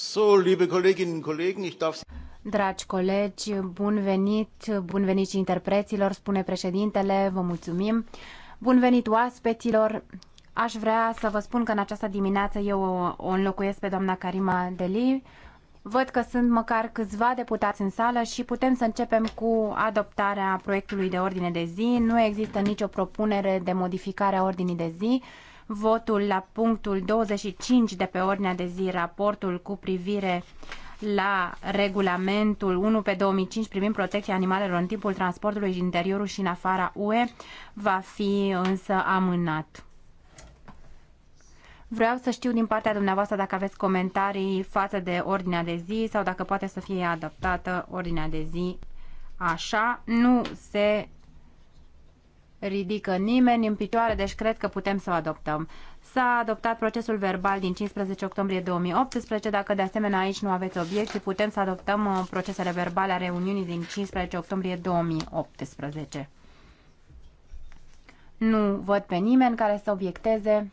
So, liebe Kolleginnen und Kollegen, ich darf... Dragi colegi, bun venit, bun venit și interpreților, spune președintele, vă mulțumim. Bun venit oaspeților. Aș vrea să vă spun că în această dimineață eu o înlocuiesc pe doamna Karima Deli. Văd că sunt măcar câțiva deputați în sală și putem să începem cu adoptarea proiectului de ordine de zi. Nu există nicio propunere de modificare a ordinii de zi votul la punctul 25 de pe ordinea de zi, raportul cu privire la regulamentul 1 pe 2005 privind protecția animalelor în timpul transportului în interiorul și în afara UE va fi însă amânat. Vreau să știu din partea dumneavoastră dacă aveți comentarii față de ordinea de zi sau dacă poate să fie adaptată ordinea de zi așa. Nu se ridică nimeni în picioare, deci cred că putem să o adoptăm. S-a adoptat procesul verbal din 15 octombrie 2018. Dacă de asemenea aici nu aveți obiecții, putem să adoptăm uh, procesele verbale a reuniunii din 15 octombrie 2018. Nu văd pe nimeni care să obiecteze.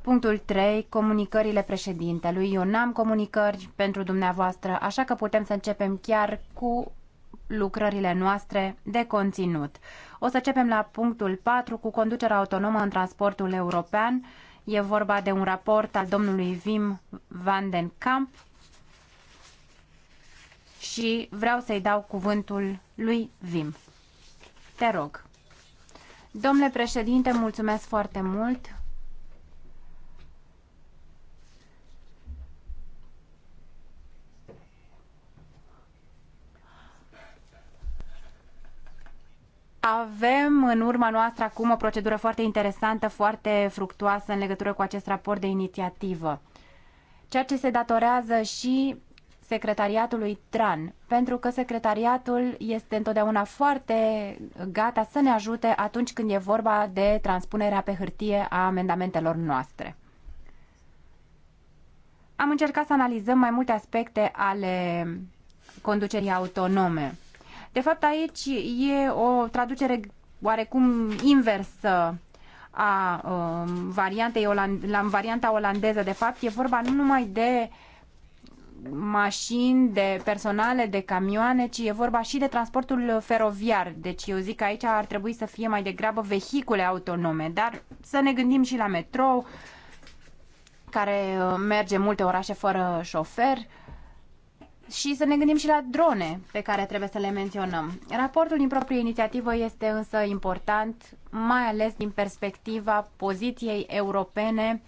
Punctul 3. Comunicările președintelui. Eu n-am comunicări pentru dumneavoastră, așa că putem să începem chiar cu lucrările noastre de conținut. O să începem la punctul 4 cu conducerea autonomă în transportul european. E vorba de un raport al domnului Wim van den Kamp și vreau să-i dau cuvântul lui Wim. Te rog. Domnule președinte, mulțumesc foarte mult. Avem în urma noastră acum o procedură foarte interesantă, foarte fructuoasă în legătură cu acest raport de inițiativă. Ceea ce se datorează și secretariatului TRAN, pentru că secretariatul este întotdeauna foarte gata să ne ajute atunci când e vorba de transpunerea pe hârtie a amendamentelor noastre. Am încercat să analizăm mai multe aspecte ale conducerii autonome. De fapt, aici e o traducere oarecum inversă a um, variantei oland- la varianta olandeză. De fapt, e vorba nu numai de mașini, de personale, de camioane, ci e vorba și de transportul feroviar. Deci eu zic că aici ar trebui să fie mai degrabă vehicule autonome, dar să ne gândim și la metrou, care uh, merge multe orașe fără șofer. Uh, și să ne gândim și la drone pe care trebuie să le menționăm. Raportul din proprie inițiativă este însă important, mai ales din perspectiva poziției europene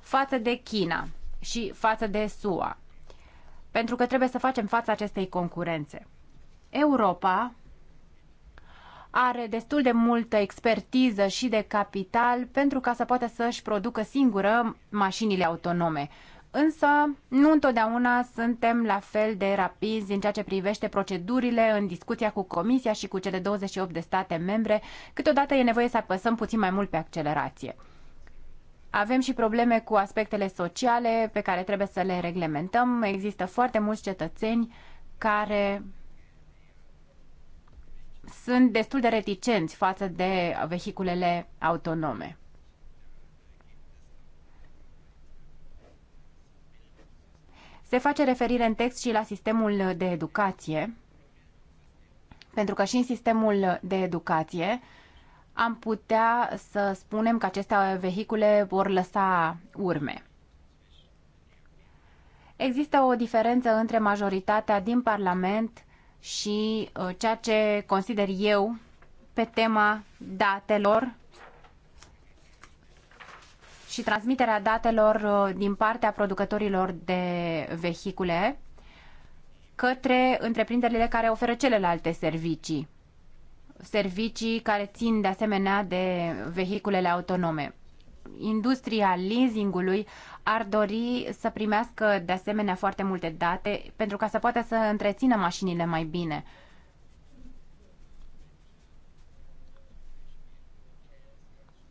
față de China și față de SUA, pentru că trebuie să facem față acestei concurențe. Europa are destul de multă expertiză și de capital pentru ca să poată să-și producă singură mașinile autonome. Însă, nu întotdeauna suntem la fel de rapizi în ceea ce privește procedurile în discuția cu Comisia și cu cele 28 de state membre. Câteodată e nevoie să apăsăm puțin mai mult pe accelerație. Avem și probleme cu aspectele sociale pe care trebuie să le reglementăm. Există foarte mulți cetățeni care sunt destul de reticenți față de vehiculele autonome. Se face referire în text și la sistemul de educație, pentru că și în sistemul de educație am putea să spunem că aceste vehicule vor lăsa urme. Există o diferență între majoritatea din Parlament și uh, ceea ce consider eu pe tema datelor și transmiterea datelor uh, din partea producătorilor de vehicule către întreprinderile care oferă celelalte servicii. Servicii care țin de asemenea de vehiculele autonome. Industria leasingului ar dori să primească de asemenea foarte multe date pentru ca să poată să întrețină mașinile mai bine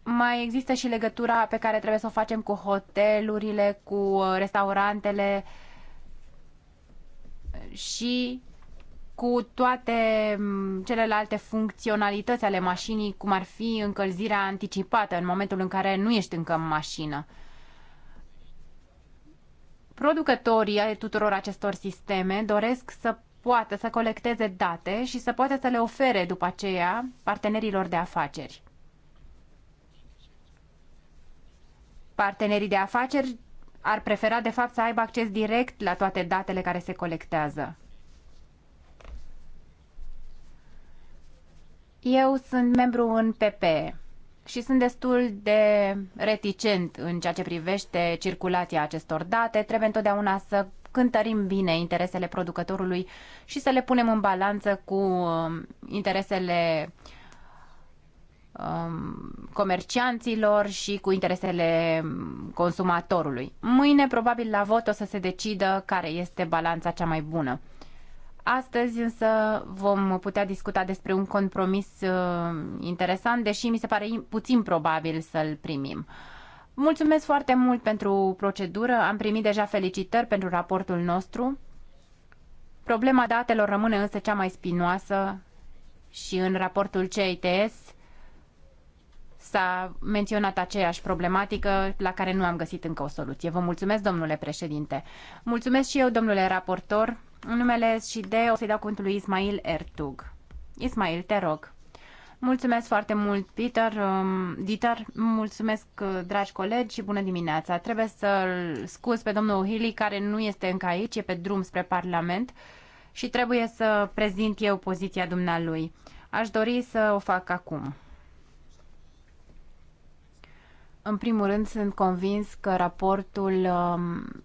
mai există și legătura pe care trebuie să o facem cu hotelurile, cu uh, restaurantele și cu toate mm, celelalte funcționalități ale mașinii, cum ar fi încălzirea anticipată în momentul în care nu ești încă în mașină. Producătorii ai tuturor acestor sisteme doresc să poată să colecteze date și să poată să le ofere după aceea partenerilor de afaceri. Partenerii de afaceri ar prefera, de fapt, să aibă acces direct la toate datele care se colectează. Eu sunt membru în PP și sunt destul de reticent în ceea ce privește circulația acestor date. Trebuie întotdeauna să cântărim bine interesele producătorului și să le punem în balanță cu um, interesele uh, Um, comercianților și cu interesele consumatorului. Mâine, probabil, la vot o să se decidă care este balanța cea mai bună. Astăzi însă vom putea discuta despre un compromis uh, interesant, deși mi se pare puțin probabil să-l primim. Mulțumesc foarte mult pentru procedură, am primit deja felicitări pentru raportul nostru. Problema datelor rămâne însă cea mai spinoasă și în raportul CITS s-a menționat aceeași problematică la care nu am găsit încă o soluție. Vă mulțumesc, domnule președinte. Mulțumesc și eu, domnule raportor. În numele și de o să-i dau cuvântul lui Ismail Ertug. Ismail, te rog. Mulțumesc foarte mult, Peter. Um, Dieter, mulțumesc, uh, dragi colegi, și bună dimineața. Trebuie să-l scuz pe domnul Hili, care nu este încă aici, e pe drum spre Parlament și trebuie să prezint eu poziția dumnealui. Aș dori să o fac acum. În primul rând, sunt convins că raportul um,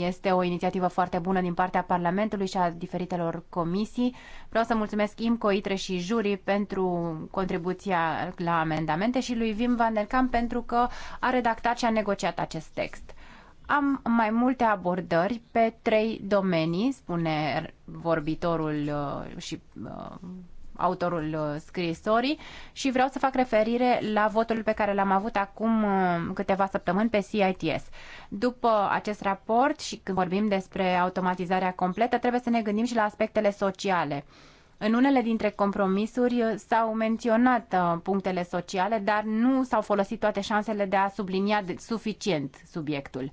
este o inițiativă foarte bună din partea Parlamentului și a diferitelor comisii. Vreau să mulțumesc IMCO, ITRE și Juri pentru contribuția la amendamente și lui Vim Van der Kamp pentru că a redactat și a negociat acest text. Am mai multe abordări pe trei domenii, spune vorbitorul uh, și uh, autorul uh, scrisorii și vreau să fac referire la votul pe care l-am avut acum uh, câteva săptămâni pe CITS. După acest raport și când vorbim despre automatizarea completă, trebuie să ne gândim și la aspectele sociale. În unele dintre compromisuri uh, s-au menționat punctele sociale, dar nu s-au folosit toate șansele de a sublinia suficient subiectul.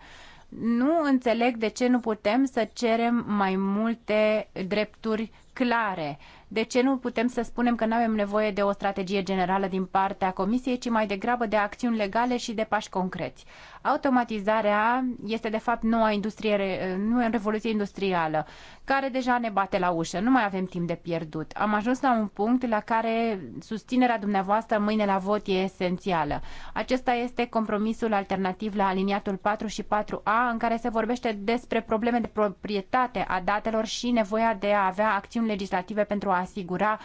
Nu înțeleg de ce nu putem să cerem mai multe drepturi clare de ce nu putem să spunem că nu avem nevoie de o strategie generală din partea Comisiei, ci mai degrabă de acțiuni legale și de pași concreți? Automatizarea este de fapt noua industrie, nu revoluție industrială, care deja ne bate la ușă. Nu mai avem timp de pierdut. Am ajuns la un punct la care susținerea dumneavoastră mâine la vot e esențială. Acesta este compromisul alternativ la aliniatul 4 și 4A, în care se vorbește despre probleme de proprietate a datelor și nevoia de a avea acțiuni legislative pentru a asigura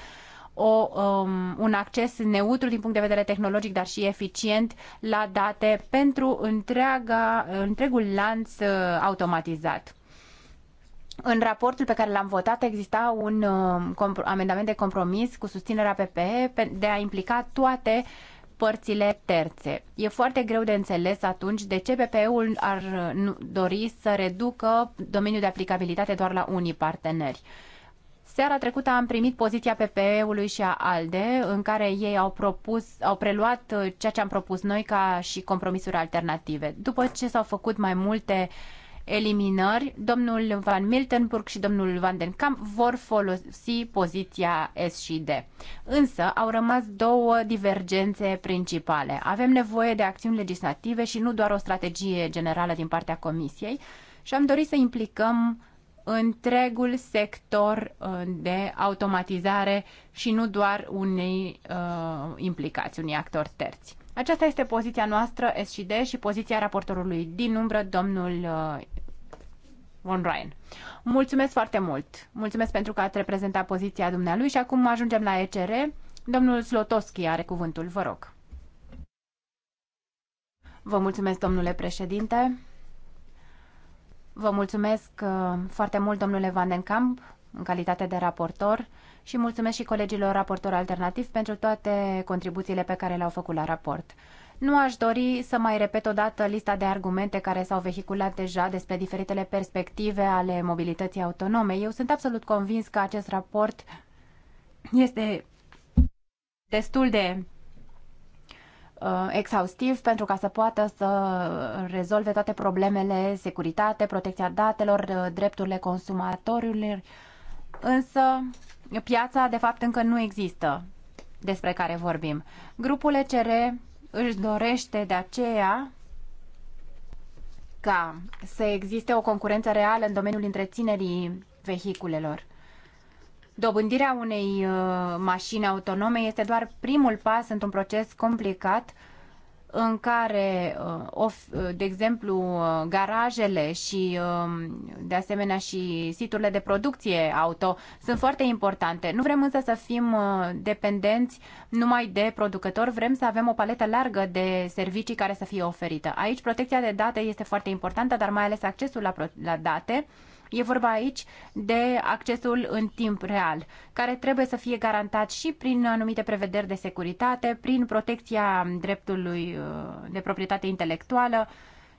o, um, un acces neutru din punct de vedere tehnologic, dar și eficient la date pentru întreaga, întregul lanț uh, automatizat. În raportul pe care l-am votat exista un uh, amendament de compromis cu susținerea PPE de a implica toate părțile terțe. E foarte greu de înțeles atunci de ce PPE-ul ar uh, dori să reducă domeniul de aplicabilitate doar la unii parteneri. Uh, Seara trecută am primit poziția PPE-ului și a ALDE, în care ei au, propus, au preluat uh, ceea ce am propus noi ca și compromisuri alternative. După ce s-au făcut mai multe eliminări, domnul Van Miltenburg și domnul Van den Kamp vor folosi poziția S și D. Însă au rămas două divergențe principale. Avem nevoie de acțiuni legislative și nu doar o strategie generală din partea Comisiei și am dorit să implicăm întregul sector uh, de automatizare și nu doar unei uh, implicați, unei actori terți. Aceasta este poziția noastră SCD și poziția raportorului din umbră, domnul uh, Von Ryan. Mulțumesc foarte mult! Mulțumesc pentru că ați reprezentat poziția dumnealui și acum ajungem la ECR. Domnul Slotowski are cuvântul, vă rog. Vă mulțumesc, domnule președinte. Vă mulțumesc uh, foarte mult, domnule Van den Kamp, în calitate de raportor și mulțumesc și colegilor raportori alternativi pentru toate contribuțiile pe care le-au făcut la raport. Nu aș dori să mai repet o dată lista de argumente care s-au vehiculat deja despre diferitele perspective ale mobilității autonome. Eu sunt absolut convins că acest raport este destul de Uh, exhaustiv pentru ca să poată să rezolve toate problemele, securitate, protecția datelor, uh, drepturile consumatorilor, însă piața de fapt încă nu există despre care vorbim. Grupul ECR își dorește de aceea ca să existe o concurență reală în domeniul întreținerii vehiculelor. Dobândirea unei uh, mașini autonome este doar primul pas într-un proces complicat în care, uh, uh, de exemplu, garajele și, um, de asemenea, și siturile de producție auto sunt foarte importante. Nu vrem însă să fim dependenți numai de producători, vrem să avem o paletă largă de servicii care să fie oferită. Aici protecția de date este foarte importantă, dar mai ales accesul la, la date E vorba aici de accesul în timp real, care trebuie să fie garantat și prin anumite prevederi de securitate, prin protecția dreptului uh, de proprietate intelectuală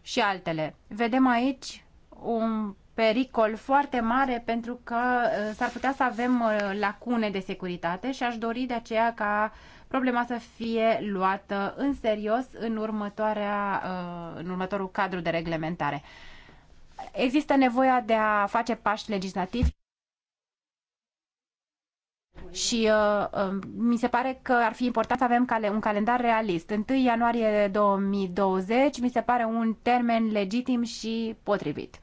și altele. Vedem aici un pericol foarte mare pentru că uh, s-ar putea să avem uh, lacune de securitate și aș dori de aceea ca problema să fie luată în serios în, următoarea, în următorul cadru de reglementare există nevoia de a face pași legislativi și uh, um, mi se pare că ar fi important să avem cal un calendar realist. 1 ianuarie 2020 mi se pare un termen legitim și potrivit.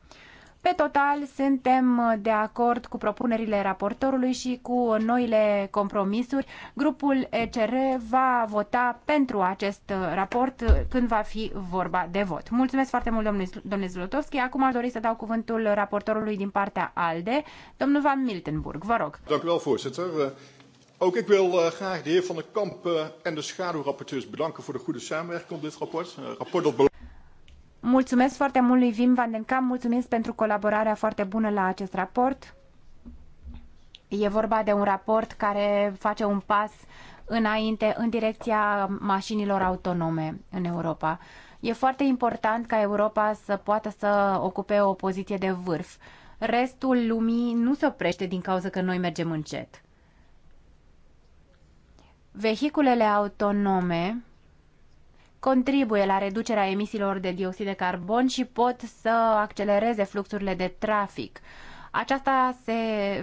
Pe total, suntem uh, de acord cu propunerile raportorului și cu noile compromisuri. Grupul ECR va vota pentru acest uh, raport uh, când va fi vorba de vot. Mulțumesc foarte mult, domnule, domnule Zlotovski. Acum aș dori să dau cuvântul raportorului din partea ALDE, domnul Van Miltenburg. Vă rog. Dank u wel, voorzitter. Eh, ook ik wil uh, graag de heer Van der Kamp uh, en de schaduwrapporteurs bedanken voor de goede samenwerking op dit rapport. Uh, rapport dat Mulțumesc foarte mult lui Vim Van den Kamp, mulțumesc pentru colaborarea foarte bună la acest raport. E vorba de un raport care face un pas înainte în direcția mașinilor autonome în Europa. E foarte important ca Europa să poată să ocupe o poziție de vârf. Restul lumii nu se oprește din cauza că noi mergem încet. Vehiculele autonome contribuie la reducerea emisiilor de dioxid de carbon și pot să accelereze fluxurile de trafic. Aceasta se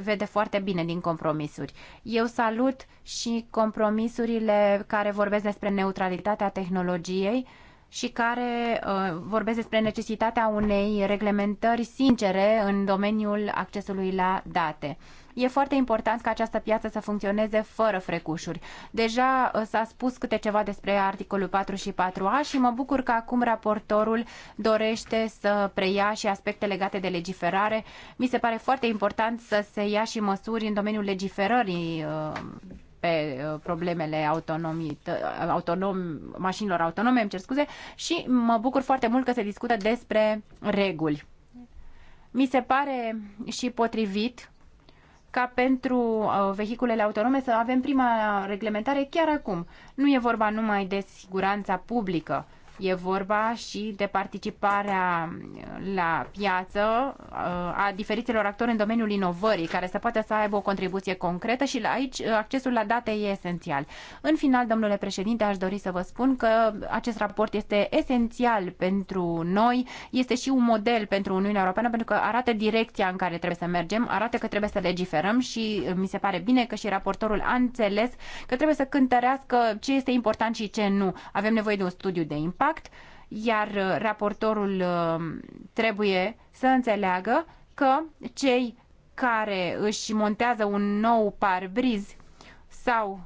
vede foarte bine din compromisuri. Eu salut și compromisurile care vorbesc despre neutralitatea tehnologiei și care uh, vorbesc despre necesitatea unei reglementări sincere în domeniul accesului la date. E foarte important ca această piață să funcționeze fără frecușuri. Deja uh, s-a spus câte ceva despre articolul 4 și 4A și mă bucur că acum raportorul dorește să preia și aspecte legate de legiferare. Mi se pare foarte important să se ia și măsuri în domeniul legiferării uh, pe uh, problemele autonomii, autonom, mașinilor autonome, îmi cer scuze, și mă bucur foarte mult că se discută despre reguli. Mi se pare și potrivit ca pentru uh, vehiculele autonome să avem prima reglementare chiar acum. Nu e vorba numai de siguranța publică, E vorba și de participarea la piață uh, a diferitelor actori în domeniul inovării, care să poată să aibă o contribuție concretă și la aici uh, accesul la date e esențial. În final, domnule președinte, aș dori să vă spun că acest raport este esențial pentru noi, este și un model pentru Uniunea Europeană, pentru că arată direcția în care trebuie să mergem, arată că trebuie să legiferăm și uh, mi se pare bine că și raportorul a înțeles că trebuie să cântărească ce este important și ce nu. Avem nevoie de un studiu de impact act, iar uh, raportorul uh, trebuie să înțeleagă că cei care își montează un nou parbriz sau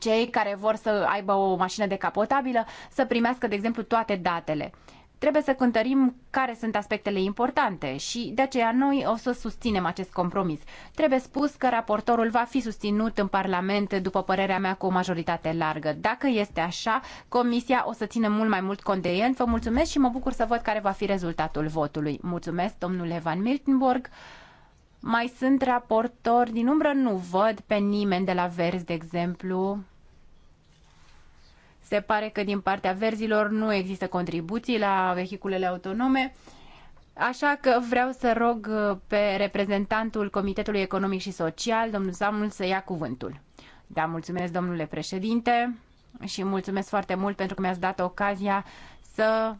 cei care vor să aibă o mașină decapotabilă să primească, de exemplu, toate datele trebuie să cântărim care sunt aspectele importante și de aceea noi o să susținem acest compromis. Trebuie spus că raportorul va fi susținut în Parlament, după părerea mea, cu o majoritate largă. Dacă este așa, Comisia o să țină mult mai mult cont de el. Vă mulțumesc și mă bucur să văd care va fi rezultatul votului. Mulțumesc, domnule Van Miltenborg. Mai sunt raportori din umbră? Nu văd pe nimeni de la Verzi, de exemplu. Se pare că din partea verzilor nu există contribuții la vehiculele autonome. Așa că vreau să rog uh, pe reprezentantul Comitetului Economic și Social, domnul Samul, să ia cuvântul. Da, mulțumesc, domnule președinte, și mulțumesc foarte mult pentru că mi-ați dat ocazia să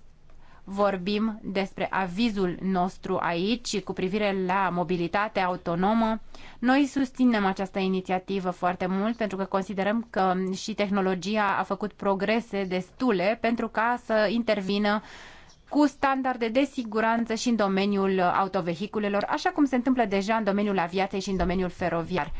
vorbim despre avizul nostru aici cu privire la mobilitatea autonomă. Noi susținem această inițiativă foarte mult pentru că considerăm că și tehnologia a făcut progrese destule pentru ca să intervină cu standarde de siguranță și în domeniul autovehiculelor, așa cum se întâmplă deja în domeniul aviației și în domeniul feroviar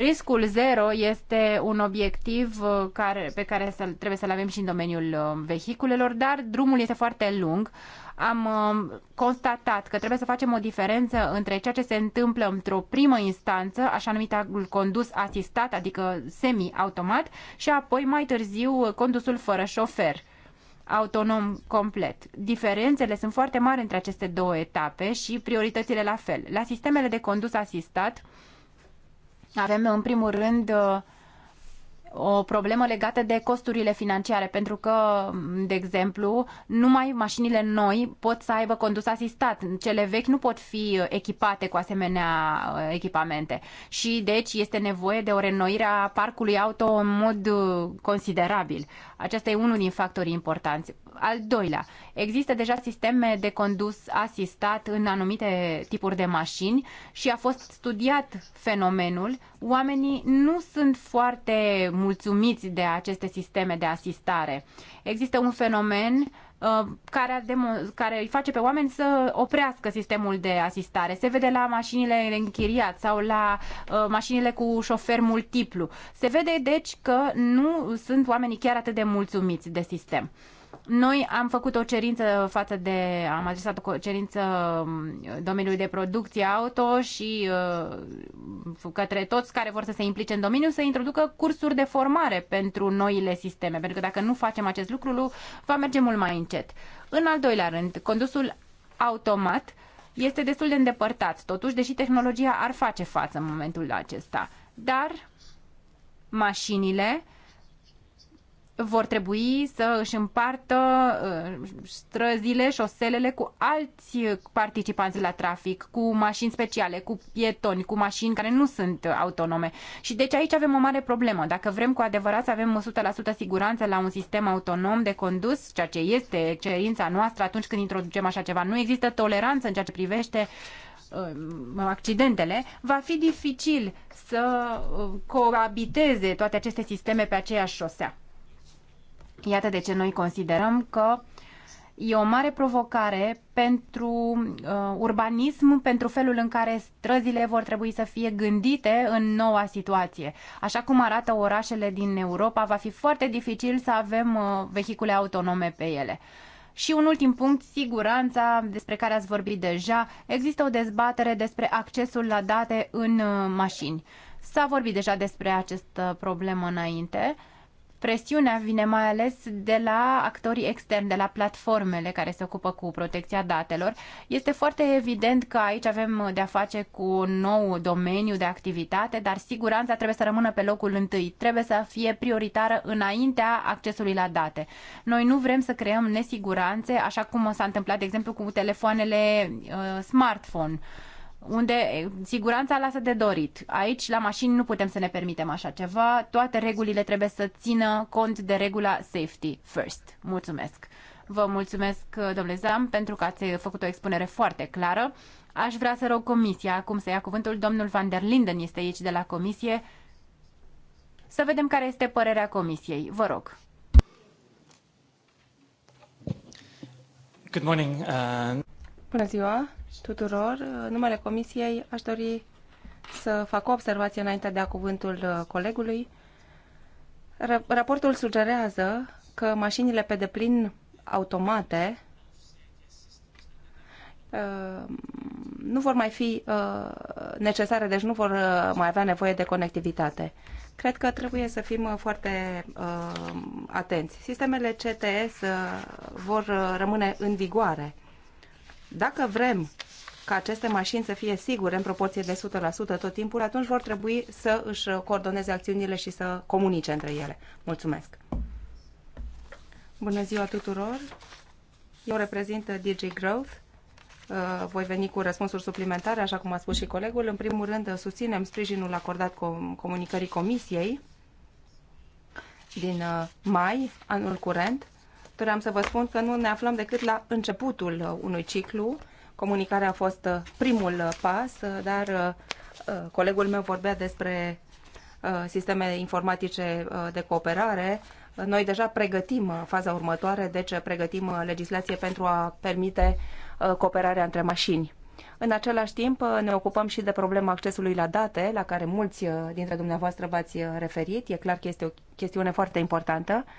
Riscul zero este un obiectiv uh, care, pe care să, trebuie să-l avem și în domeniul uh, vehiculelor, dar drumul este foarte lung. Am uh, constatat că trebuie să facem o diferență între ceea ce se întâmplă într-o primă instanță, așa numită condus asistat, adică semi-automat, și apoi mai târziu condusul fără șofer autonom complet. Diferențele sunt foarte mari între aceste două etape și prioritățile la fel. La sistemele de condus asistat, uh, avem, în primul rând, o problemă legată de costurile financiare, pentru că, de exemplu, numai mașinile noi pot să aibă condus asistat. Cele vechi nu pot fi echipate cu asemenea uh, echipamente. Și, deci, este nevoie de o renoire a parcului auto în mod uh, considerabil. Acesta e unul din factorii importanți. Al doilea, există deja sisteme de condus asistat în anumite tipuri de mașini și a fost studiat fenomenul. Oamenii nu sunt foarte mulțumiți de aceste sisteme de asistare. Există un fenomen uh, care, care îi face pe oameni să oprească sistemul de asistare. Se vede la mașinile închiriat sau la uh, mașinile cu șofer multiplu. Se vede, deci, că nu sunt oamenii chiar atât de mulțumiți de sistem. Noi am făcut o cerință față de, am adresat o cerință um, domeniului de producție auto și uh, către toți care vor să se implice în domeniu să introducă cursuri de formare pentru noile sisteme, pentru că dacă nu facem acest lucru, va merge mult mai încet. În al doilea rând, condusul automat este destul de îndepărtat, totuși, deși tehnologia ar face față în momentul acesta. Dar mașinile vor trebui să își împartă uh, străzile, șoselele cu alți participanți la trafic, cu mașini speciale, cu pietoni, cu mașini care nu sunt autonome. Și deci aici avem o mare problemă. Dacă vrem cu adevărat să avem 100% siguranță la un sistem autonom de condus, ceea ce este cerința noastră atunci când introducem așa ceva, nu există toleranță în ceea ce privește uh, accidentele, va fi dificil să uh, coabiteze toate aceste sisteme pe aceeași șosea. Iată de ce noi considerăm că e o mare provocare pentru uh, urbanism, pentru felul în care străzile vor trebui să fie gândite în noua situație. Așa cum arată orașele din Europa, va fi foarte dificil să avem uh, vehicule autonome pe ele. Și un ultim punct, siguranța, despre care ați vorbit deja. Există o dezbatere despre accesul la date în uh, mașini. S-a vorbit deja despre această problemă înainte. Uh, Presiunea vine mai ales de la actorii externi, de la platformele care se ocupă cu protecția datelor. Este foarte evident că aici avem de-a face cu un nou domeniu de activitate, dar siguranța trebuie să rămână pe locul întâi. Trebuie să fie prioritară înaintea accesului la date. Noi nu vrem să creăm nesiguranțe, așa cum s-a întâmplat, de exemplu, cu telefoanele uh, smartphone. Uh, unde siguranța lasă de dorit. Aici, la mașini, nu putem să ne permitem așa ceva. Toate regulile trebuie să țină cont de regula safety first. Mulțumesc! Vă mulțumesc, domnule Zam, pentru că ați făcut o expunere foarte clară. Aș vrea să rog comisia acum să ia cuvântul. Domnul Van der Linden este aici de la comisie. Să vedem care este părerea comisiei. Vă rog. Good morning. Uh... Bună ziua tuturor. În numele Comisiei aș dori să fac o observație înainte de a cuvântul uh, colegului. Raportul sugerează că mașinile pe deplin automate uh, nu vor mai fi uh, necesare, deci nu vor mai avea nevoie de conectivitate. Cred că trebuie să fim foarte atenți. Sistemele CTS vor rămâne în vigoare dacă vrem ca aceste mașini să fie sigure în proporție de 100% tot timpul, atunci vor trebui să își coordoneze acțiunile și să comunice între ele. Mulțumesc! Bună ziua tuturor! Eu reprezint DJ Growth. Uh, voi veni cu răspunsuri suplimentare, așa cum a spus și colegul. În primul rând, susținem sprijinul acordat comunicării Comisiei din uh, mai, anul curent, doream să vă spun că nu ne aflăm decât la începutul uh, unui ciclu. Comunicarea a fost uh, primul uh, pas, dar colegul meu vorbea despre sisteme informatice de cooperare. Noi deja pregătim faza următoare, deci pregătim legislație pentru a permite cooperarea între mașini. În același timp, ne ocupăm și de problema accesului la date, la care mulți dintre dumneavoastră v-ați referit. E clar că este o chestiune foarte importantă. Uh,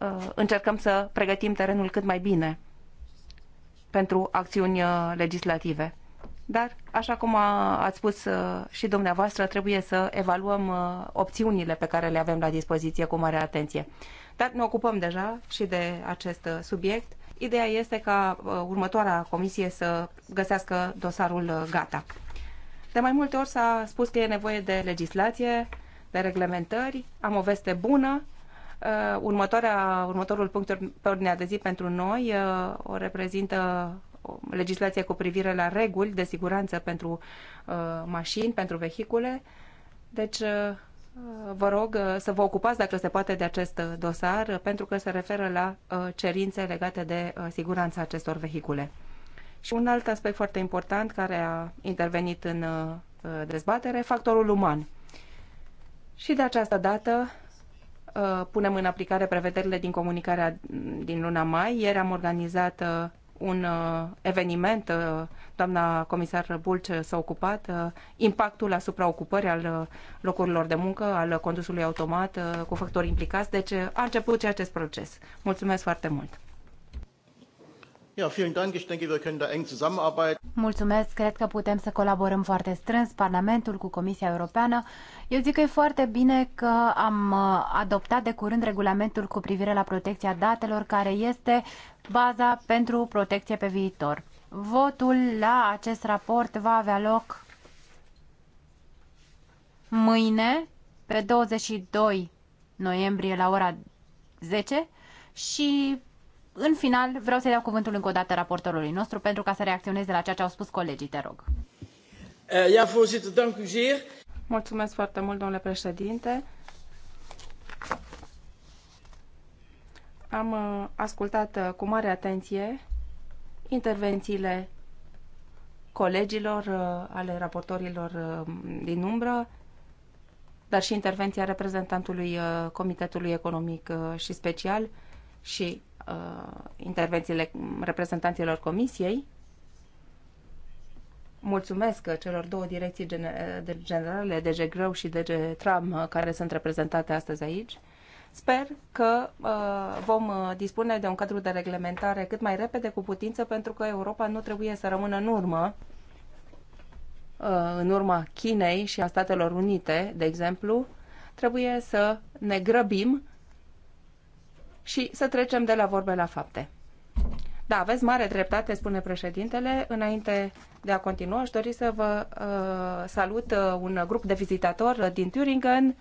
Uh, încercăm să pregătim terenul cât mai bine pentru acțiuni uh, legislative. Dar, așa cum ați spus uh, și dumneavoastră, trebuie să evaluăm opțiunile pe care le avem la dispoziție cu mare atenție. Dar ne ocupăm deja și de acest subiect. Ideea este ca următoarea comisie să găsească dosarul gata. De mai multe ori s-a spus că e nevoie de legislație, de reglementări. Am o veste bună Uh, următoarea, următorul punct pe ordinea de zi pentru noi uh, o reprezintă legislația cu privire la reguli de siguranță pentru uh, mașini, pentru vehicule. Deci, Vă rog să vă ocupați, dacă se poate, de acest dosar, pentru că se referă la cerințe legate de siguranța acestor vehicule. Și un alt aspect foarte important care a intervenit în dezbatere, factorul uman. Și de această dată Uh, punem în aplicare prevederile din comunicarea din luna mai. Ieri am organizat uh, un uh, eveniment, doamna comisar Bulce s-a ocupat, impactul asupra ocupării al locurilor de muncă, al condusului automat, cu factori implicați, deci a început și acest proces. Mulțumesc foarte mult! Mulțumesc, cred că putem să colaborăm foarte strâns, Parlamentul cu Comisia Europeană. Eu zic că e foarte bine că am uh, adoptat de curând regulamentul cu privire la protecția datelor, care este baza pentru protecție pe viitor. Votul la acest raport va avea loc mâine, pe 22 noiembrie, la ora 10 și în final, vreau să-i dau cuvântul încă o dată raportorului nostru pentru ca să reacționeze la ceea ce au spus colegii, te rog. Eh, Mulțumesc foarte mult, domnule președinte. Am eh, ascultat eh, cu mare atenție intervențiile colegilor, ale raportorilor din umbră, dar și intervenția reprezentantului Comitetului Economic și Special și Uh, intervențiile reprezentanților Comisiei. Mulțumesc celor două direcții generale, DG Grow și DG Tram, uh, care sunt reprezentate astăzi aici. Sper că uh, vom uh, dispune de un cadru de reglementare cât mai repede cu putință, pentru că Europa nu trebuie să rămână în urmă, uh, în urma Chinei și a Statelor Unite, de exemplu. Trebuie să ne grăbim și să trecem de la vorbe la fapte. Da, aveți mare dreptate, spune președintele. Înainte de a continua, aș dori să vă uh, salut uh, un grup de vizitatori uh, din Thüringen.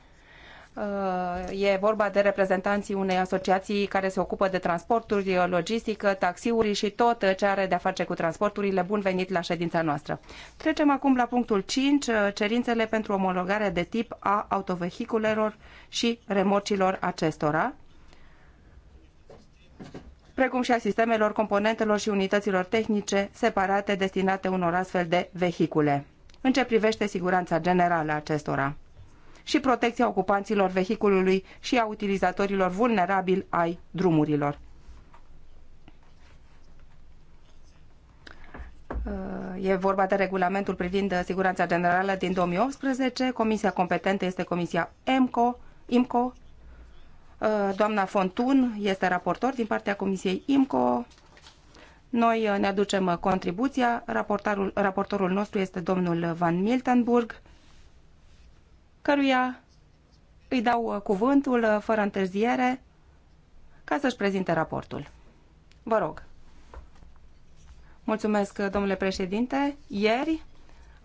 Uh, e vorba de reprezentanții unei asociații care se ocupă de transporturi, logistică, taxiuri și tot ce are de-a face cu transporturile. Bun venit la ședința noastră. Trecem acum la punctul 5, uh, cerințele pentru omologarea de tip a autovehiculelor și remorcilor acestora precum și a sistemelor, componentelor și unităților tehnice separate destinate unor astfel de vehicule, în ce privește siguranța generală a acestora și protecția ocupanților vehiculului și a utilizatorilor vulnerabili ai drumurilor. Uh, e vorba de regulamentul privind siguranța generală din 2018. Comisia competentă este Comisia EMCO, IMCO Uh, doamna Fontun este raportor din partea Comisiei IMCO. Noi uh, ne aducem uh, contribuția. Raportarul, raportorul nostru este domnul Van Miltenburg, căruia îi dau cuvântul fără întârziere ca să-și prezinte raportul. Vă rog. Mulțumesc, domnule președinte. Ieri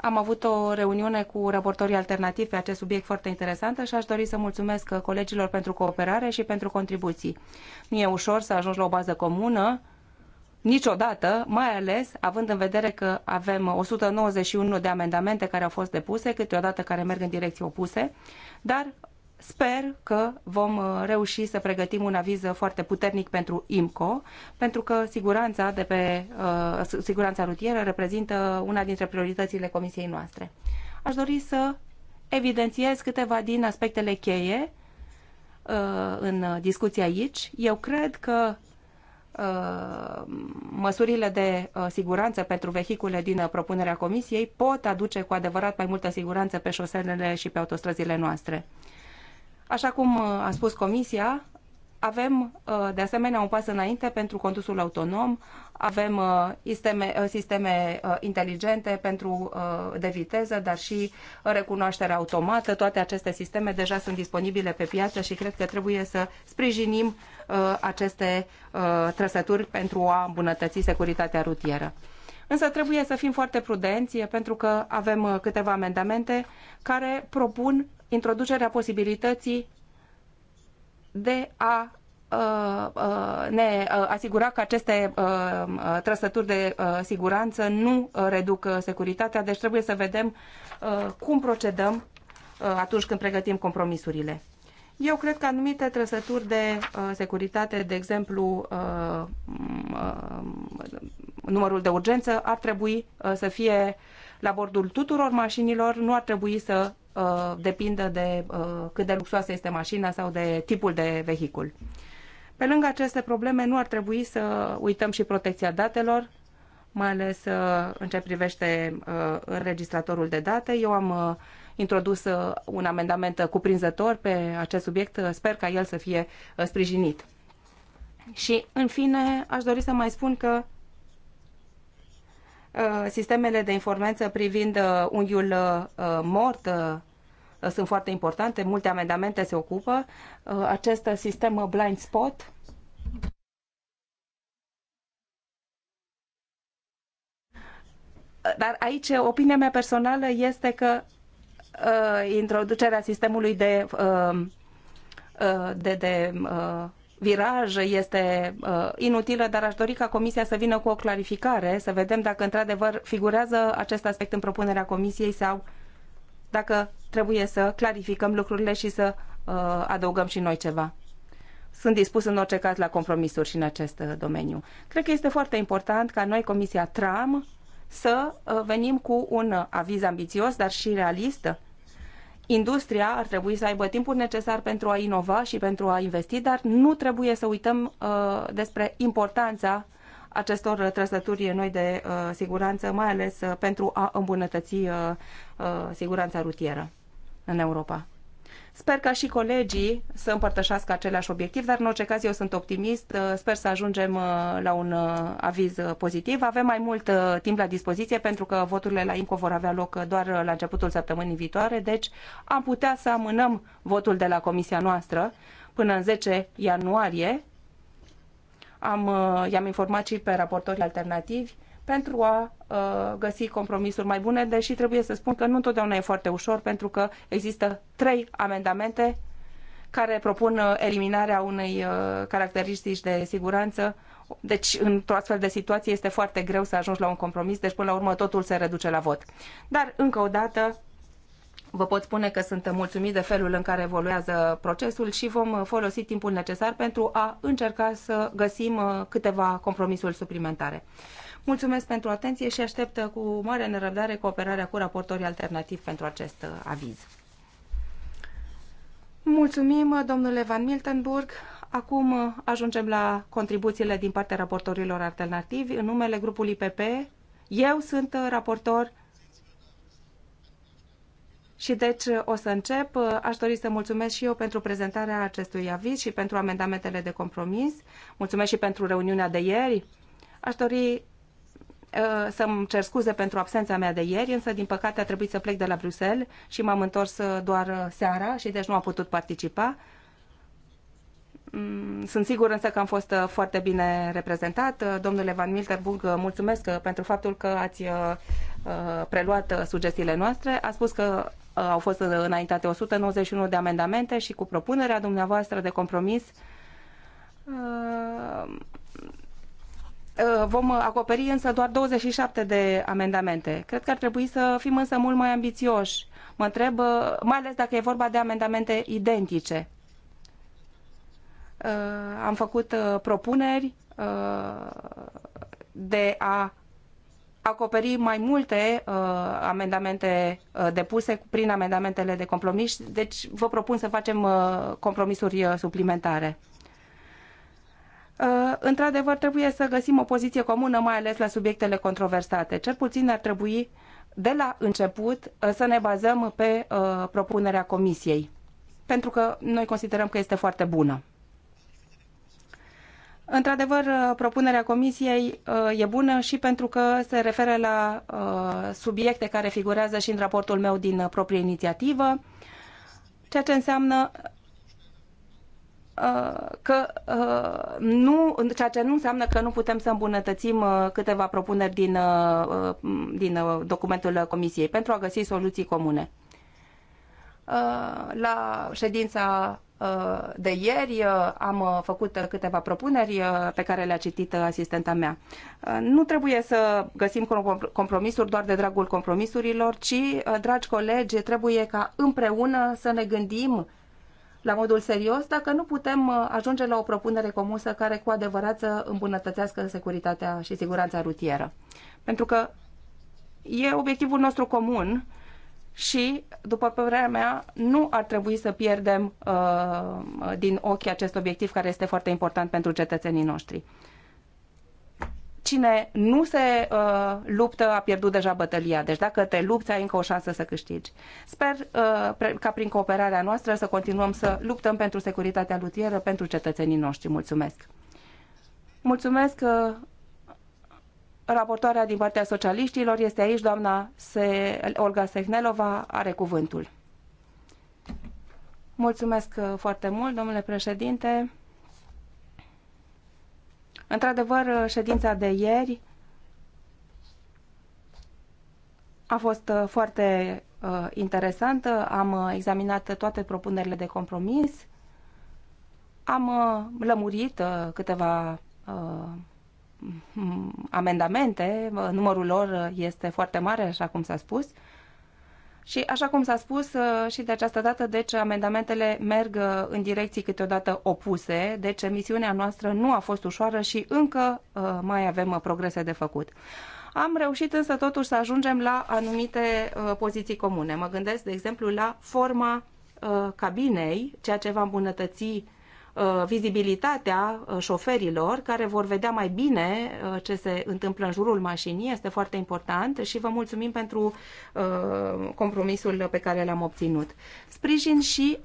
am avut o reuniune cu raportorii alternativi pe acest subiect foarte interesant, și aș dori să mulțumesc colegilor pentru cooperare și pentru contribuții. Nu e ușor să ajungi la o bază comună, niciodată, mai ales având în vedere că avem 191 de amendamente care au fost depuse, câteodată care merg în direcții opuse, dar Sper că vom uh, reuși să pregătim un aviz foarte puternic pentru IMCO, pentru că siguranța, de pe, uh, siguranța rutieră reprezintă una dintre prioritățile comisiei noastre. Aș dori să evidențiez câteva din aspectele cheie uh, în discuția aici. Eu cred că uh, măsurile de uh, siguranță pentru vehicule din propunerea Comisiei pot aduce cu adevărat mai multă siguranță pe șoselele și pe autostrăzile noastre. Așa cum uh, a spus Comisia, avem uh, de asemenea un pas înainte pentru condusul autonom, avem uh, sisteme, sisteme inteligente pentru de viteză, dar și recunoașterea automată. Toate aceste sisteme deja sunt disponibile pe piață și cred că trebuie să sprijinim aceste trăsături pentru a îmbunătăți securitatea rutieră. Însă trebuie să fim foarte prudenți pentru că avem câteva amendamente care propun introducerea posibilității de a uh, uh, ne uh, asigura că aceste trăsături de siguranță nu reduc securitatea, deci trebuie să vedem cum procedăm atunci când pregătim compromisurile. Eu cred că anumite trăsături de securitate, de exemplu mm, numărul de urgență, ar trebui să fie la bordul tuturor mașinilor, nu ar trebui să Depinde uh, depindă de uh, cât de luxoasă este mașina sau de tipul de vehicul. Pe lângă aceste probleme, nu ar trebui să uităm și protecția datelor, mai ales uh, în ce privește uh, înregistratorul de date. Eu am introdus un amendament cuprinzător pe acest subiect. Sper ca el să fie sprijinit. Și, în fine, aș dori să mai spun că Uh, sistemele de informență privind uh, unghiul uh, mort sunt foarte importante, multe amendamente se ocupă. Acest sistem blind spot Dar aici opinia mea personală este că uh, introducerea sistemului de uh, de, de uh, viraj este uh, inutilă, dar aș dori ca Comisia să vină cu o clarificare, să vedem dacă într-adevăr figurează acest aspect în propunerea Comisiei sau dacă trebuie să clarificăm lucrurile și să uh, adăugăm și noi ceva. Sunt dispus în orice caz la compromisuri și în acest uh, domeniu. Cred că este foarte important ca noi, Comisia TRAM, să uh, venim cu un uh, aviz ambițios, dar și realist Industria ar trebui să aibă timpul necesar pentru a inova și pentru a investi, dar nu trebuie să uităm uh, despre importanța acestor trăsături noi de uh, siguranță, mai ales uh, pentru a îmbunătăți uh, uh, siguranța rutieră în Europa. Sper ca și colegii să împărtășească același obiectiv, dar în orice caz eu sunt optimist. Uh, sper să ajungem uh, la un uh, aviz pozitiv. Avem mai mult timp la dispoziție pentru că voturile la IMCO vor avea loc doar la începutul săptămânii viitoare, deci am putea să amânăm votul de la comisia noastră până în 10 ianuarie. Am, i-am informat și pe raportorii alternativi pentru a uh, găsi compromisuri mai bune, deși trebuie să spun că nu întotdeauna e foarte ușor, pentru că există trei amendamente care propun uh, eliminarea unei uh, caracteristici de siguranță. Deci, într-o astfel de situație, este foarte greu să ajungi la un compromis, deci, până la urmă, totul se reduce la vot. Dar, încă o dată, vă pot spune că sunt mulțumit de felul în care evoluează procesul și vom uh, folosi timpul necesar pentru a încerca să găsim uh, câteva compromisuri suplimentare. Mulțumesc pentru atenție și aștept cu mare nerăbdare cooperarea cu raportorii alternativi pentru acest uh, aviz. Mulțumim, uh, domnule Van Miltenburg. Acum uh, ajungem la contribuțiile din partea raportorilor alternativi. În numele grupului PP, eu sunt raportor și deci o să încep. Aș dori să mulțumesc și eu pentru prezentarea acestui aviz și pentru amendamentele de compromis. Mulțumesc și pentru reuniunea de ieri. Aș dori Eh, să-mi cer scuze pentru absența mea de ieri, însă din păcate a trebuit să plec de la Bruxelles și m-am întors eh, doar eh, seara și deci nu am putut participa. Mm, sunt sigur însă că am fost foarte bine reprezentat. Domnule Van Milterburg, mulțumesc pentru faptul că ați preluat sugestiile noastre. A spus că au fost înaintate 191 de amendamente și cu propunerea dumneavoastră de compromis Eh, vom acoperi însă doar 27 de amendamente. Cred că ar trebui să fim însă mult mai ambițioși. Mă întreb, eh, mai ales dacă e vorba de amendamente identice. Eh, am făcut propuneri de a acoperi mai multe uh, amendamente uh, depuse prin amendamentele de compromis, deci vă propun să facem uh, compromisuri suplimentare. Uh, într-adevăr, trebuie să găsim o poziție comună, mai ales la subiectele controversate. Cel puțin ar trebui de la început uh, să ne bazăm pe uh, propunerea Comisiei, pentru că noi considerăm că este foarte bună. Într-adevăr, propunerea Comisiei e bună și pentru că se referă la subiecte care figurează și în raportul meu din proprie inițiativă, ceea ce înseamnă Uh, că uh, nu, ceea ce nu înseamnă că nu putem să îmbunătățim uh, câteva propuneri din, din documentul Comisiei pentru a găsi soluții comune. La ședința de ieri am făcut câteva propuneri pe care le-a citit asistenta mea. Nu trebuie să găsim compromisuri doar de dragul compromisurilor, ci, dragi colegi, trebuie ca împreună să ne gândim la modul serios dacă nu putem uh, ajunge la o propunere comunsă care cu adevărat să îmbunătățească securitatea și siguranța rutieră. Pentru că e obiectivul nostru comun și, după părerea mea, nu ar trebui să pierdem uh, din ochi acest obiectiv care este foarte important pentru cetățenii noștri cine nu se uh, luptă a pierdut deja bătălia. Deci dacă te lupți, ai încă o șansă să câștigi. Sper uh, ca prin cooperarea noastră să continuăm să luptăm pentru securitatea lutieră, pentru cetățenii noștri. Mulțumesc! Mulțumesc! Uh, raportoarea din partea socialiștilor este aici, doamna Se Olga Sehnelova are cuvântul. Mulțumesc uh, foarte mult, domnule președinte. Într-adevăr, ședința de ieri a fost uh, foarte uh, interesantă. Am uh, examinat toate propunerile de compromis. Am uh, lămurit uh, câteva uh, amendamente. Numărul lor uh, este foarte mare, așa cum s-a spus. Uh, și așa cum s-a spus uh, și de această dată, deci amendamentele merg uh, în direcții câteodată opuse, deci misiunea noastră nu a fost ușoară și încă uh, mai avem progrese de făcut. Am reușit însă totuși să ajungem la anumite poziții comune. Mă gândesc, de exemplu, la forma cabinei, ceea ce va îmbunătăți Uh, vizibilitatea uh, șoferilor care vor vedea mai bine uh, ce se întâmplă în jurul mașinii este foarte important și vă mulțumim pentru compromisul pe care l-am obținut. Sprijin și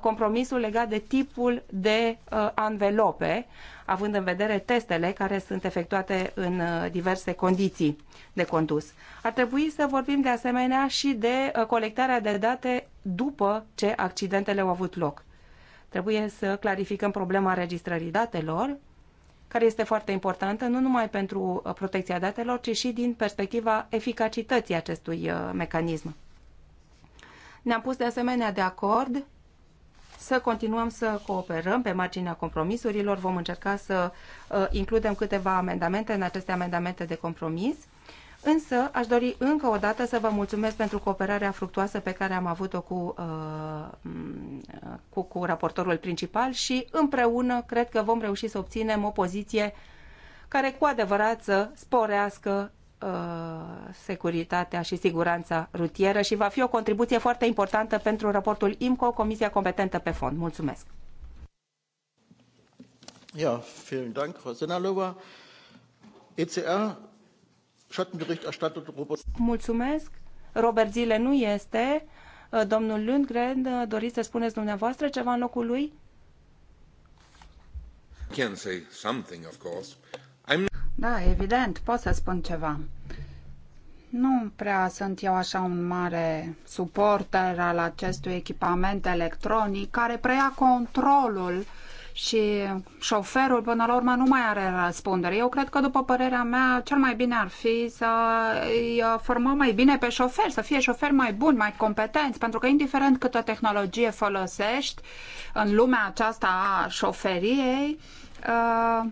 compromisul legat de tipul de anvelope, având în vedere testele care sunt efectuate în diverse condiții de condus. Ar trebui să vorbim de asemenea și de colectarea de date după ce accidentele au avut loc Trebuie să clarificăm problema registrării datelor, care este foarte importantă nu numai pentru uh, protecția datelor, ci și din perspectiva eficacității acestui uh, mecanism. Ne-am pus de asemenea de acord să continuăm să cooperăm pe marginea compromisurilor. Vom încerca să uh, includem câteva amendamente în aceste amendamente de compromis Însă, aș dori încă o dată să vă mulțumesc pentru cooperarea fructuoasă pe care am avut-o cu, uh, cu, cu raportorul principal și împreună cred că vom reuși să obținem o poziție care cu adevărat să sporească uh, securitatea și siguranța rutieră și va fi o contribuție foarte importantă pentru raportul IMCO, Comisia Competentă pe Fond. Mulțumesc! Ja, vielen Dank, Frau Senalova. ECR Mulțumesc. Robert Zile nu este. Uh, domnul Lundgren, uh, doriți să spuneți dumneavoastră ceva în locul lui? Can say something, of course. I'm... Da, evident, pot să spun ceva. Nu prea sunt eu așa un mare suporter al acestui echipament electronic care preia controlul și șoferul până la urmă nu mai are răspundere. Eu cred că, după părerea mea, cel mai bine ar fi să îi formăm mai bine pe șofer, să fie șoferi mai buni, mai competenți, pentru că indiferent câtă tehnologie folosești în lumea aceasta a șoferiei, uh,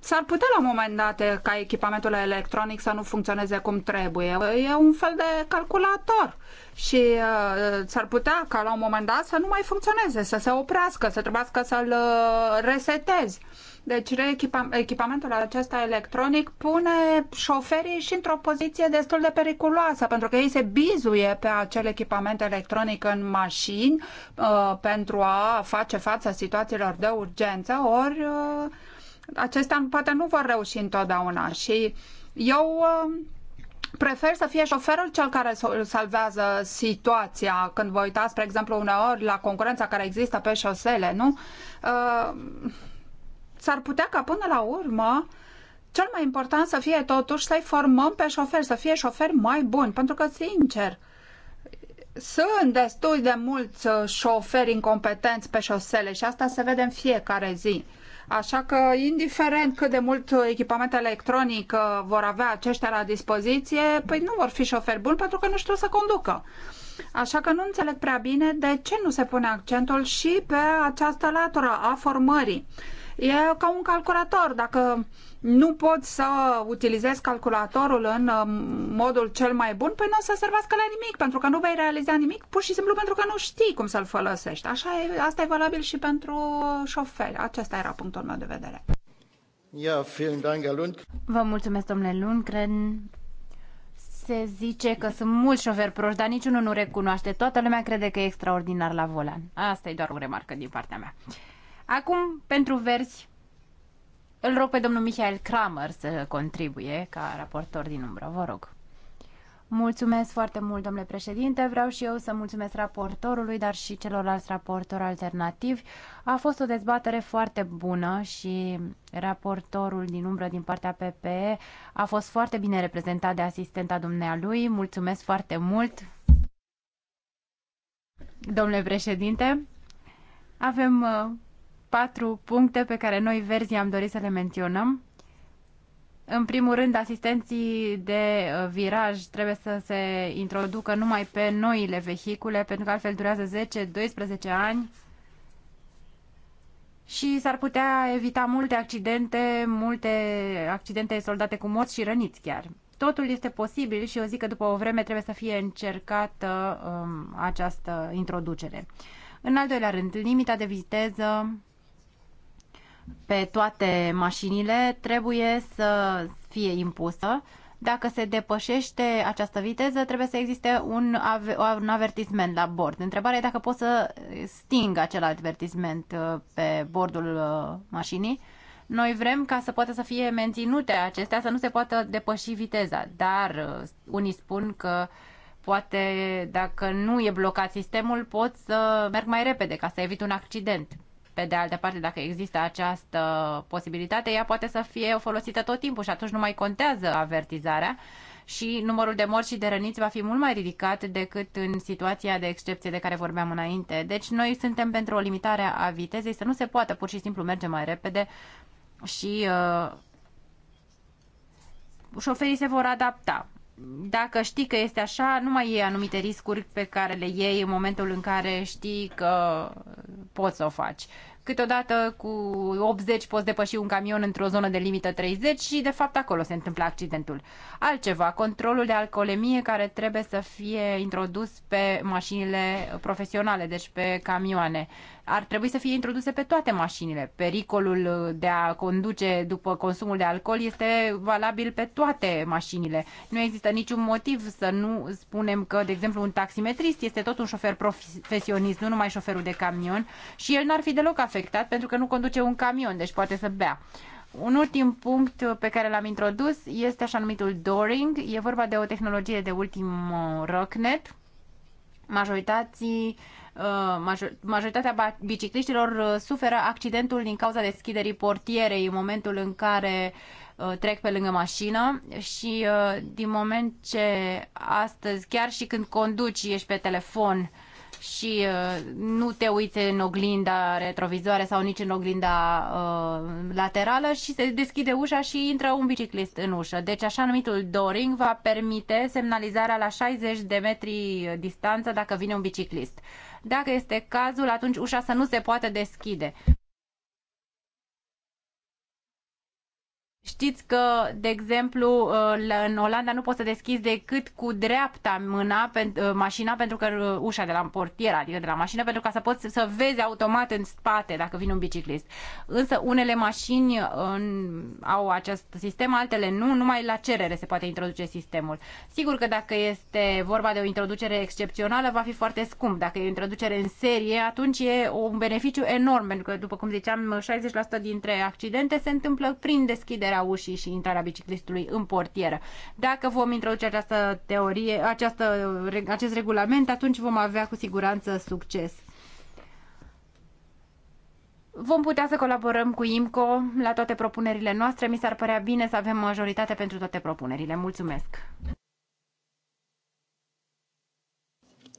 s-ar putea la un moment dat ca echipamentul electronic să nu funcționeze cum trebuie. E un fel de calculator și uh, s-ar putea ca la un moment dat să nu mai funcționeze, să se oprească, să trebuiască să-l uh, resetezi. Deci echipa echipamentul acesta electronic pune șoferii și într-o poziție destul de periculoasă, pentru că ei se bizuie pe acel echipament electronic în mașini uh, pentru a face față situațiilor de urgență, ori uh, acestea poate nu vor reuși întotdeauna și eu um, prefer să fie șoferul cel care salvează situația. Când vă uitați, spre exemplu, uneori la concurența care există pe șosele, nu? Uh, s-ar putea ca până la urmă cel mai important să fie totuși să-i formăm pe șoferi, să fie șoferi mai buni, pentru că, sincer, sunt destul de mulți uh, șoferi incompetenți pe șosele și asta se vede în fiecare zi. Așa că, indiferent cât de mult echipament electronic uh, vor avea aceștia la dispoziție, păi nu vor fi șoferi buni pentru că nu știu să conducă. Așa că nu înțeleg prea bine de ce nu se pune accentul și pe această latură a formării. E ca un calculator. Dacă nu pot să utilizez calculatorul în uh, modul cel mai bun, păi nu o să servească la nimic, pentru că nu vei realiza nimic pur și simplu pentru că nu știi cum să-l folosești. Așa e, asta e valabil și pentru șoferi. Acesta era punctul meu de vedere. Ja, vielen Dank, Herr Lund. Vă mulțumesc, domnule Lundgren. Se zice că sunt mulți șoferi proști, dar niciunul nu recunoaște. Toată lumea crede că e extraordinar la volan. Asta e doar o remarcă din partea mea. Acum, pentru verzi, îl rog pe domnul Michael Kramer să contribuie ca raportor din umbră. Vă rog. Mulțumesc foarte mult, domnule președinte. Vreau și eu să mulțumesc raportorului, dar și celorlalți raportori alternativi. A fost o dezbatere foarte bună și raportorul din umbră din partea PPE a fost foarte bine reprezentat de asistenta dumnealui. Mulțumesc foarte mult, domnule președinte. Avem uh, patru puncte pe care noi verzi am dorit să le menționăm. În primul rând, asistenții de uh, viraj trebuie să se introducă numai pe noile vehicule, pentru că altfel durează 10-12 ani și s-ar putea evita multe accidente, multe accidente soldate cu morți și răniți chiar. Totul este posibil și eu zic că după o vreme trebuie să fie încercată um, această introducere. În al doilea rând, limita de viteză pe toate mașinile trebuie să fie impusă. Dacă se depășește această viteză, trebuie să existe un, av- un avertisment la bord. Întrebarea e dacă pot să sting acel avertisment uh, pe bordul uh, mașinii. Noi vrem ca să poată să fie menținute acestea, să nu se poată depăși viteza, dar uh, unii spun că poate dacă nu e blocat sistemul, pot să merg mai repede ca să evit un accident pe de altă parte, dacă există această posibilitate, ea poate să fie folosită tot timpul și atunci nu mai contează avertizarea și numărul de morți și de răniți va fi mult mai ridicat decât în situația de excepție de care vorbeam înainte. Deci noi suntem pentru o limitare a vitezei, să nu se poată pur și simplu merge mai repede și uh, șoferii se vor adapta dacă știi că este așa, nu mai iei anumite riscuri pe care le iei în momentul în care știi că poți să o faci. Câteodată cu 80 poți depăși un camion într-o zonă de limită 30 și de fapt acolo se întâmplă accidentul. Altceva, controlul de alcoolemie care trebuie să fie introdus pe mașinile profesionale, deci pe camioane ar trebui să fie introduse pe toate mașinile. Pericolul uh, de a conduce după consumul de alcool este valabil pe toate mașinile. Nu există niciun motiv să nu spunem că, de exemplu, un taximetrist este tot un șofer profesionist, nu numai șoferul de camion și el n-ar fi deloc afectat pentru că nu conduce un camion, deci poate să bea. Un ultim punct pe care l-am introdus este așa numitul Doring. E vorba de o tehnologie de ultim răcnet. Majoritații uh, Uh, majoritatea bicicliștilor uh, suferă accidentul din cauza deschiderii portierei în momentul în care uh, trec pe lângă mașină și din moment ce astăzi, chiar și când conduci, ești pe telefon și nu te uiți în oglinda retrovizoare sau nici în oglinda laterală și se deschide ușa și intră un biciclist în ușă. Deci așa numitul Doring va permite semnalizarea la 60 de metri distanță dacă vine un biciclist. Dacă este cazul, atunci ușa să nu se poată deschide. Știți că, de exemplu, uh, în Olanda nu poți să deschizi decât cu dreapta mâna uh, mașina pentru că uh, ușa de la portier, adică de la mașină, pentru ca să poți să vezi automat în spate dacă vine un biciclist. Însă unele mașini au acest sistem, altele nu, numai la cerere se poate introduce sistemul. Sigur că dacă este vorba de o introducere excepțională, va fi foarte scump. Dacă e o introducere în serie, atunci e un beneficiu enorm, pentru că, după cum ziceam, 60% dintre accidente se întâmplă prin deschiderea deschiderea ușii și intrarea biciclistului în portieră. Dacă vom introduce această teorie, această, acest regulament, atunci vom avea cu siguranță succes. Vom putea să colaborăm cu IMCO la toate propunerile noastre. Mi s-ar părea bine să avem majoritate pentru toate propunerile. Mulțumesc!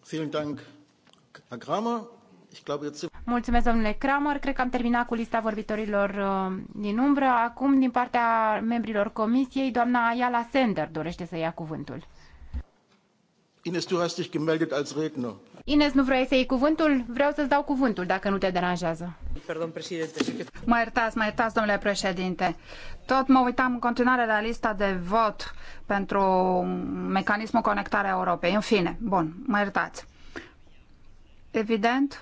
Vielen Dank, Herr Kramer. Mulțumesc, domnule Kramer. Cred că am terminat cu lista vorbitorilor uh, din umbră. Acum, din partea membrilor comisiei, doamna Ayala Sender dorește să ia cuvântul. Ines, tu hast dich gemeldet als Redner. Ines, nu vrei să iei cuvântul? Vreau să-ți dau cuvântul, dacă nu te deranjează. Pardon, președinte. Mă iertați, mă iertați, domnule președinte. Tot mă uitam în continuare la lista de vot pentru mecanismul conectarea Europei. În fine, bun, mă iertați. Evident,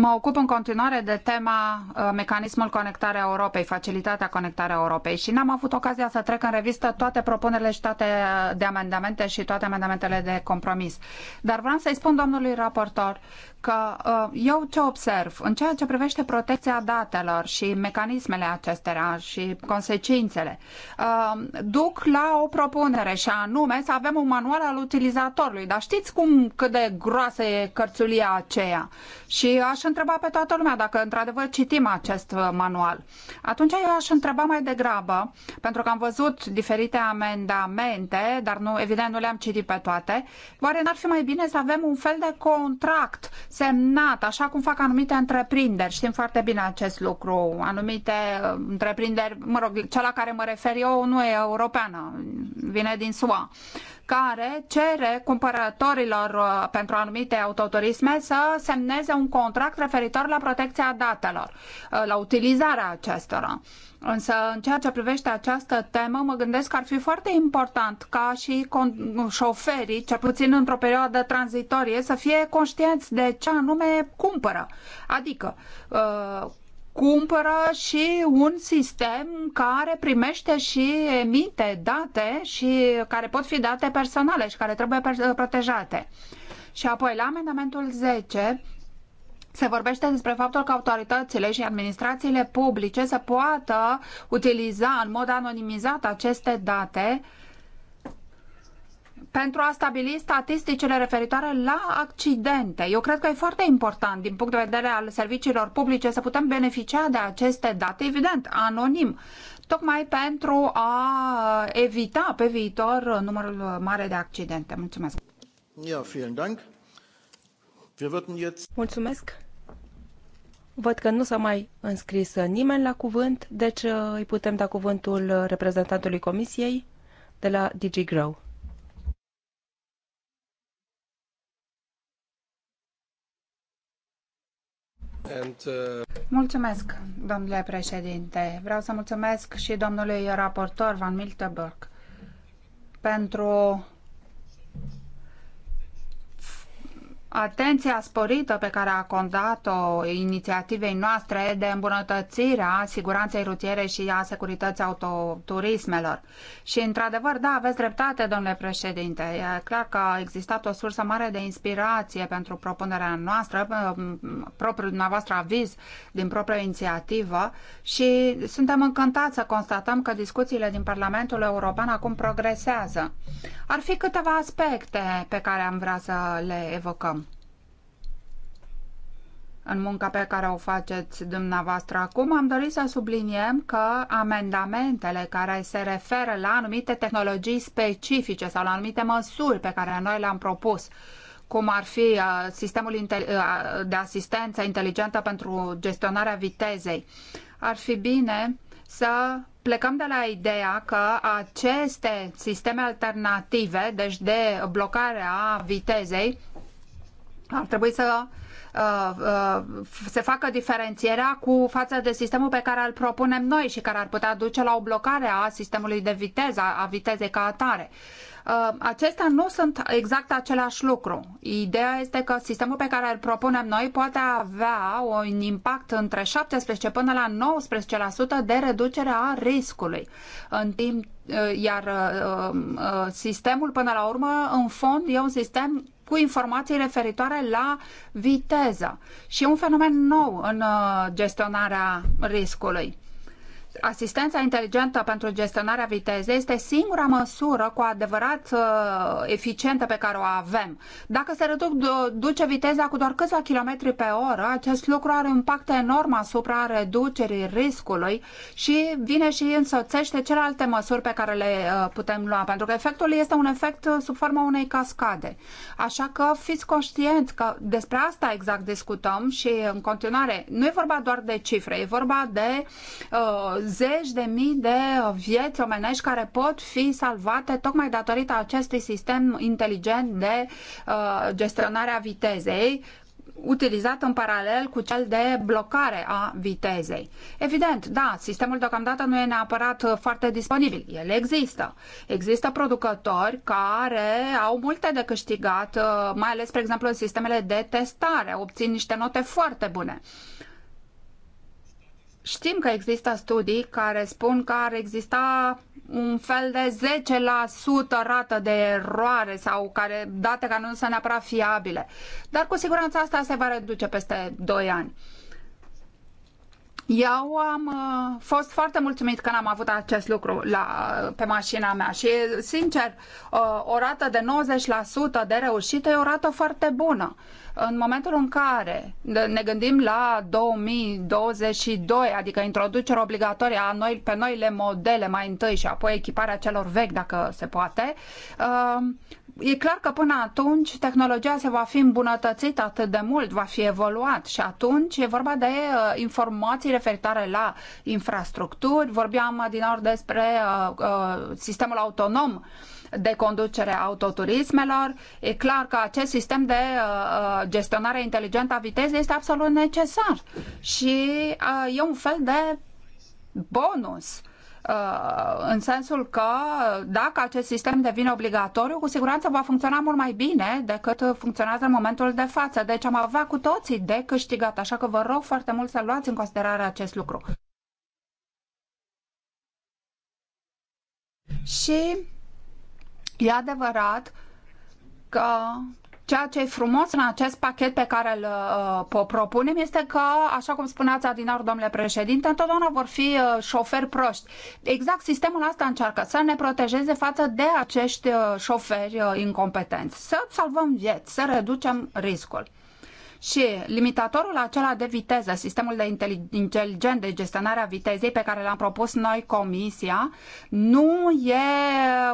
Mă ocup în continuare de tema uh, mecanismul conectarea Europei, facilitatea conectarea Europei și n-am avut ocazia să trec în revistă toate propunerile și toate uh, de amendamente și toate amendamentele de compromis. Dar vreau să-i spun domnului raportor că uh, eu ce observ în ceea ce privește protecția datelor și mecanismele acestea și consecințele, duc la o propunere și anume să avem un manual al utilizatorului. Dar știți cum cât de groasă e cărțulia aceea și aș întreba pe toată lumea dacă într-adevăr citim acest uh, manual. Atunci eu aș întreba mai degrabă, pentru că am văzut diferite amendamente, dar nu, evident nu le-am citit pe toate, oare n-ar fi mai bine să avem un fel de contract semnat, așa cum fac anumite întreprinderi. Știm foarte bine acest lucru. Anumite uh, întreprinderi, mă rog, cea la care mă refer eu nu e europeană, vine din SUA care cere cumpărătorilor uh, pentru anumite autoturisme să semneze un contract referitor la protecția datelor, uh, la utilizarea acestora. Însă, în ceea ce privește această temă, mă gândesc că ar fi foarte important ca și șoferii, cel puțin într-o perioadă tranzitorie, să fie conștienți de ce anume cumpără. Adică, uh, cumpără și un sistem care primește și emite date și care pot fi date personale și care trebuie protejate. Și apoi la amendamentul 10 se vorbește despre faptul că autoritățile și administrațiile publice să poată utiliza în mod anonimizat aceste date uh, pentru a stabili statisticile referitoare la accidente. Eu cred că e foarte important din punct de vedere al serviciilor publice să putem beneficia de aceste date, evident, anonim, tocmai pentru a evita pe viitor numărul mare de accidente. Mulțumesc! Ja, vielen Dank. Wir würden jetzt... Mulțumesc! Văd că nu s-a mai înscris nimeni la cuvânt, deci uh, îi putem da cuvântul reprezentantului Comisiei de la DigiGrow. Uh, mulțumesc, domnule președinte. Vreau să mulțumesc și domnului raportor Van Miltenburg pentru Atenția sporită pe care a condat o inițiativei noastre de îmbunătățire a siguranței rutiere și a securității autoturismelor. Și, într-adevăr, da, aveți dreptate, domnule președinte. E clar că a existat o sursă mare de inspirație pentru propunerea noastră, um, propriul dumneavoastră aviz din propria inițiativă și suntem încântați să constatăm că discuțiile din Parlamentul European acum progresează. Ar fi câteva aspecte pe care am vrea să le evocăm în munca pe care o faceți dumneavoastră acum, am dorit să subliniem că amendamentele care se referă la anumite tehnologii specifice sau la anumite măsuri pe care noi le-am propus, cum ar fi uh, sistemul uh, de asistență inteligentă pentru gestionarea vitezei, ar fi bine să plecăm de la ideea că aceste sisteme alternative, deci de blocare a vitezei, ar trebui să Uh, uh, se facă diferențierea cu față de sistemul pe care îl propunem noi și care ar putea duce la o blocare a sistemului de viteză, a vitezei ca atare uh, acestea nu sunt exact același lucru. Ideea este că sistemul pe care îl propunem noi poate avea un impact între 17 până la 19% de reducere a riscului. În timp, iar sistemul până la urmă, în fond, e un sistem cu informații referitoare la viteză. Și e un fenomen nou în uh, gestionarea riscului asistența inteligentă pentru gestionarea vitezei este singura măsură cu adevărat uh, eficientă pe care o avem. Dacă se reduc, duce viteza cu doar câțiva kilometri pe oră, acest lucru are un impact enorm asupra reducerii riscului și vine și însoțește celelalte măsuri pe care le uh, putem lua, pentru că efectul este un efect uh, sub forma unei cascade. Așa că fiți conștient că despre asta exact discutăm și în continuare nu e vorba doar de cifre, e vorba de uh, zeci de mii de vieți omenești care pot fi salvate tocmai datorită acestui sistem inteligent de uh, gestionare a vitezei utilizat în paralel cu cel de blocare a vitezei. Evident, da, sistemul deocamdată nu e neapărat foarte disponibil. El există. Există producători care au multe de câștigat, uh, mai ales, spre exemplu, în sistemele de testare, obțin niște note foarte bune. Știm că există studii care spun că ar exista un fel de 10% rată de eroare sau care, date care nu sunt neapărat fiabile. Dar cu siguranță asta se va reduce peste 2 ani. Eu am uh, fost foarte mulțumit că n-am avut acest lucru la, pe mașina mea și, sincer, uh, o rată de 90% de reușită e o rată foarte bună. În momentul în care ne gândim la 2022, adică introducerea obligatorie a noi, pe noile modele mai întâi și apoi echiparea celor vechi, dacă se poate, uh, e clar că până atunci tehnologia se va fi îmbunătățită atât de mult, va fi evoluat și atunci e vorba de uh, informații referitoare la infrastructuri. Vorbeam uh, din ori despre uh, uh, sistemul autonom de conducere a autoturismelor. E clar că acest sistem de uh, uh gestionare inteligentă a vitezei este absolut necesar și uh, e un fel de bonus Uh, în sensul că dacă acest sistem devine obligatoriu, cu siguranță va funcționa mult mai bine decât funcționează în momentul de față. Deci am avea cu toții de câștigat, așa că vă rog foarte mult să luați în considerare acest lucru. Și e adevărat că Ceea ce e frumos în acest pachet pe care îl uh, propunem este că, așa cum spuneați adinaur, domnule președinte, întotdeauna vor fi uh, șoferi proști. Exact sistemul ăsta încearcă să ne protejeze față de acești uh, șoferi uh, incompetenți, să salvăm vieți, să reducem riscul. Și limitatorul acela de viteză, sistemul de inteligent de gestionare a vitezei pe care l-am propus noi comisia, nu e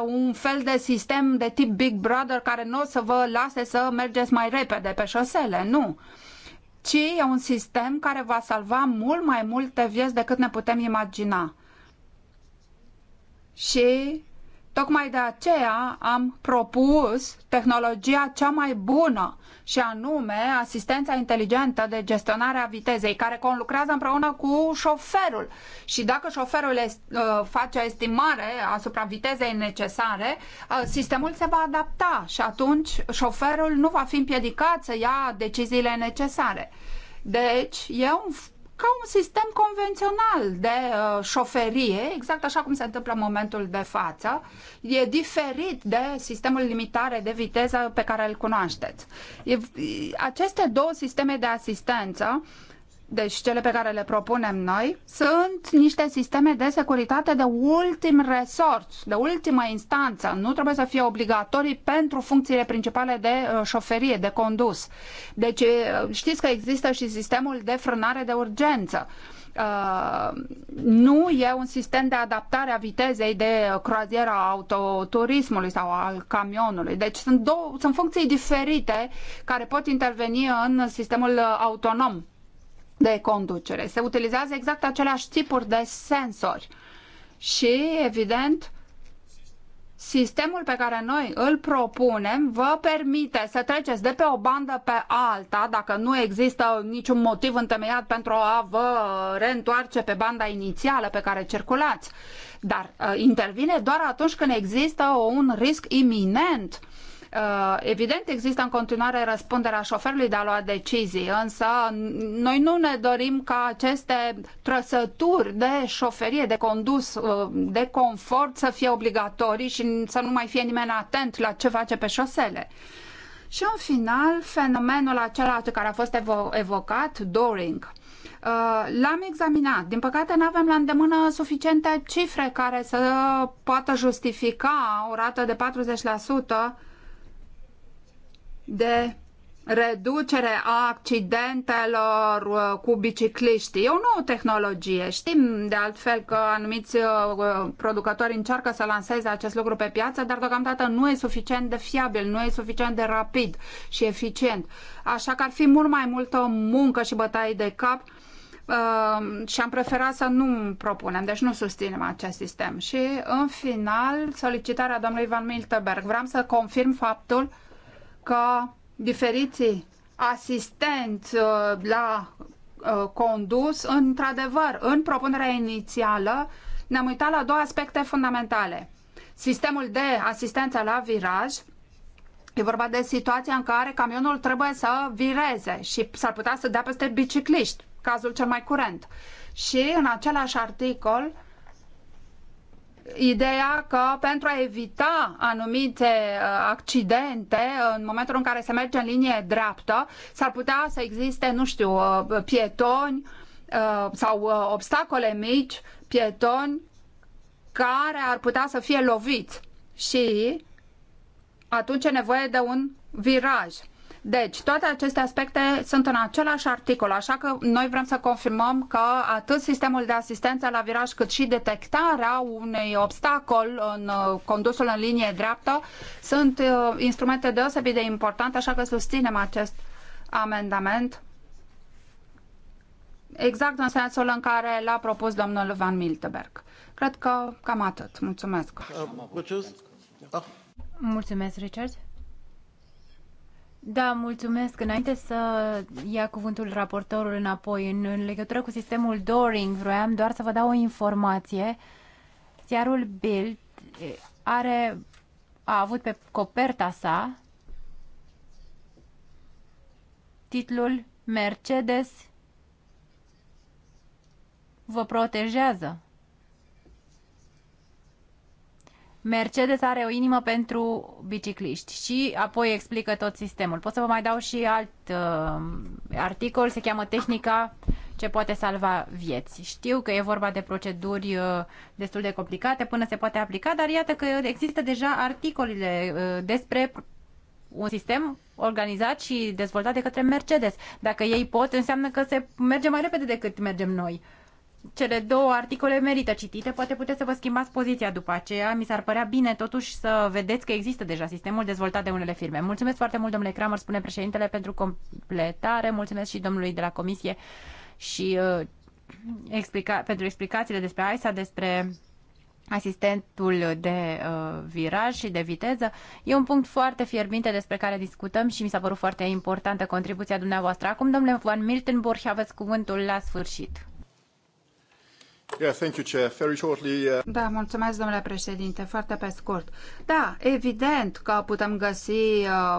un fel de sistem de tip Big Brother care nu o să vă lase să mergeți mai repede pe șosele, nu ci e un sistem care va salva mult mai multe vieți decât ne putem imagina. Și Tocmai de aceea am propus tehnologia cea mai bună și anume asistența inteligentă de gestionare a vitezei, care conlucrează împreună cu șoferul. Și dacă șoferul uh, face estimare asupra vitezei necesare, uh, sistemul se va adapta și atunci șoferul nu va fi împiedicat să ia deciziile necesare. Deci, e un ca un sistem convențional de uh, șoferie, exact așa cum se întâmplă în momentul de față. E diferit de sistemul limitare de viteză pe care îl cunoașteți. E, aceste două sisteme de asistență uh, deci cele pe care le propunem noi, sunt niște sisteme de securitate de ultim resort, de ultimă instanță. Nu trebuie să fie obligatorii pentru funcțiile principale de uh, șoferie, de condus. Deci uh, știți că există și sistemul de frânare de urgență. Uh, nu e un sistem de adaptare a vitezei de croaziera autoturismului sau al camionului. Deci sunt, două, sunt funcții diferite care pot interveni în sistemul uh, autonom de conducere. Se utilizează exact aceleași tipuri de sensori. Și, evident, sistemul pe care noi îl propunem vă permite să treceți de pe o bandă pe alta, dacă nu există niciun motiv întemeiat pentru a vă reîntoarce pe banda inițială pe care circulați. Dar uh, intervine doar atunci când există un risc iminent uh, Uh, evident există în continuare răspunderea șoferului de a lua decizii, însă noi nu ne dorim ca aceste trăsături de șoferie, de condus, uh, de confort să fie obligatorii și să nu mai fie nimeni atent la ce face pe șosele. Și în final, fenomenul acela care a fost evo evocat, Doring. Uh, l-am examinat. Din păcate, nu avem la îndemână suficiente cifre care să poată justifica o rată de 40% de reducere a accidentelor uh, cu bicicliști, E o nouă tehnologie. Știm de altfel că anumiți uh, producători încearcă să lanseze acest lucru pe piață, dar deocamdată nu e suficient de fiabil, nu e suficient de rapid și eficient. Așa că ar fi mult mai multă muncă și bătaie de cap uh, și am preferat să nu propunem, deci nu susținem acest sistem. Și în final, solicitarea domnului Van Miltenberg. Vreau să confirm faptul că diferiții asistenți uh, la uh, condus, într-adevăr, în propunerea inițială, ne-am uitat la două aspecte fundamentale. Sistemul de asistență la viraj, e vorba de situația în care camionul trebuie să vireze și s-ar putea să dea peste bicicliști, cazul cel mai curent. Și în același articol ideea că pentru a evita anumite uh, accidente, în momentul în care se merge în linie dreaptă, s-ar putea să existe, nu știu, uh, pietoni uh, sau obstacole mici, pietoni care ar putea să fie loviți și atunci e nevoie de un viraj. Deci, toate aceste aspecte sunt în același articol, așa că noi vrem să confirmăm că atât sistemul de asistență la viraj cât și detectarea unui obstacol în uh, condusul în linie dreaptă sunt uh, instrumente deosebit de importante, așa că susținem acest amendament exact în sensul în care l-a propus domnul Van Miltenberg. Cred că cam atât. Mulțumesc. Uh, ah. Mulțumesc, Richard. Da, mulțumesc. Înainte să ia cuvântul raportorul înapoi, în, în legătură cu sistemul Doring, vroiam doar să vă dau o informație. Ziarul Bild are, a avut pe coperta sa titlul Mercedes vă protejează. Mercedes are o inimă pentru bicicliști și apoi explică tot sistemul. Pot să vă mai dau și alt uh, articol, se cheamă Tehnica ce poate salva vieți. Știu că e vorba de proceduri uh, destul de complicate până se poate aplica, dar iată că există deja articolele uh, despre un sistem organizat și dezvoltat de către Mercedes. Dacă ei pot, înseamnă că se merge mai repede decât mergem noi cele două articole merită citite, poate puteți să vă schimbați poziția după aceea. Mi s-ar părea bine totuși să vedeți că există deja sistemul dezvoltat de unele firme. Mulțumesc foarte mult, domnule Kramer, spune președintele, pentru completare. Mulțumesc și domnului de la comisie și uh, explica- pentru explicațiile despre AISA, despre asistentul de uh, viraj și de viteză. E un punct foarte fierbinte despre care discutăm și mi s-a părut foarte importantă contribuția dumneavoastră. Acum, domnule Van Miltenburg, aveți cuvântul la sfârșit. Uh, da, mulțumesc, domnule președinte, foarte pe scurt. Da, evident că putem găsi uh,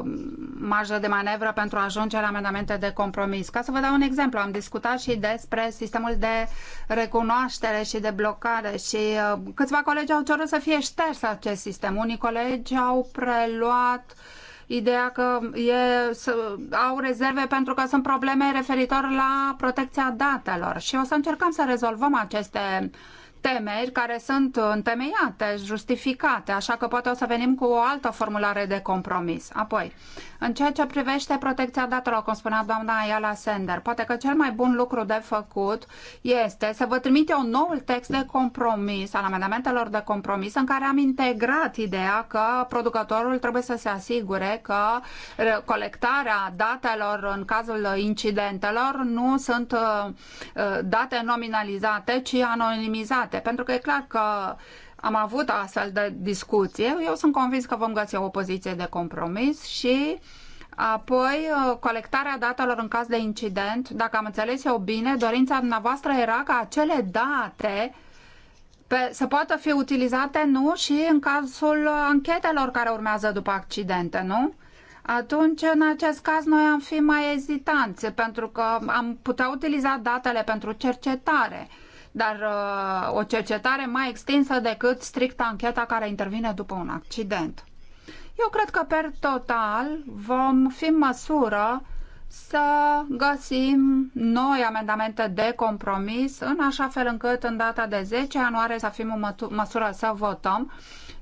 marjă de manevră pentru a ajunge la amendamente de compromis. Ca să vă dau un exemplu, am discutat și despre sistemul de recunoaștere și de blocare și uh, câțiva colegi au cerut să fie șters acest sistem. Unii colegi au preluat uh, ideea că e, să, au rezerve pentru că sunt probleme referitor la protecția datelor și o să încercăm să rezolvăm aceste uh, temeri care sunt întemeiate, justificate, așa că poate o să venim cu o altă formulare de compromis. Apoi, în ceea ce privește protecția datelor, cum spunea doamna Ayala Sender, poate că cel mai bun lucru de făcut este să vă trimite un nou text de compromis, al amendamentelor de compromis, în care am integrat ideea că producătorul trebuie să se asigure că colectarea datelor în cazul incidentelor nu sunt uh, uh, date nominalizate, ci anonimizate departe, pentru că e clar că am avut astfel de discuție. Eu sunt convins că vom găsi o poziție de compromis și apoi uh, colectarea datelor în caz de incident. Dacă am înțeles eu bine, dorința dumneavoastră era ca acele date pe, să poată fi utilizate, nu, și în cazul uh, anchetelor care urmează după accidente, nu? atunci în acest caz noi am fi mai ezitanți pentru că am putea utiliza datele pentru cercetare dar uh, o cercetare mai extinsă decât strict ancheta care intervine după un accident. Eu cred că, per total, vom fi în măsură să găsim noi amendamente de compromis în așa fel încât în data de 10 ianuarie să fim în măsură să votăm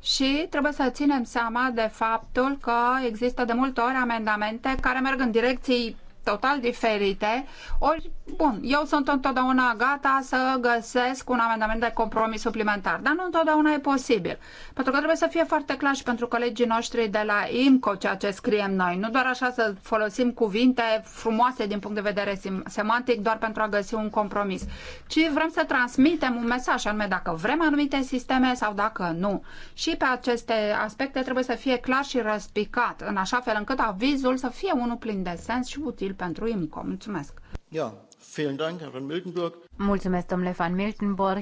și trebuie să ținem seama de faptul că există de multe ori amendamente care merg în direcții total diferite, ori, bun, eu sunt întotdeauna gata să găsesc un amendament de compromis suplimentar, dar nu întotdeauna e posibil. Pentru că trebuie să fie foarte clar și pentru colegii noștri de la IMCO ceea ce scriem noi. Nu doar așa să folosim cuvinte frumoase din punct de vedere semantic doar pentru a găsi un compromis, ci vrem să transmitem un mesaj, anume dacă vrem anumite sisteme sau dacă nu. Și pe aceste aspecte trebuie să fie clar și răspicat, în așa fel încât avizul să fie unul plin de sens și util pentru IMCO. Mulțumesc! Ja, vielen Dank, Herr van Miltenburg. Mulțumesc, domnule Van Miltenburg.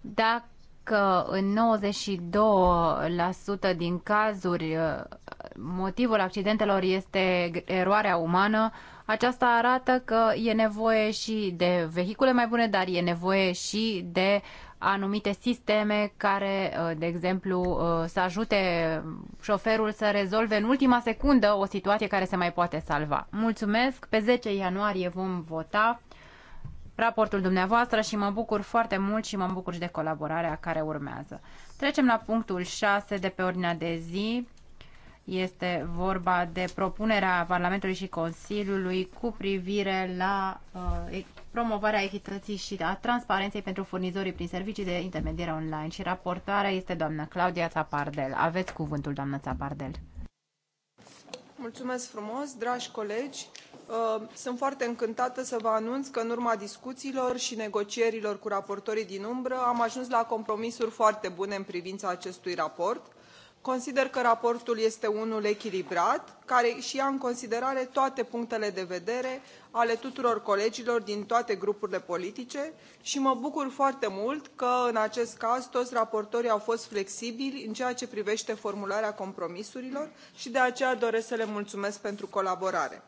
Dacă în 92% din cazuri uh, motivul accidentelor este eroarea umană, aceasta arată că e nevoie și de vehicule mai bune, dar e nevoie și de anumite sisteme care, uh, de exemplu, uh, să ajute șoferul să rezolve în ultima secundă o situație care se mai poate salva. Mulțumesc! Pe 10 ianuarie vom vota raportul dumneavoastră și mă bucur foarte mult și mă bucur și de colaborarea care urmează. Trecem la punctul 6 de pe ordinea de zi. Este vorba de propunerea Parlamentului și Consiliului cu privire la uh, promovarea echității și a transparenței pentru furnizorii prin servicii de intermediere online și raportoarea este doamna Claudia Țapardel. Aveți cuvântul, doamna Țapardel. Mulțumesc frumos, dragi colegi. Uh, sunt foarte încântată să vă anunț că în urma discuțiilor și negocierilor cu raportorii din umbră am ajuns la compromisuri foarte bune în privința acestui raport consider că raportul este unul echilibrat care și ia în considerare toate punctele de vedere ale tuturor colegilor din toate grupurile politice și mă bucur foarte mult că în acest caz toți raportorii au fost flexibili în ceea ce privește formularea compromisurilor și de aceea doresc să le mulțumesc pentru colaborare.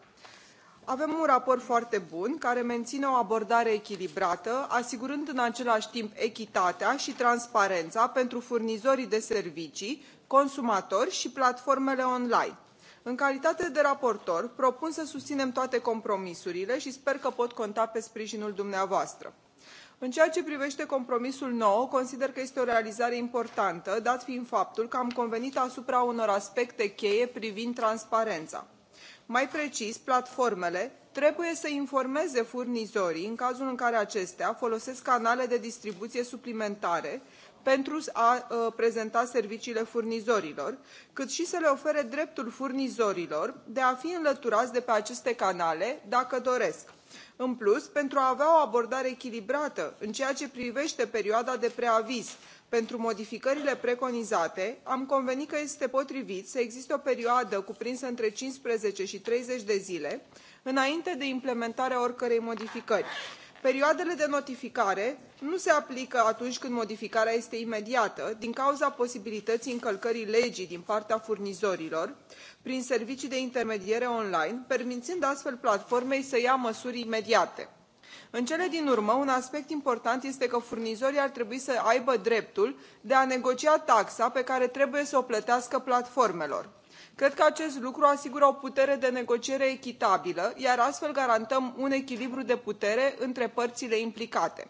Avem un raport foarte bun care menține o abordare echilibrată, asigurând în același timp echitatea și transparența pentru furnizorii de servicii consumatori și platformele online. în calitate de raportor propun să susținem toate compromisurile și sper că pot conta pe sprijinul dumneavoastră. în ceea ce privește compromisul nouă consider că este o realizare importantă dat fiind faptul că am convenit asupra unor aspecte cheie privind transparența. mai precis platformele trebuie să informeze furnizorii în cazul în care acestea folosesc canale de distribuție suplimentare pentru a uh, prezenta serviciile furnizorilor cât și să le ofere dreptul furnizorilor de a fi înlăturați de pe aceste canale dacă doresc în plus pentru a avea o abordare echilibrată în ceea ce privește perioada de preaviz pentru modificările preconizate am convenit că este potrivit să existe o perioadă cuprinsă între cincisprezece și treizeci de zile înainte de implementarea oricărei modificări perioadele de notificare nu se aplică atunci când modificarea este imediată din cauza posibilității încălcării legii din partea furnizorilor prin servicii de intermediere online permițând astfel platformei să ia măsuri imediate. în cele din urmă un aspect important este că furnizorii ar trebui să aibă dreptul de a negocia taxa pe care trebuie să o plătească platformelor cred că acest lucru asigură o putere de negociere echitabilă iar astfel garantăm un echilibru de putere între părțile implicate.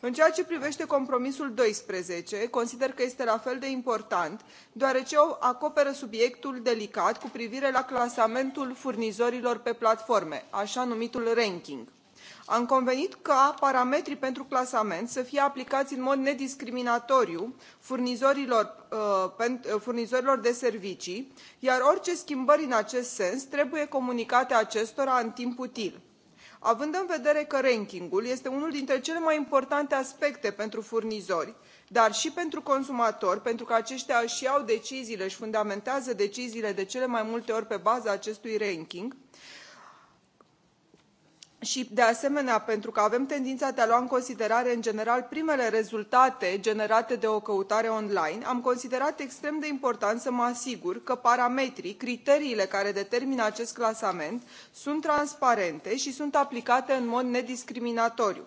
în ceea ce privește compromisul doisprezece consider că este la fel de important deoarece acoperă subiectul delicat cu privire la clasamentul furnizorilor pe platforme așa numitul ranking am convenit ca parametrii pentru clasament să fie aplicați în mod nediscriminatoriu uh, uh, furnizorilor, de servicii iar orice schimbări în acest sens trebuie comunicate acestora în timp util având în vedere că rankingul este unul dintre cele mai importante aspecte pentru furnizori dar și pentru consumatori pentru că aceștia își iau deciziile își fundamentează deciziile de cele mai multe ori pe baza acestui ranking și de asemenea pentru că avem tendința de a lua în considerare în general primele rezultate generate de o căutare online am considerat extrem de important să mă asigur că parametrii criteriile care determină acest clasament sunt transparente și sunt aplicate în mod nediscriminatoriu.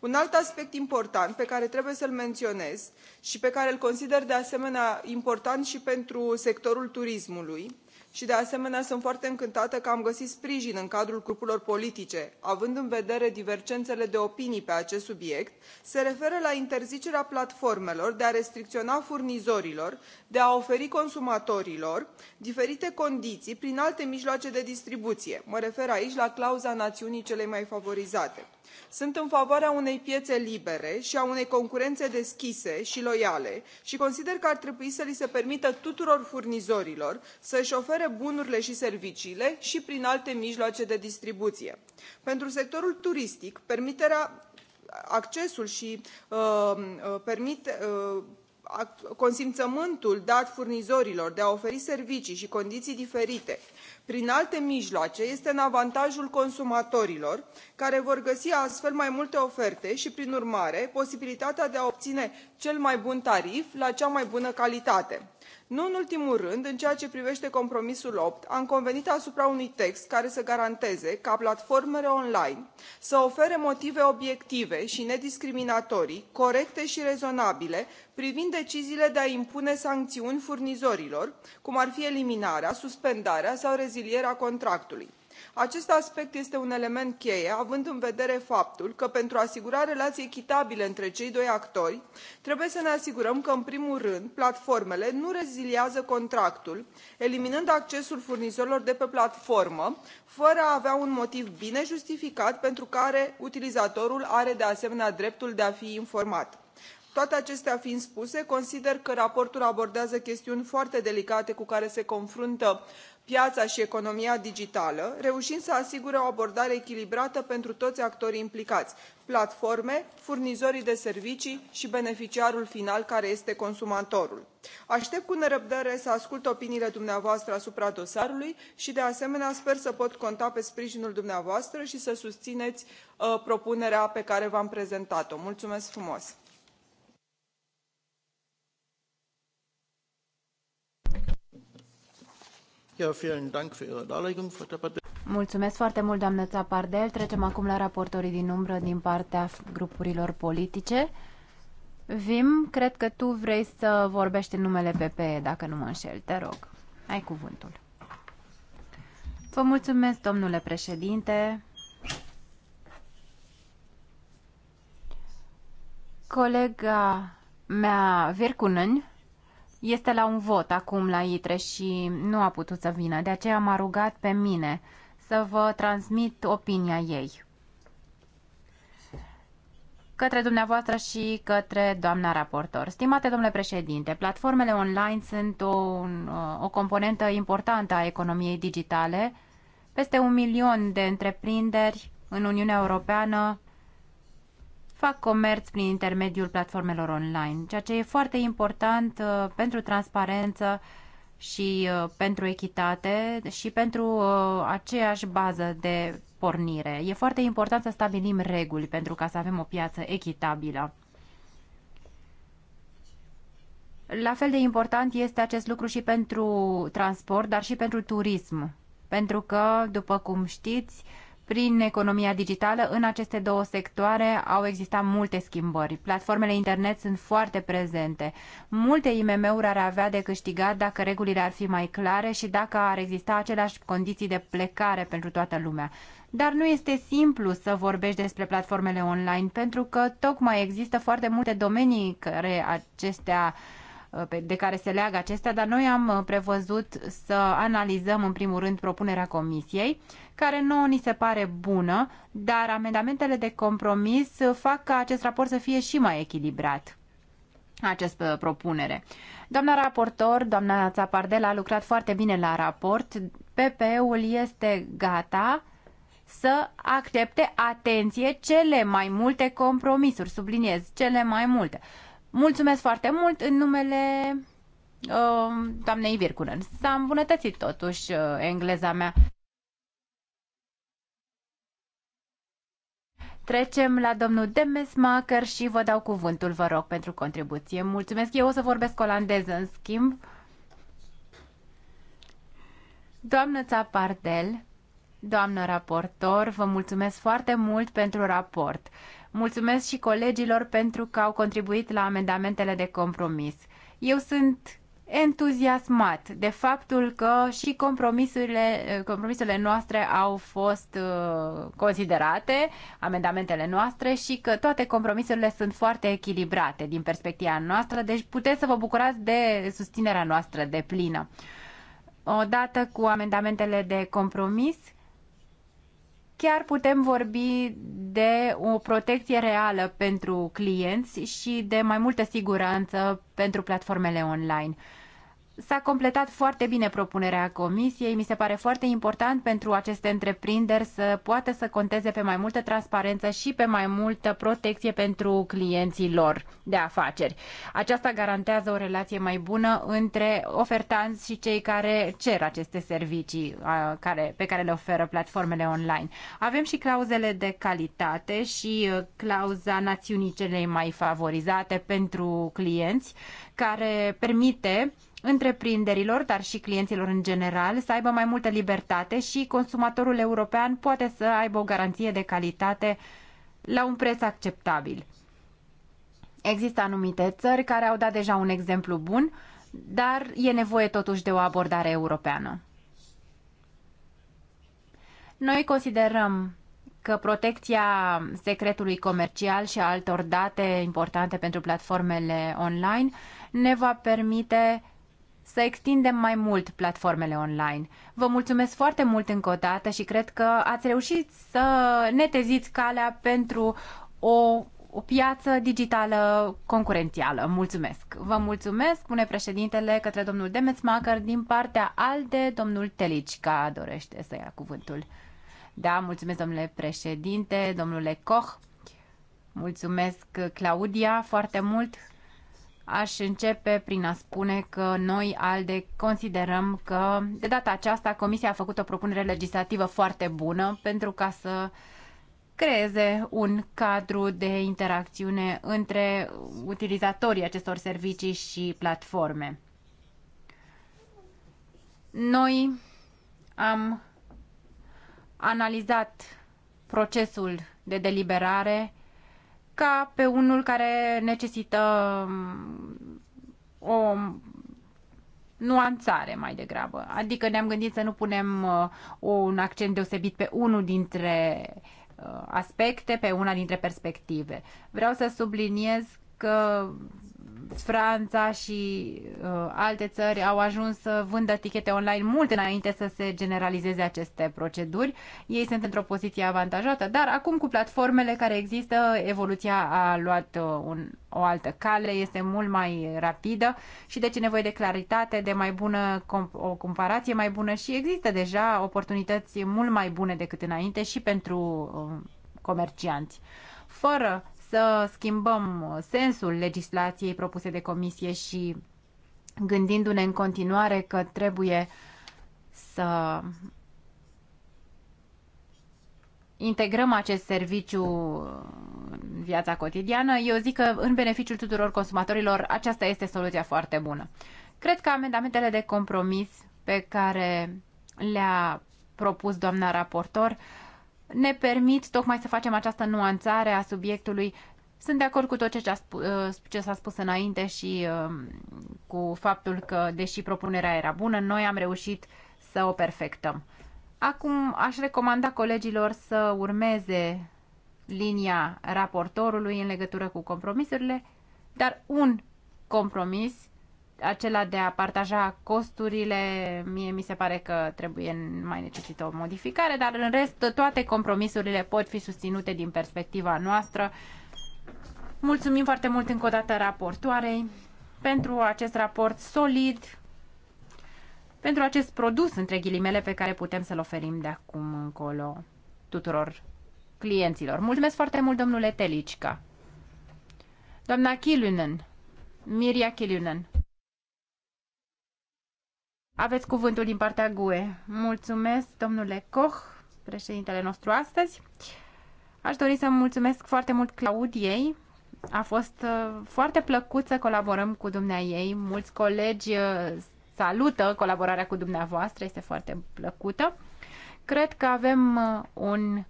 un alt aspect important pe care trebuie să l menționez și pe care îl consider de asemenea important și pentru sectorul turismului este și de asemenea sunt foarte încântată că am găsit sprijin în cadrul grupurilor politice având în vedere divergențele de opinii pe acest subiect se referă la interzicerea platformelor de a restricționa furnizorilor de a oferi consumatorilor diferite condiții prin alte mijloace de distribuție mă refer aici la clauza națiunii celei mai favorizate sunt în favoarea unei piețe libere și a unei concurențe deschise și loiale și consider că ar trebui să li se permită tuturor furnizorilor să își ofere bunurile și serviciile și prin alte mijloace de distribuție. pentru sectorul turistic permiterea accesul și uh, uh permit, uh, consimțământul dat furnizorilor de a oferi servicii și condiții diferite prin alte mijloace este în avantajul consumatorilor care vor găsi astfel mai multe oferte și prin urmare posibilitatea de a obține cel mai bun tarif la cea mai bună calitate. nu în ultimul rând în ceea ce privește compromisul opt am convenit asupra unui text care să garanteze ca platformele online să ofere motive obiective și nediscriminatorii corecte și rezonabile privind deciziile de a impune sancțiuni furnizorilor cum ar fi eliminarea suspendarea sau rezilierea contractului. acest aspect este un element cheie având în vedere faptul că pentru a asigura relații echitabile între cei doi actori trebuie să ne asigurăm că în primul rând platformele nu reziliază contractul eliminând accesul furnizorilor de pe platformă fără a avea un motiv bine justificat pentru care utilizatorul are de asemenea dreptul de a fi informat toate acestea fiind spuse consider că raportul abordează chestiuni foarte delicate cu care se confruntă piața și economia digitală reușind să asigure o abordare echilibrată pentru toți actorii implicați platforme furnizorii de servicii și beneficiarul final care este consumatorul. aștept cu nerăbdare să ascult opiniile dumneavoastră asupra dosarului și de asemenea sper să pot conta pe sprijinul dumneavoastră și să susțineți uh, propunerea pe care v am prezentat o. mulțumesc frumos! Mulțumesc foarte mult, doamnă Țapardel. Trecem acum la raportorii din umbră din partea grupurilor politice. Vim, cred că tu vrei să vorbești în numele PPE, dacă nu mă înșel. Te rog, ai cuvântul. Vă mulțumesc, domnule președinte. Colega mea, Virkunen, este la un vot acum la ITRE și nu a putut să vină, de aceea m-a rugat pe mine să vă transmit opinia ei către dumneavoastră și către doamna raportor. Stimate domnule președinte, platformele online sunt o, o componentă importantă a economiei digitale. Peste un milion de întreprinderi în Uniunea Europeană fac comerț prin intermediul platformelor online, ceea ce e foarte important uh, pentru transparență și uh, pentru echitate și pentru uh, aceeași bază de pornire. E foarte important să stabilim reguli pentru ca să avem o piață echitabilă. La fel de important este acest lucru și pentru transport, dar și pentru turism. Pentru că, după cum știți, uh, prin economia digitală, în aceste două sectoare au existat multe schimbări. Platformele internet sunt foarte prezente. Multe IMM-uri ar avea de câștigat dacă regulile ar fi mai clare și dacă ar exista aceleași condiții de plecare pentru toată lumea dar nu este simplu să vorbești despre platformele online pentru că tocmai există foarte multe domenii care acestea Uh, de care se leagă acestea, dar noi am uh, prevăzut să analizăm în primul rând propunerea comisiei, care nouă ni se pare bună, dar amendamentele de compromis fac ca acest raport să fie și mai echilibrat această uh, propunere. Doamna raportor, doamna Țapardel, a lucrat foarte bine la raport. PPE-ul este gata să accepte, atenție, cele mai multe compromisuri, subliniez, cele mai multe. Mulțumesc foarte mult în numele uh, doamnei Virkunen. S-a îmbunătățit totuși uh, engleza mea. Trecem la domnul Demesmacher și vă dau cuvântul, vă rog, pentru contribuție. Mulțumesc, eu o să vorbesc olandeză, în schimb. Doamnă Țapardel, doamnă raportor, vă mulțumesc foarte mult pentru raport. Mulțumesc și colegilor pentru că au contribuit la amendamentele de compromis. Eu sunt entuziasmat de faptul că și compromisurile, compromisurile noastre au fost uh, considerate, amendamentele noastre, și că toate compromisurile sunt foarte echilibrate din perspectiva noastră, deci puteți să vă bucurați de susținerea noastră de plină. Odată cu amendamentele de compromis, chiar putem vorbi de o protecție reală pentru clienți și de mai multă siguranță pentru platformele online. S-a completat foarte bine propunerea Comisiei. Mi se pare foarte important pentru aceste întreprinderi să poată să conteze pe mai multă transparență și pe mai multă protecție pentru clienții lor de afaceri. Aceasta garantează o relație mai bună între ofertanți și cei care cer aceste servicii uh, pe care le oferă platformele online. Avem și clauzele de calitate și uh, clauza națiunii celei mai favorizate pentru clienți care permite întreprinderilor, dar și clienților în general, să aibă mai multă libertate și consumatorul european poate să aibă o garanție de calitate la un preț acceptabil. Există anumite țări care au dat deja un exemplu bun, dar e nevoie totuși de o abordare europeană. Noi considerăm că protecția secretului comercial și a altor date importante pentru platformele online ne va permite să extindem mai mult platformele online. Vă mulțumesc foarte mult încă o dată și cred că ați reușit să neteziți calea pentru o, o piață digitală concurențială. Mulțumesc! Vă mulțumesc, spune președintele către domnul Demetsmacher din partea ALDE, domnul Telicca dorește să ia cuvântul. Da, mulțumesc domnule președinte, domnule Koch, mulțumesc Claudia foarte mult Aș începe prin a spune că noi, ALDE, considerăm că de data aceasta Comisia a făcut o propunere legislativă foarte bună pentru ca să creeze un cadru de interacțiune între utilizatorii acestor servicii și platforme. Noi am analizat procesul de deliberare ca pe unul care necesită um, o nuanțare mai degrabă. Adică ne-am gândit să nu punem uh, un accent deosebit pe unul dintre uh, aspecte, pe una dintre perspective. Vreau să subliniez că Franța și uh, alte țări au ajuns să vândă tichete online mult înainte să se generalizeze aceste proceduri. Ei sunt într-o poziție avantajată, dar acum cu platformele care există, evoluția a luat uh, un, o altă cale, este mult mai rapidă și deci e nevoie de claritate, de mai bună o comparație mai bună și există deja oportunități mult mai bune decât înainte și pentru uh, comercianți. Fără să schimbăm sensul legislației propuse de comisie și gândindu-ne în continuare că trebuie să integrăm acest serviciu în viața cotidiană, eu zic că în beneficiul tuturor consumatorilor aceasta este soluția foarte bună. Cred că amendamentele de compromis pe care le-a propus doamna raportor ne permit tocmai să facem această nuanțare a subiectului sunt de acord cu tot ce uh, s-a spus înainte și um, cu faptul că, deși propunerea era bună, noi am reușit să o perfectăm. Acum aș recomanda colegilor să urmeze linia raportorului în legătură cu compromisurile, dar un compromis, acela de a partaja costurile, mie mi se pare că trebuie mai necesită o modificare, dar în rest toate compromisurile pot fi susținute din perspectiva noastră Mulțumim foarte mult încă o dată raportoarei pentru acest raport solid, pentru acest produs, între ghilimele, pe care putem să-l oferim de acum încolo tuturor clienților. Mulțumesc foarte mult, domnule Telicica. Doamna Kilunen, Miria Kilunen. Aveți cuvântul din partea GUE. Mulțumesc, domnule Koch, președintele nostru astăzi. Aș dori să mulțumesc foarte mult Claudiei a fost uh, foarte plăcut să colaborăm cu ei. Mulți colegi uh, salută colaborarea cu dumneavoastră, este foarte plăcută. Cred că avem uh, un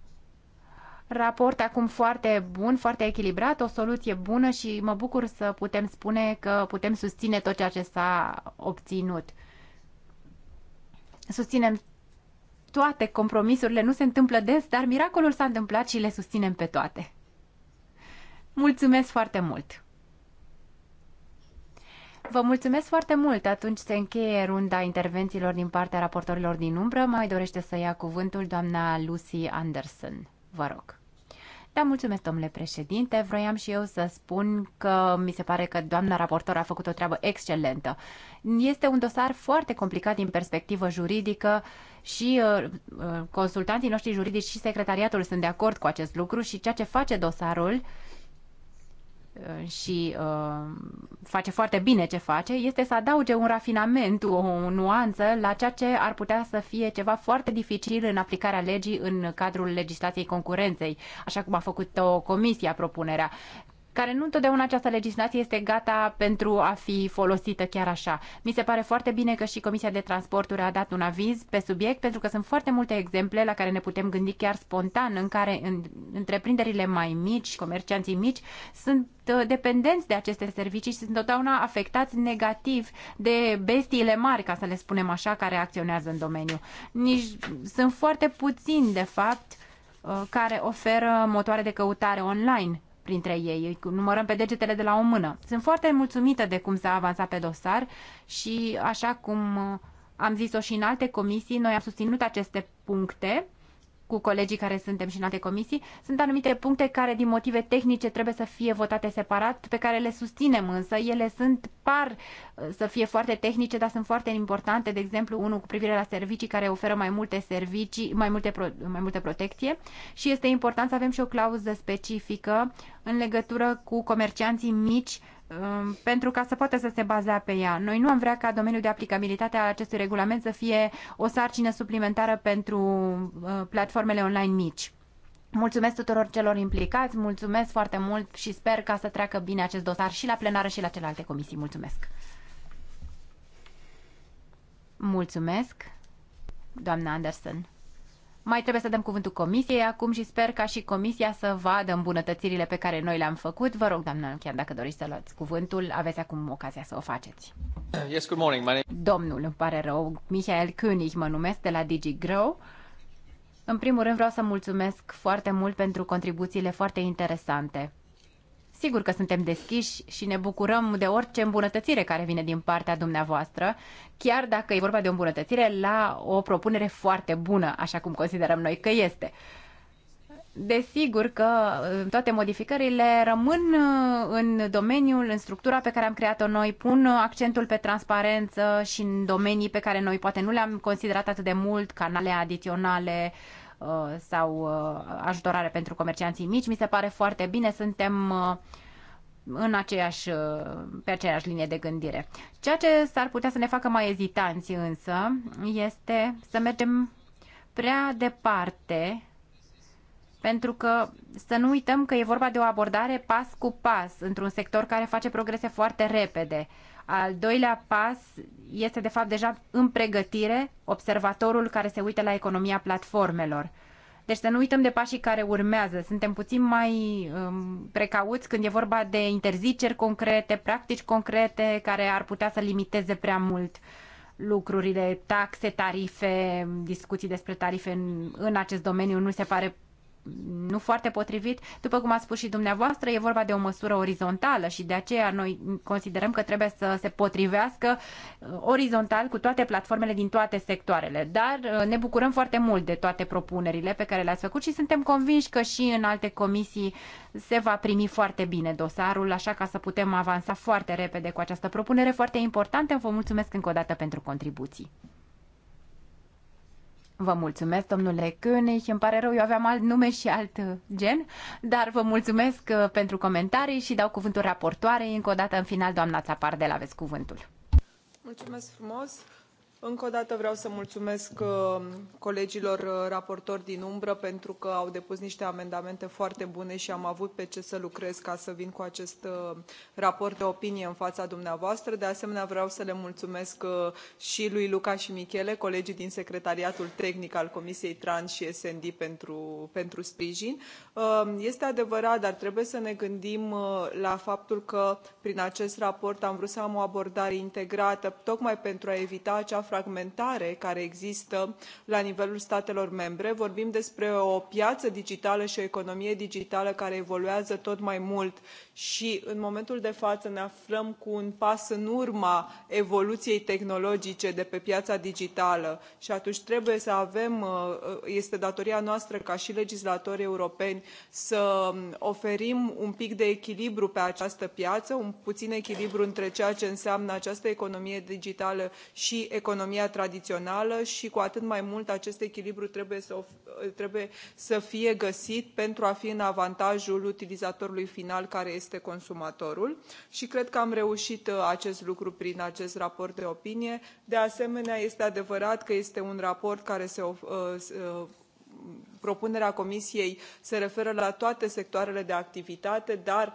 raport acum foarte bun, foarte echilibrat, o soluție bună și mă bucur să putem spune că putem susține tot ceea ce s-a obținut. Susținem toate compromisurile, nu se întâmplă des, dar miracolul s-a întâmplat și le susținem pe toate. Mulțumesc foarte mult! Vă mulțumesc foarte mult! Atunci se încheie runda intervențiilor din partea raportorilor din umbră. Mai dorește să ia cuvântul doamna Lucy Anderson. Vă rog! Da, mulțumesc, domnule președinte. Vroiam și eu să spun că mi se pare că doamna raportor a făcut o treabă excelentă. Este un dosar foarte complicat din perspectivă juridică și uh, uh consultanții noștri juridici și secretariatul sunt de acord cu acest lucru și ceea ce face dosarul uh, Uh, și uh, face foarte bine ce face, este să adauge un rafinament, o nuanță la ceea ce ar putea să fie ceva foarte dificil în aplicarea legii în cadrul legislației concurenței, așa cum a făcut o comisia propunerea care nu întotdeauna această legislație este gata pentru a fi folosită chiar așa. Mi se pare foarte bine că și Comisia de Transporturi a dat un aviz pe subiect, pentru că sunt foarte multe exemple la care ne putem gândi chiar spontan, în care în, întreprinderile mai mici, comercianții mici, sunt uh, dependenți de aceste servicii și sunt totdeauna afectați negativ de bestiile mari, ca să le spunem așa, care acționează în domeniu. Nici, sunt foarte puțini, de fapt, uh, care oferă motoare de căutare online printre ei. Îi numărăm pe degetele de la o mână. Sunt foarte mulțumită de cum s-a avansat pe dosar și așa cum am zis-o și în alte comisii, noi am susținut aceste puncte cu colegii care suntem și în alte comisii, sunt anumite puncte care, din motive tehnice, trebuie să fie votate separat, pe care le susținem însă. Ele sunt, par uh, să fie foarte tehnice, dar sunt foarte importante. De exemplu, unul cu privire la servicii care oferă mai multe servicii, mai multe, pro, mai multe protecție și este important să avem și o clauză specifică în legătură cu comercianții mici Um, pentru ca să poată să se bazea pe ea. Noi nu am vrea ca domeniul de aplicabilitate al acestui regulament să fie o sarcină suplimentară pentru uh, platformele online mici. Mulțumesc tuturor celor implicați, mulțumesc foarte mult și sper ca să treacă bine acest dosar și la plenară și la celelalte comisii. Mulțumesc! Mulțumesc, doamna Anderson. Mai trebuie să dăm cuvântul comisiei acum și sper ca și comisia să vadă îmbunătățirile pe care noi le-am făcut. Vă rog, doamna Anchian, dacă doriți să luați cuvântul, aveți acum ocazia să o faceți. Yes, good morning. My name... Domnul, îmi pare rău, Michael König mă numesc de la DigiGrow. În primul rând vreau să mulțumesc foarte mult pentru contribuțiile foarte interesante. Sigur că suntem deschiși și ne bucurăm de orice îmbunătățire care vine din partea dumneavoastră, chiar dacă e vorba de o îmbunătățire la o propunere foarte bună, așa cum considerăm noi că este. Desigur că uh, toate modificările rămân uh, în domeniul, în structura pe care am creat-o noi, pun uh, accentul pe transparență și în domenii pe care noi poate nu le-am considerat atât de mult, canale adiționale, uh, Uh, sau uh, ajutorare pentru comercianții mici. Mi se pare foarte bine, suntem uh, în aceeași, pe aceeași linie de gândire. Ceea ce s-ar putea să ne facă mai ezitanți însă este să mergem prea departe pentru că să nu uităm că e vorba de o abordare pas cu pas într-un sector care face progrese foarte repede. Uh, al doilea pas este de fapt deja în pregătire observatorul care se uită la economia platformelor. Deci să nu uităm de pașii care urmează. Suntem puțin mai um, precauți când e vorba de interziceri concrete, practici concrete care ar putea să limiteze prea mult lucrurile, taxe, tarife, discuții despre tarife în, în acest domeniu nu se pare nu foarte potrivit. După cum ați spus și dumneavoastră, e vorba de o măsură orizontală și de aceea noi considerăm că trebuie să se potrivească uh, orizontal cu toate platformele din toate sectoarele. Dar uh, ne bucurăm foarte mult de toate propunerile pe care le-ați făcut și suntem convinși că și în alte comisii se va primi foarte bine dosarul, așa ca să putem avansa foarte repede cu această propunere foarte importantă. Vă mulțumesc încă o dată pentru contribuții. Vă mulțumesc, domnule König. Îmi pare rău, eu aveam alt nume și alt uh, gen, dar vă mulțumesc uh, pentru comentarii și dau cuvântul raportoarei. Încă o dată, în final, doamna la aveți cuvântul. Mulțumesc frumos încă o dată vreau să mulțumesc uh, colegilor uh, raportori din umbră pentru că au depus niște amendamente foarte bune și am avut pe ce să lucrez ca să vin cu acest uh, raport de opinie în fața dumneavoastră. De asemenea, vreau să le mulțumesc și lui Luca și Michele, colegii din Secretariatul Tehnic al Comisiei TRAN și SD pentru, pentru sprijin. Este adevărat, dar trebuie să ne gândim la faptul că prin acest raport am vrut să am o abordare integrată, tocmai pentru a evita acea fragmentare care există la nivelul statelor membre vorbim despre o piață digitală și o economie digitală care evoluează tot mai mult și în momentul de față ne aflăm cu un pas în urma evoluției tehnologice de pe piața digitală și atunci trebuie să avem uh, este datoria noastră ca și legislatori europeni să um, oferim un pic de echilibru pe această piață un puțin echilibru între ceea ce înseamnă această economie digitală și economia tradițională și cu atât mai mult acest echilibru trebuie să, uh, trebuie să fie găsit pentru a fi în avantajul utilizatorului final care este consumatorul și cred că am reușit uh, acest lucru prin acest raport de opinie. de asemenea este adevărat că este un raport care se uh, uh, propunerea comisiei se referă la toate sectoarele de activitate dar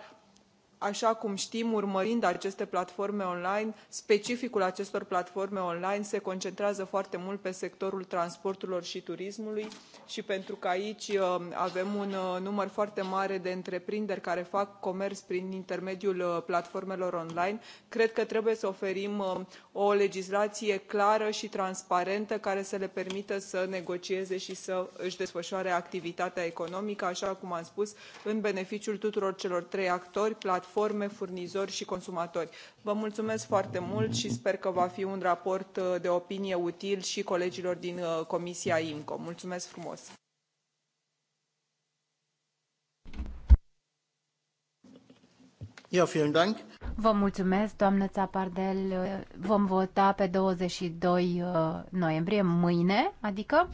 așa cum știm urmărind aceste platforme online specificul acestor platforme online se concentrează foarte mult pe sectorul transporturilor și turismului și pentru că aici uh, avem un uh, număr foarte mare de întreprinderi care fac comerț prin intermediul uh, platformelor online cred că trebuie să oferim o legislație clară și transparentă care să le permită să negocieze și să își desfășoare activitatea economică așa cum am spus în beneficiul tuturor celor trei actori platforme, furnizori și consumatori. Vă mulțumesc foarte mult și sper că va fi un raport uh, de opinie util și colegilor din uh, Comisia IMCO. Mulțumesc frumos! Vă mulțumesc, doamnă Țapardel. Vom vota pe 22 uh, noiembrie, mâine, adică.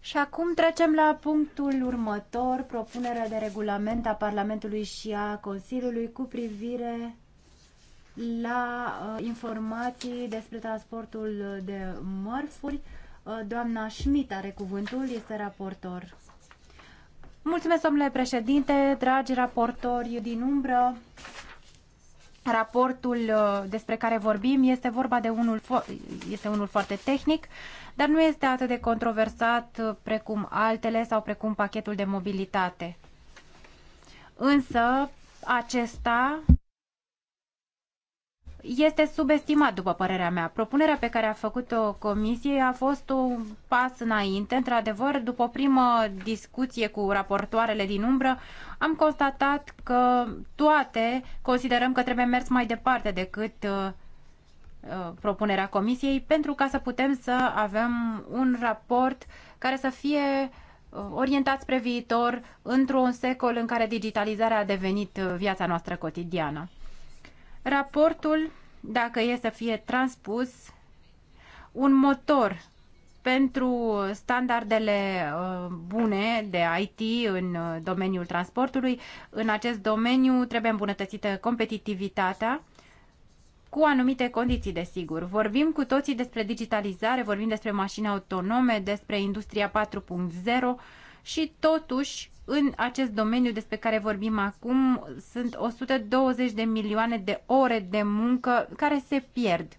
Și acum trecem la punctul următor, propunerea de regulament a Parlamentului și a Consiliului cu privire la uh, informații despre transportul de mărfuri. Uh, doamna Schmidt are cuvântul, este raportor. Mulțumesc, domnule președinte, dragi raportori din umbră. Raportul uh, despre care vorbim este vorba de unul, este unul foarte tehnic. Uh, dar nu este atât de controversat uh, precum altele sau precum pachetul de mobilitate. Însă, acesta este subestimat, după părerea mea. Propunerea pe care a făcut-o comisie a fost un pas înainte. Într-adevăr, după o primă discuție cu raportoarele din umbră, am constatat că toate considerăm că trebuie mers mai departe decât uh, Uh, propunerea comisiei pentru ca să putem să avem un raport care să fie uh, orientat spre viitor într-un secol în care digitalizarea a devenit uh, viața noastră cotidiană. Raportul, dacă e să fie transpus, un motor pentru standardele bune de IT în domeniul transportului. În acest domeniu trebuie îmbunătățită competitivitatea cu anumite condiții, desigur. Vorbim cu toții despre digitalizare, vorbim despre mașini autonome, despre industria 4.0 și totuși în acest domeniu despre care vorbim acum sunt 120 de milioane de ore de muncă care se pierd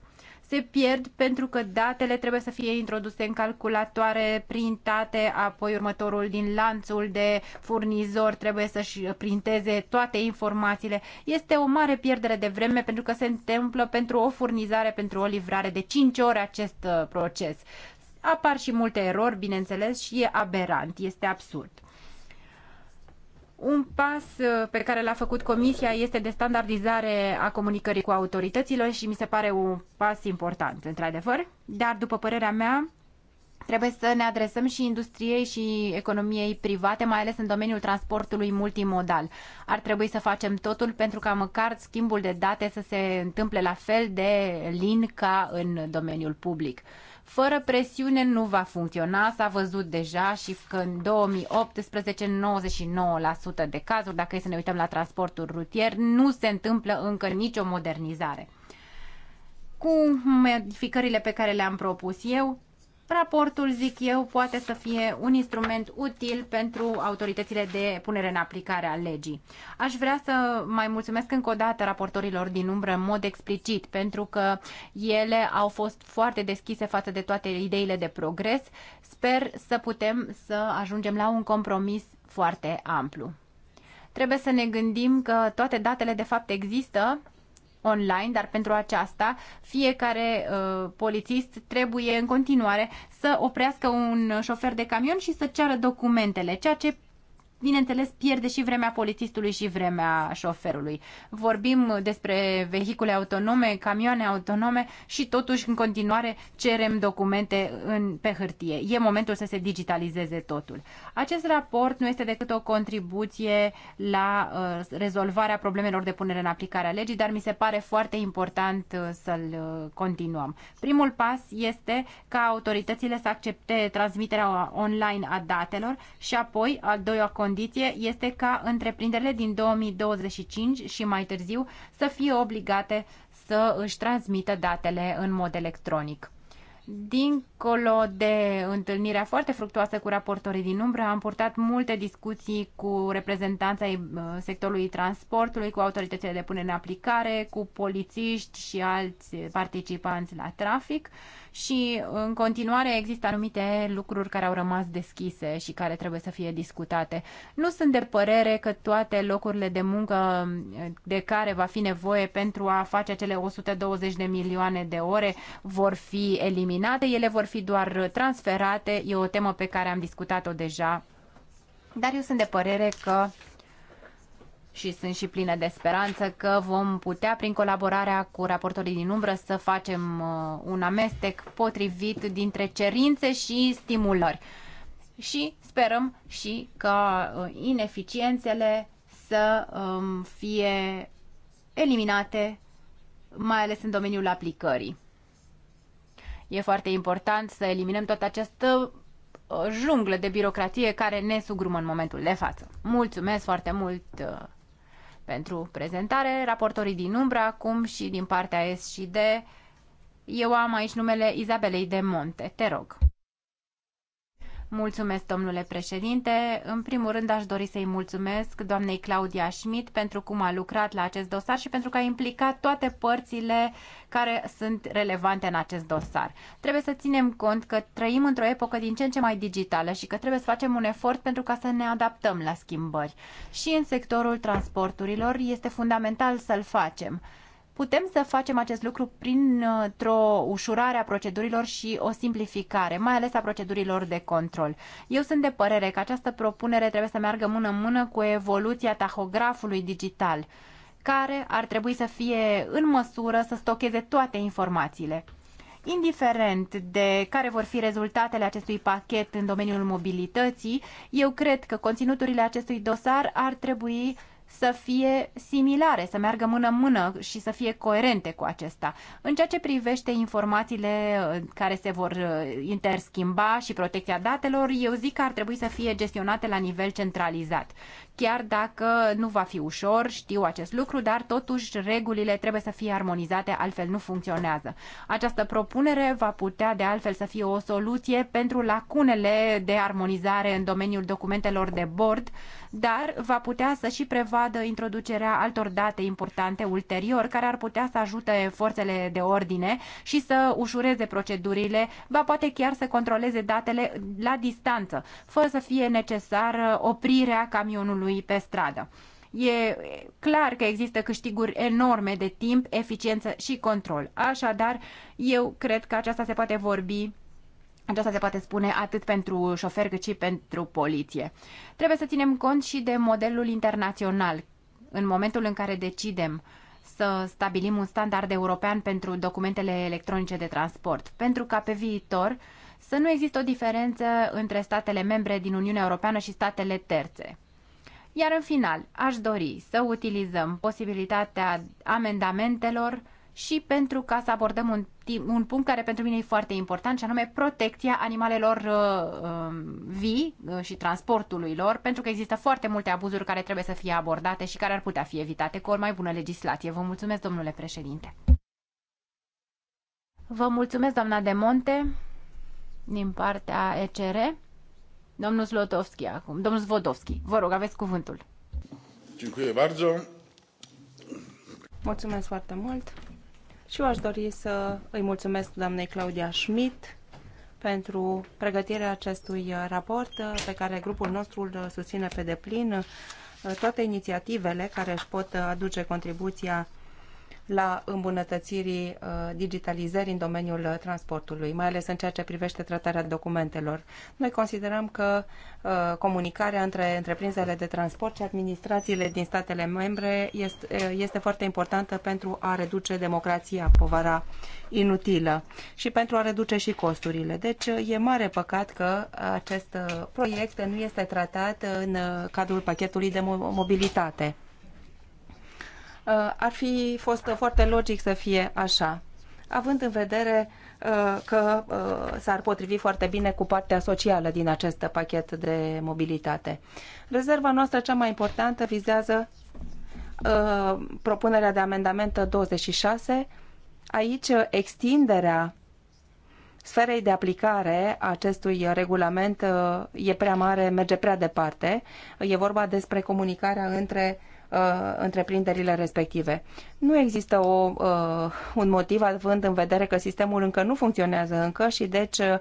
se pierd pentru că datele trebuie să fie introduse în calculatoare, printate, apoi următorul din lanțul de furnizor trebuie să-și printeze toate informațiile. Este o mare pierdere de vreme pentru că se întâmplă pentru o furnizare, pentru o livrare de 5 ore acest uh, proces. Apar și multe erori, bineînțeles, și e aberant, este absurd. Un pas uh, pe care l-a făcut Comisia este de standardizare a comunicării cu autoritățile și mi se pare un pas important, într-adevăr. Dar, după părerea mea, trebuie să ne adresăm și industriei și economiei private, mai ales în domeniul transportului multimodal. Ar trebui să facem totul pentru ca măcar schimbul de date să se întâmple la fel de lin ca în domeniul public. Fără presiune nu va funcționa, s-a văzut deja și că în 2018 99% de cazuri, dacă e să ne uităm la transportul rutier, nu se întâmplă încă nicio modernizare. Cu modificările pe care le-am propus eu, Raportul, zic eu, poate să fie un instrument util pentru autoritățile de punere în aplicare a legii. Aș vrea să mai mulțumesc încă o dată raportorilor din umbră în mod explicit, pentru că ele au fost foarte deschise față de toate ideile de progres. Sper să putem să ajungem la un compromis foarte amplu. Trebuie să ne gândim că toate datele de fapt există online, dar pentru aceasta fiecare uh, polițist trebuie în continuare să oprească un șofer de camion și să ceară documentele, ceea ce bineînțeles, pierde și vremea polițistului și vremea șoferului. Vorbim despre vehicule autonome, camioane autonome și totuși în continuare cerem documente în, pe hârtie. E momentul să se digitalizeze totul. Acest raport nu este decât o contribuție la uh, rezolvarea problemelor de punere în aplicare a legii, dar mi se pare foarte important uh, să-l uh, continuăm. Primul pas este ca autoritățile să accepte transmiterea online a datelor și apoi al doilea condiție este ca întreprinderile din 2025 și mai târziu să fie obligate să își transmită datele în mod electronic. Dincolo de întâlnirea foarte fructuoasă cu raportorii din umbră, am purtat multe discuții cu reprezentanța eh, sectorului transportului, cu autoritățile de punere în aplicare, cu polițiști și alți participanți la trafic și în continuare există anumite lucruri care au rămas deschise și care trebuie să fie discutate. Nu sunt de părere că toate locurile de muncă de care va fi nevoie pentru a face acele 120 de milioane de ore vor fi eliminate, ele vor fi doar transferate. E o temă pe care am discutat-o deja, dar eu sunt de părere că și sunt și plină de speranță că vom putea, prin colaborarea cu raportorii din umbră, să facem uh, un amestec potrivit dintre cerințe și stimulări. Și sperăm și ca uh, ineficiențele să um, fie eliminate, mai ales în domeniul aplicării. E foarte important să eliminăm toată această uh, junglă de birocratie care ne sugrumă în momentul de față. Mulțumesc foarte mult pentru prezentare, raportorii din Umbra cum și din partea S și D. Eu am aici numele Izabelei de Monte. Te rog. Mulțumesc, domnule președinte. În primul rând, aș dori să-i mulțumesc doamnei Claudia Schmidt pentru cum a lucrat la acest dosar și pentru că a implicat toate părțile care sunt relevante în acest dosar. Trebuie să ținem cont că trăim într-o epocă din ce în ce mai digitală și că trebuie să facem un efort pentru ca să ne adaptăm la schimbări. Și în sectorul transporturilor este fundamental să-l facem Putem să facem acest lucru printr-o uh, ușurare a procedurilor și o simplificare, mai ales a procedurilor de control. Eu sunt de părere că această propunere trebuie să meargă mână-mână cu evoluția tahografului digital, care ar trebui să fie în măsură să stocheze toate informațiile. Indiferent de care vor fi rezultatele acestui pachet în domeniul mobilității, eu cred că conținuturile acestui dosar ar trebui să fie similare, să meargă mână-mână și să fie coerente cu acesta. În ceea ce privește informațiile uh, care se vor uh, interschimba și protecția datelor, eu zic că ar trebui să fie gestionate la nivel centralizat chiar dacă nu va fi ușor, știu acest lucru, dar totuși regulile trebuie să fie armonizate, altfel nu funcționează. Această propunere va putea de altfel să fie o soluție pentru lacunele de armonizare în domeniul documentelor de bord, dar va putea să și prevadă introducerea altor date importante ulterior, care ar putea să ajute forțele de ordine și să ușureze procedurile, va poate chiar să controleze datele la distanță, fără să fie necesară oprirea camionului omului pe stradă. E clar că există câștiguri enorme de timp, eficiență și control. Așadar, eu cred că aceasta se poate vorbi aceasta se poate spune atât pentru șofer cât și pentru poliție. Trebuie să ținem cont și de modelul internațional. În momentul în care decidem să stabilim un standard european pentru documentele electronice de transport, pentru ca pe viitor să nu există o diferență între statele membre din Uniunea Europeană și statele terțe. Iar în final, aș dori să utilizăm posibilitatea amendamentelor și pentru ca să abordăm un, un punct care pentru mine e foarte important, și anume protecția animalelor uh, um, uh, vii și transportului lor, pentru că există foarte multe abuzuri care trebuie să fie abordate și care ar putea fi evitate cu o mai bună legislație. Vă mulțumesc, domnule președinte. Vă mulțumesc, doamna de Monte, din partea ECR. Domnul Zlotovski acum. Domnul Zvodovski, vă rog, aveți cuvântul. Mulțumesc foarte mult. Și eu aș dori să îi mulțumesc doamnei Claudia Schmidt pentru pregătirea acestui raport pe care grupul nostru îl susține pe deplin toate inițiativele care își pot aduce contribuția la îmbunătățirii uh, digitalizării în domeniul uh, transportului, mai ales în ceea ce privește tratarea documentelor. Noi considerăm că uh, comunicarea între întreprinderile de transport și administrațiile din statele membre este, este foarte importantă pentru a reduce democrația, povara inutilă și pentru a reduce și costurile. Deci e mare păcat că acest proiect nu este tratat în cadrul pachetului de mobilitate. Uh, ar fi fost foarte logic să fie așa, având în vedere uh, că uh, s-ar potrivi foarte bine cu partea socială din acest pachet de mobilitate. Rezerva noastră cea mai importantă vizează propunerea de amendament 26. Aici extinderea sferei de aplicare a acestui regulament e prea mare, merge prea departe. E vorba despre comunicarea între Uh, întreprinderile respective. Nu există o, uh, un motiv având în vedere că sistemul încă nu funcționează încă și deci uh,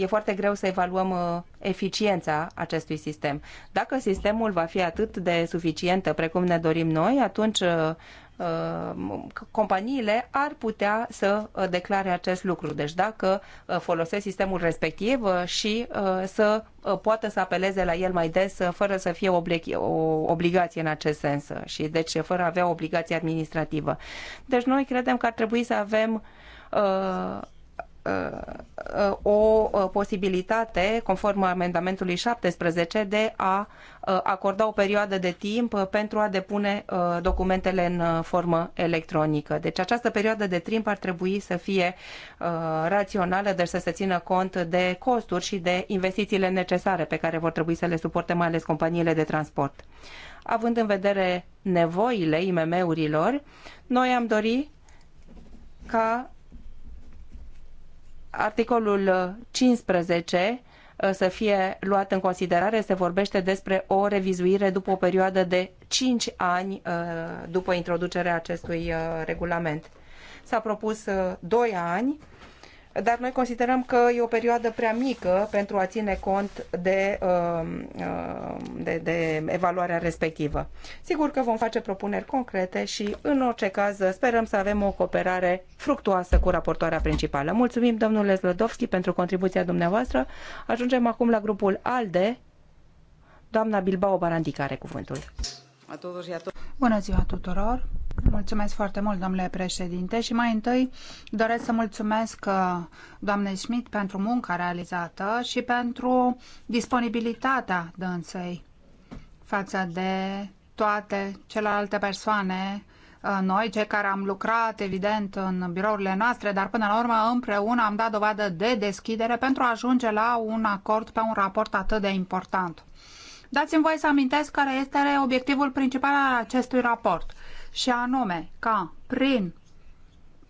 e foarte greu să evaluăm eficiența acestui sistem. Dacă sistemul va fi atât de suficientă precum ne dorim noi, atunci Uh, companiile ar putea să uh, declare acest lucru. Deci dacă uh, folosesc sistemul respectiv și să poată să apeleze la el mai des fără să fie o obligație în acest sens și deci fără a avea o obligație administrativă. Deci noi credem că ar trebui să avem Uh, uh, o uh, posibilitate, conform amendamentului 17, de a acorda o perioadă de timp pentru a depune documentele în formă electronică. Deci această perioadă de timp ar trebui să fie rațională, deci să se țină cont de costuri și de investițiile necesare pe care vor trebui să le suporte mai ales companiile de transport. Având în vedere nevoile IMM-urilor, noi am dorit ca articolul 15 uh, uh, să fie luat în considerare, se vorbește despre o revizuire după o perioadă de cinci ani uh, după introducerea acestui regulament. S-a propus doi ani dar noi considerăm că e o perioadă prea mică pentru a ține cont de, um, um, de, de evaluarea respectivă. Sigur că vom face propuneri concrete și, în orice caz, sperăm să avem o cooperare fructuoasă cu raportoarea principală. Mulțumim, domnule Zlodovski, pentru contribuția dumneavoastră. Ajungem acum la grupul ALDE. Doamna Bilbao Barandica are cuvântul. Bună ziua tuturor! Mulțumesc foarte mult, domnule președinte, și mai întâi doresc să mulțumesc uh, doamnei Schmidt pentru munca realizată și pentru disponibilitatea dânsei față de toate celelalte persoane uh, noi, cei care am lucrat, evident, în birourile noastre, dar până la urmă împreună am dat dovadă de deschidere pentru a ajunge la un acord pe un raport atât de important. Dați-mi voie să amintesc care este obiectivul principal al acestui raport și anume ca prin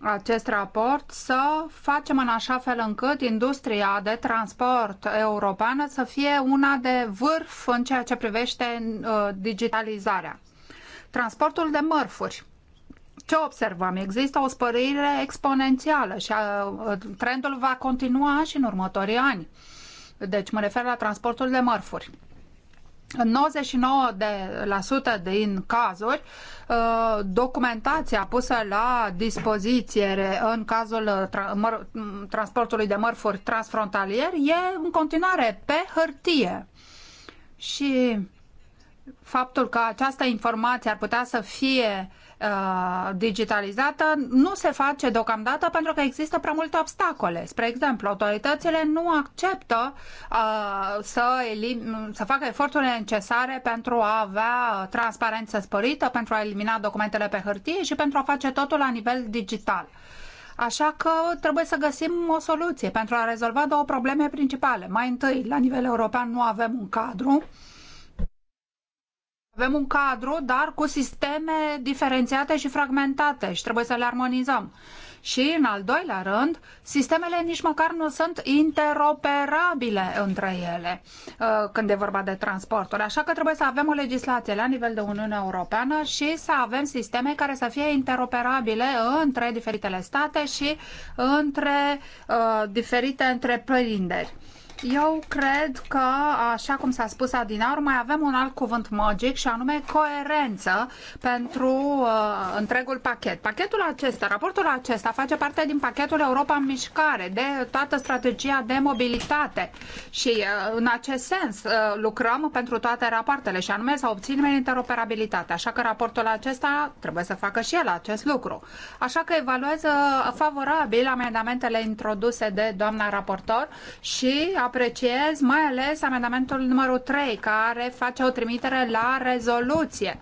acest raport să facem în așa fel încât industria de transport europeană să fie una de vârf în ceea ce privește uh, digitalizarea. Transportul de mărfuri. Ce observăm? Există o spărire exponențială și uh, trendul va continua și în următorii ani. Deci mă refer la transportul de mărfuri. În 99% din cazuri, uh, documentația pusă la dispoziție în cazul uh, transportului de mărfuri transfrontalier e în continuare pe hârtie. Și faptul că această informație ar putea să fie Uh, digitalizată nu se face deocamdată pentru că există prea multe obstacole. Spre exemplu, autoritățile nu acceptă uh, să, elim- să facă eforturile necesare pentru a avea transparență sporită, pentru a elimina documentele pe hârtie și pentru a face totul la nivel digital. Așa că trebuie să găsim o soluție pentru a rezolva două probleme principale. Mai întâi, la nivel european nu avem un cadru uh, avem un cadru, dar cu sisteme diferențiate și fragmentate și trebuie să le armonizăm. Și, în al doilea rând, sistemele nici măcar nu sunt interoperabile între ele uh, când e vorba de transporturi. Așa că trebuie să avem o legislație la nivel de Uniunea Europeană și să avem sisteme care să fie interoperabile între diferitele state și între uh, diferite întreprinderi. Eu cred că, așa cum s-a spus adinaur, mai avem un alt cuvânt magic și anume coerență pentru uh, întregul pachet. Pachetul acesta, raportul acesta face parte din pachetul Europa în mișcare, de toată strategia de mobilitate și uh, în acest sens uh, lucrăm pentru toate rapoartele și anume să obținem interoperabilitate. Așa că raportul acesta trebuie să facă și el acest lucru. Așa că evaluează uh, favorabil amendamentele introduse de doamna raportor și a apreciez mai ales amendamentul numărul 3, care face o trimitere la rezoluție.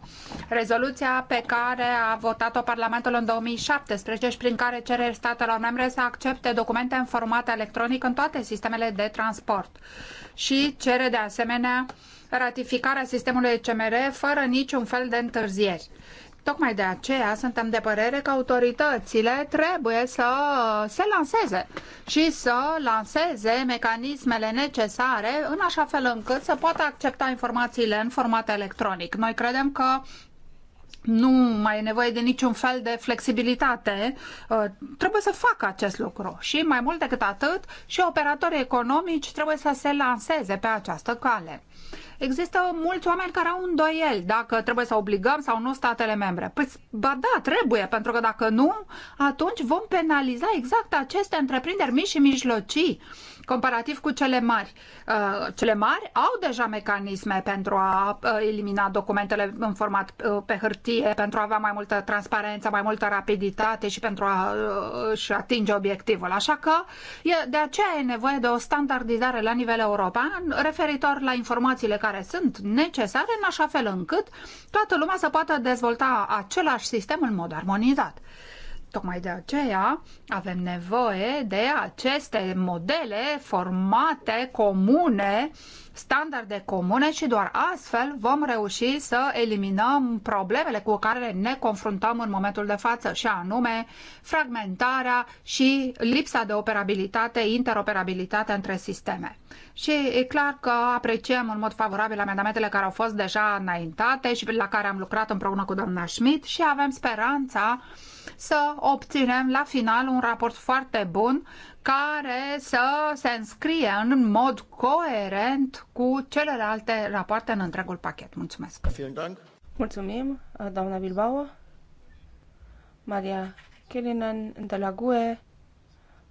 Rezoluția pe care a votat-o Parlamentul în 2017 și prin care cere statelor membre să accepte documente în format electronic în toate sistemele de transport. Și cere de asemenea ratificarea sistemului CMR fără niciun fel de întârzieri. Tocmai de aceea suntem de părere că autoritățile trebuie să se lanseze și să lanseze mecanismele necesare în așa fel încât să poată accepta informațiile în format electronic. Noi credem că nu mai e nevoie de niciun fel de flexibilitate, uh, trebuie să facă acest lucru. Și mai mult decât atât, și operatorii economici trebuie să se lanseze pe această cale există mulți oameni care au îndoieli dacă trebuie să obligăm sau nu statele membre. Păi, ba da, trebuie, pentru că dacă nu, atunci vom penaliza exact aceste întreprinderi mici și mijlocii comparativ cu cele mari. Uh, cele mari au deja mecanisme pentru a uh, elimina documentele în format uh, pe hârtie, pentru a avea mai multă transparență, mai multă rapiditate și pentru a și atinge obiectivul. Așa că de aceea e nevoie de o standardizare la nivel european referitor la informațiile care sunt necesare în așa fel încât toată lumea să poată dezvolta același sistem în mod armonizat. Tocmai de aceea avem nevoie de aceste modele formate, comune, standarde comune și doar astfel vom reuși să eliminăm problemele cu care ne confruntăm în momentul de față și anume fragmentarea și lipsa de operabilitate, interoperabilitate între sisteme. Și e clar că apreciem în mod favorabil amendamentele care au fost deja înaintate și la care am lucrat împreună cu doamna Schmidt și avem speranța să obținem la final un raport foarte bun care să se înscrie în mod coerent cu celelalte rapoarte în întregul pachet. Mulțumesc! Mulțumim, uh, doamna Bilbao, Maria Kelinen de la GUE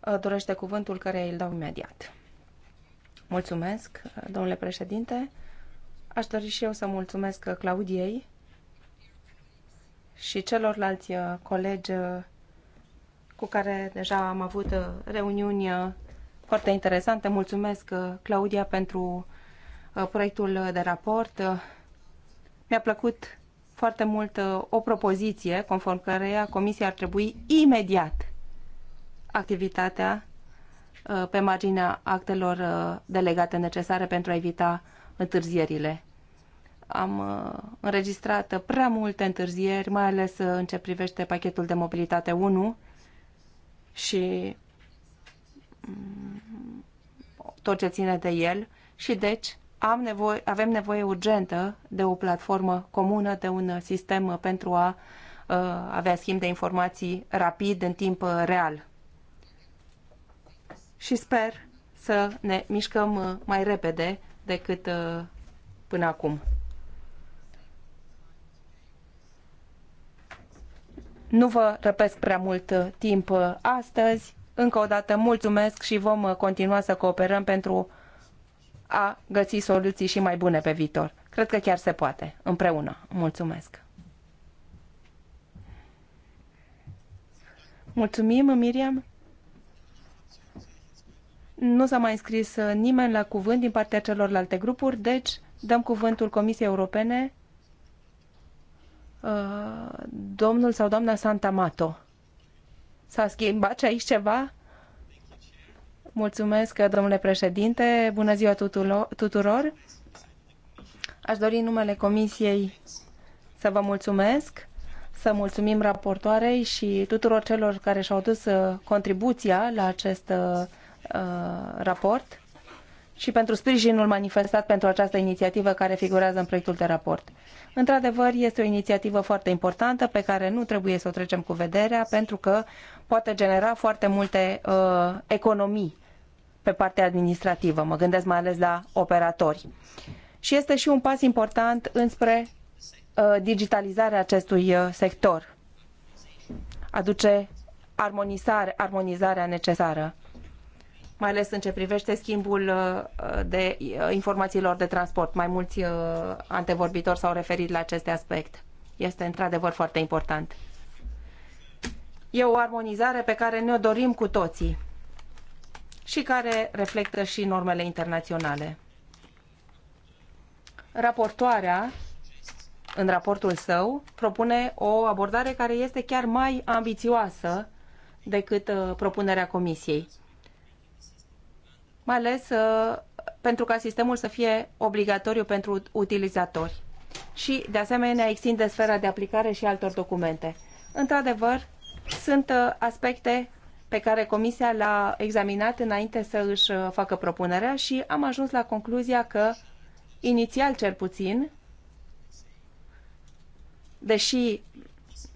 uh, dorește cuvântul care îl dau imediat. Mulțumesc, uh, domnule președinte. Aș dori și eu să mulțumesc Claudiei și celorlalți uh, colegi uh, cu care deja am avut uh, reuniuni foarte interesante. Mulțumesc, Claudia, pentru proiectul de raport. Mi-a plăcut foarte mult o propoziție conform căreia Comisia ar trebui imediat activitatea pe marginea actelor delegate necesare pentru a evita întârzierile am uh, înregistrat prea multe întârzieri, mai ales uh, în ce privește pachetul de mobilitate 1 și mm, tot ce ține de el și deci am nevoie, avem nevoie urgentă de o platformă comună, de un sistem pentru a uh, avea schimb de informații rapid în timp uh, real. Și sper să ne mișcăm mai repede decât uh, până acum. Nu vă răpesc prea mult uh, timp uh, astăzi. Încă o dată mulțumesc și vom uh, continua să cooperăm pentru a găsi soluții și mai bune pe viitor. Cred că chiar se poate, împreună. Mulțumesc! Mulțumim, Miriam! Nu s-a mai înscris nimeni la cuvânt din partea celorlalte grupuri, deci dăm cuvântul Comisiei Europene Uh, domnul sau doamna Santamato. S-a schimbat și aici ceva? Mulțumesc, domnule președinte. Bună ziua tuturor. Aș dori în numele Comisiei să vă mulțumesc, să mulțumim raportoarei și tuturor celor care și-au dus uh, contribuția la acest uh, uh raport și pentru sprijinul manifestat pentru această inițiativă care figurează în proiectul de raport. Într-adevăr, este o inițiativă foarte importantă pe care nu trebuie să o trecem cu vederea pentru că poate genera foarte multe uh, economii pe partea administrativă. Mă gândesc mai ales la operatori. Și este și un pas important înspre uh, digitalizarea acestui uh, sector. Aduce armonizare, armonizarea necesară mai ales în ce privește schimbul uh, de uh, informațiilor de transport. Mai mulți uh, antevorbitori s-au referit la acest aspect. Este într-adevăr foarte important. E o armonizare pe care ne-o dorim cu toții și care reflectă și normele internaționale. Raportoarea, în raportul său, propune o abordare care este chiar mai ambițioasă decât propunerea Comisiei mai ales uh, pentru ca sistemul să fie obligatoriu pentru utilizatori și, de asemenea, extinde sfera de aplicare și altor documente. Într-adevăr, sunt uh, aspecte pe care Comisia l-a examinat înainte să își uh, facă propunerea și am ajuns la concluzia că, inițial cel puțin, deși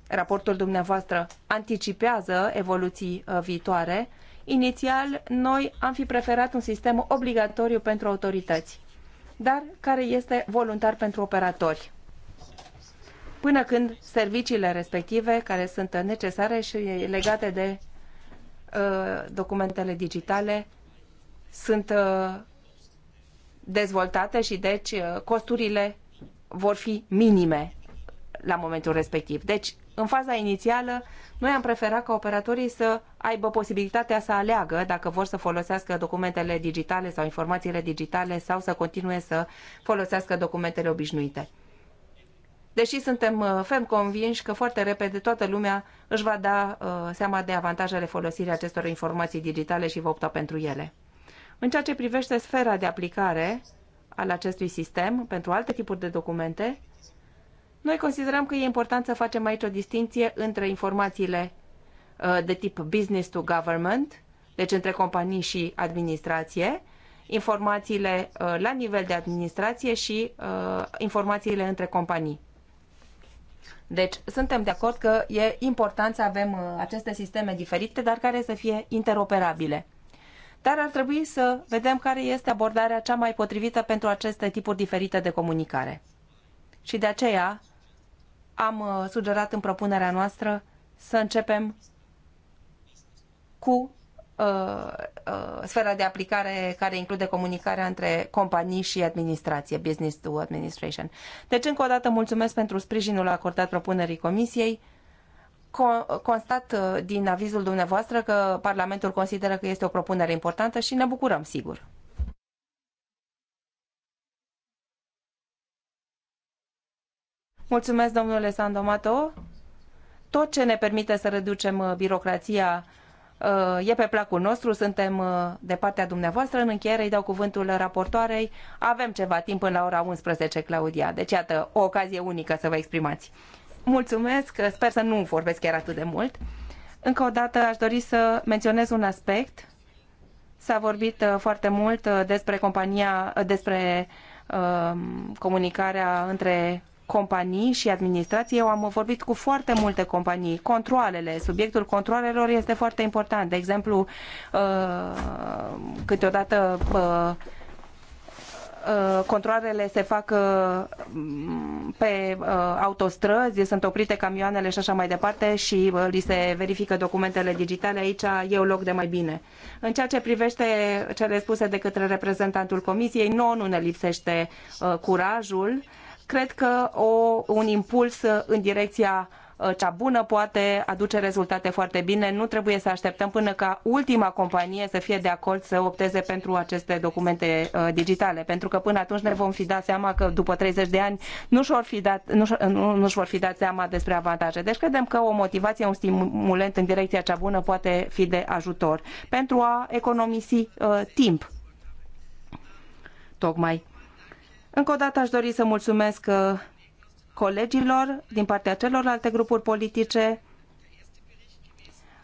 raportul dumneavoastră anticipează evoluții viitoare, Inițial, noi am fi preferat un sistem obligatoriu pentru autorități, dar care este voluntar pentru operatori. Până când serviciile respective, care sunt necesare și legate de uh, documentele digitale, sunt uh, dezvoltate și deci uh, costurile vor fi minime la momentul respectiv. Deci în faza inițială, noi am preferat ca operatorii să aibă posibilitatea să aleagă dacă vor să folosească documentele digitale sau informațiile digitale sau să continue să folosească documentele obișnuite. Deși suntem uh, ferm convinși că foarte repede toată lumea își va da uh, seama de avantajele folosirii acestor informații digitale și va opta pentru ele. În ceea ce privește sfera de aplicare al acestui sistem pentru alte tipuri de documente, noi considerăm că e important să facem aici o distinție între informațiile uh, de tip business to government, deci între companii și administrație, informațiile uh, la nivel de administrație și uh, informațiile între companii. Deci suntem de acord că e important să avem aceste sisteme diferite, dar care să fie interoperabile. Dar ar trebui să vedem care este abordarea cea mai potrivită pentru aceste tipuri diferite de comunicare. Și de aceea am uh, sugerat în propunerea noastră să începem cu uh, uh, sfera de aplicare care include comunicarea între companii și administrație, business to administration. Deci, încă o dată, mulțumesc pentru sprijinul acordat propunerii Comisiei. Co constat uh, din avizul dumneavoastră că Parlamentul consideră că este o propunere importantă și ne bucurăm, sigur. Mulțumesc, domnule Sandomato. Tot ce ne permite să reducem uh, birocrația uh, e pe placul nostru, suntem uh, de partea dumneavoastră. În încheiere îi dau cuvântul raportoarei. Avem ceva timp până la ora 11, Claudia. Deci, iată, o ocazie unică să vă exprimați. Mulțumesc, sper să nu vorbesc chiar atât de mult. Încă o dată aș dori să menționez un aspect. S-a vorbit foarte mult despre compania, despre comunicarea între companii și administrații. Eu am vorbit cu foarte multe companii. Controalele, subiectul controalelor este foarte important. De exemplu, uh, câteodată uh, uh, controalele se fac pe autostrăzi, sunt oprite camioanele și așa mai departe și li se verifică documentele digitale. Aici e un loc de mai bine. În ceea ce privește cele spuse de către reprezentantul Comisiei, nouă nu ne lipsește curajul cred că o, un impuls uh, în direcția uh, cea bună poate aduce rezultate foarte bine. Nu trebuie să așteptăm până ca ultima companie să fie de acord să opteze pentru aceste documente uh, digitale, pentru că până atunci ne vom fi dat seama că după 30 de ani nu și-vor fi dat, fi dat seama despre avantaje. Deci credem că o motivație, un stimulent în direcția cea bună poate fi de ajutor pentru a economisi uh, timp. Tocmai încă o dată aș dori să mulțumesc uh, colegilor din partea celorlalte grupuri politice.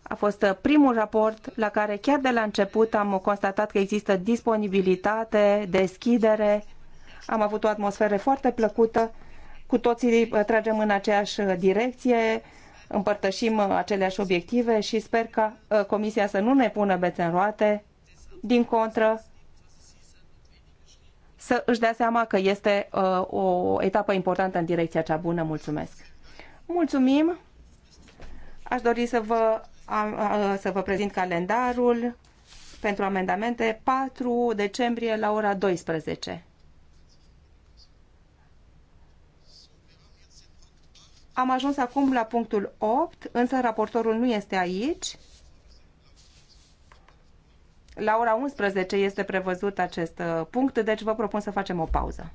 A fost uh, primul raport la care chiar de la început am constatat că există disponibilitate, deschidere. Am avut o atmosferă foarte plăcută. Cu toții uh, tragem în aceeași direcție, împărtășim aceleași obiective și sper ca Comisia să nu ne pună bețe în roate. Din contră, să își dea seama că este uh, o etapă importantă în direcția cea bună. Mulțumesc! Mulțumim! Aș dori să vă, să vă prezint calendarul pentru amendamente 4 decembrie la ora 12. Am ajuns acum la punctul 8, însă raportorul nu este aici. La ora 11 este prevăzut acest uh, punct, deci vă propun să facem o pauză.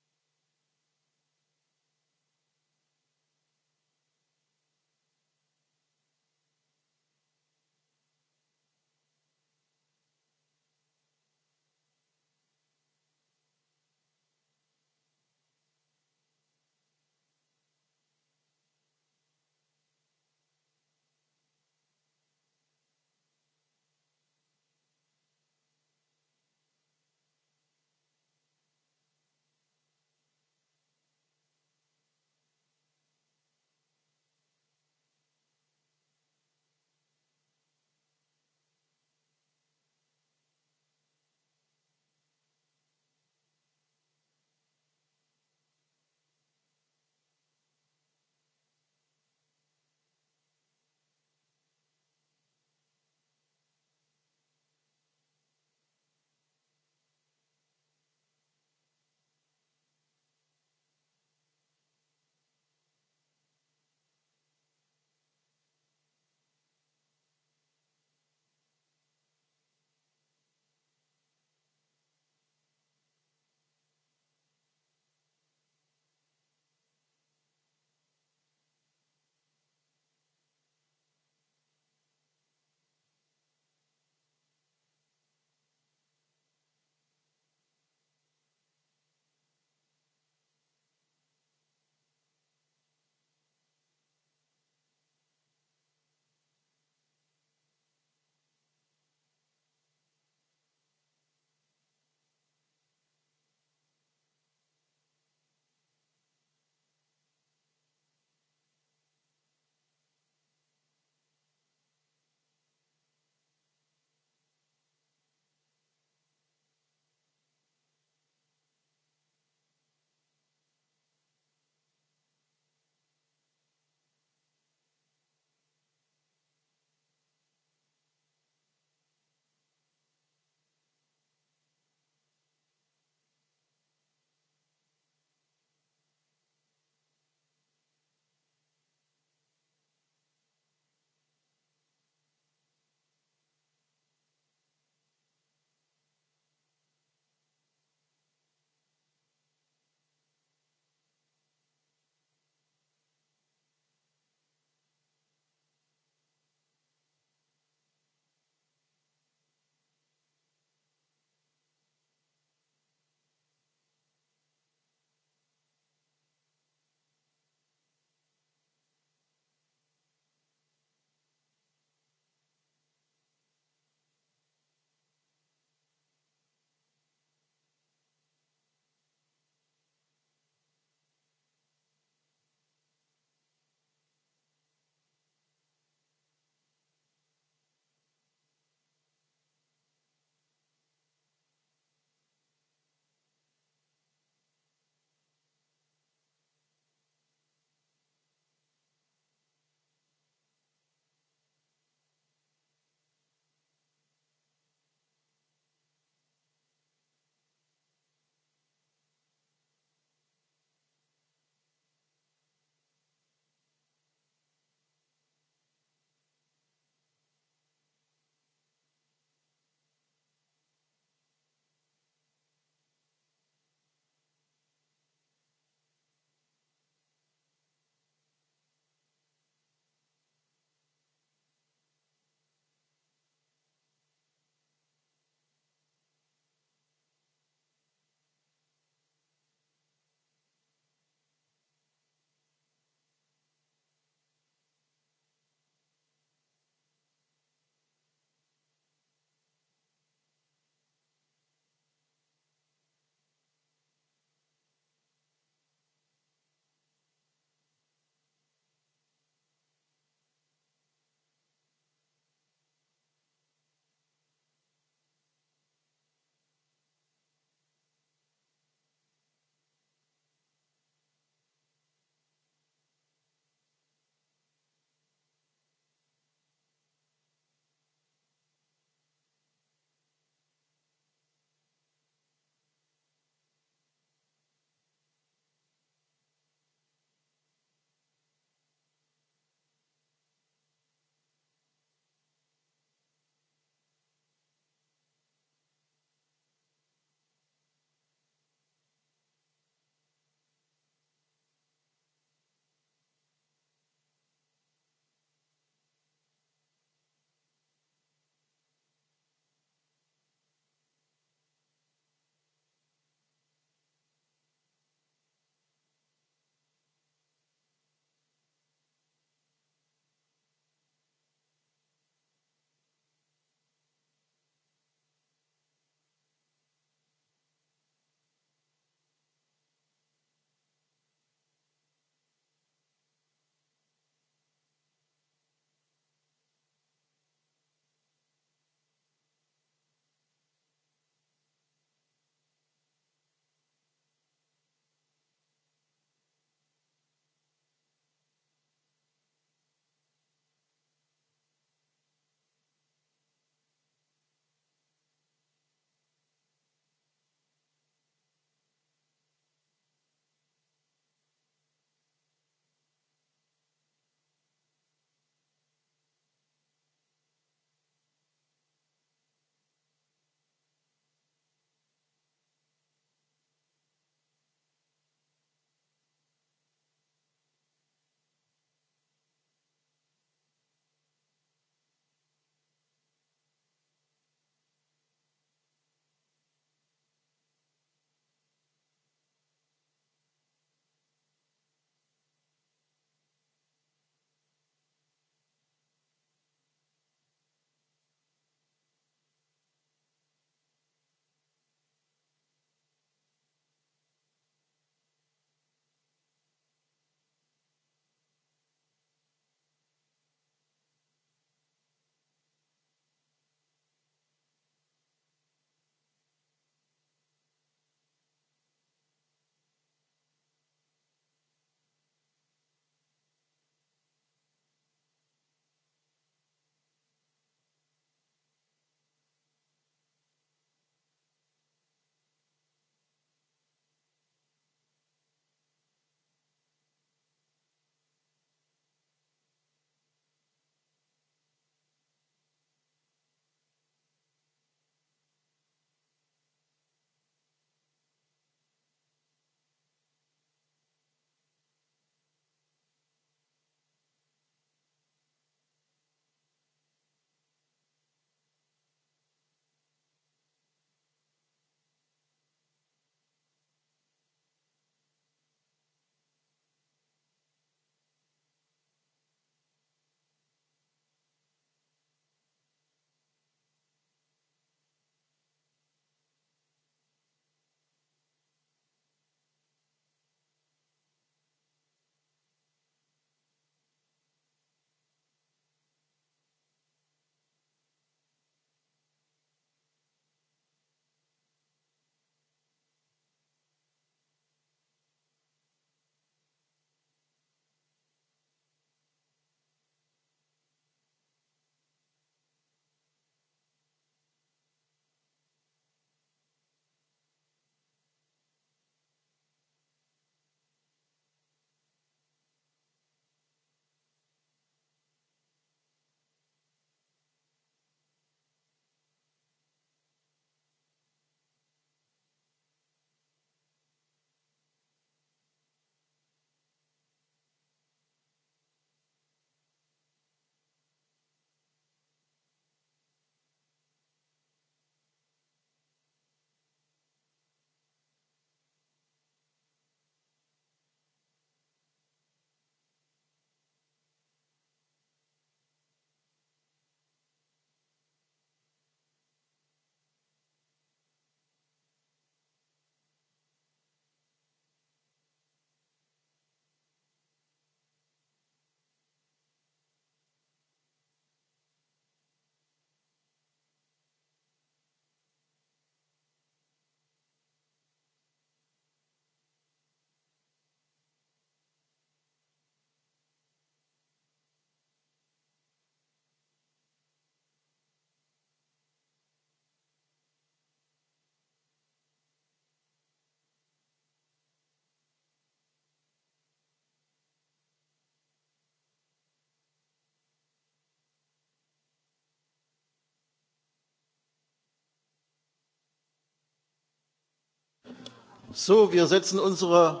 So, wir setzen unsere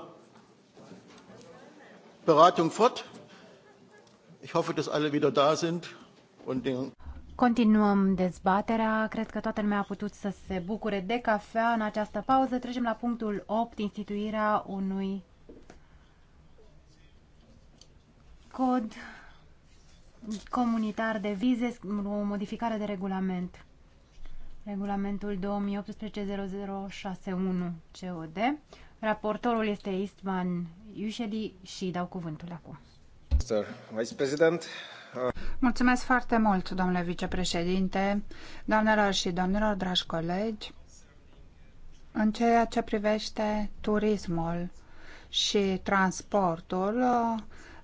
Beratung fort. Ich hoffe, dass alle wieder da sind und den Continuăm dezbaterea. Cred că toată lumea a putut să se bucure de cafea în această pauză. Trecem la punctul 8, instituirea unui cod comunitar de vize, o modificare de regulament regulamentul 2018-0061 COD. Raportorul este Istvan Iușeli și dau cuvântul acum. Vice President, uh, Mulțumesc foarte mult, domnule vicepreședinte, doamnelor și domnilor, dragi colegi. În ceea ce privește turismul și transportul,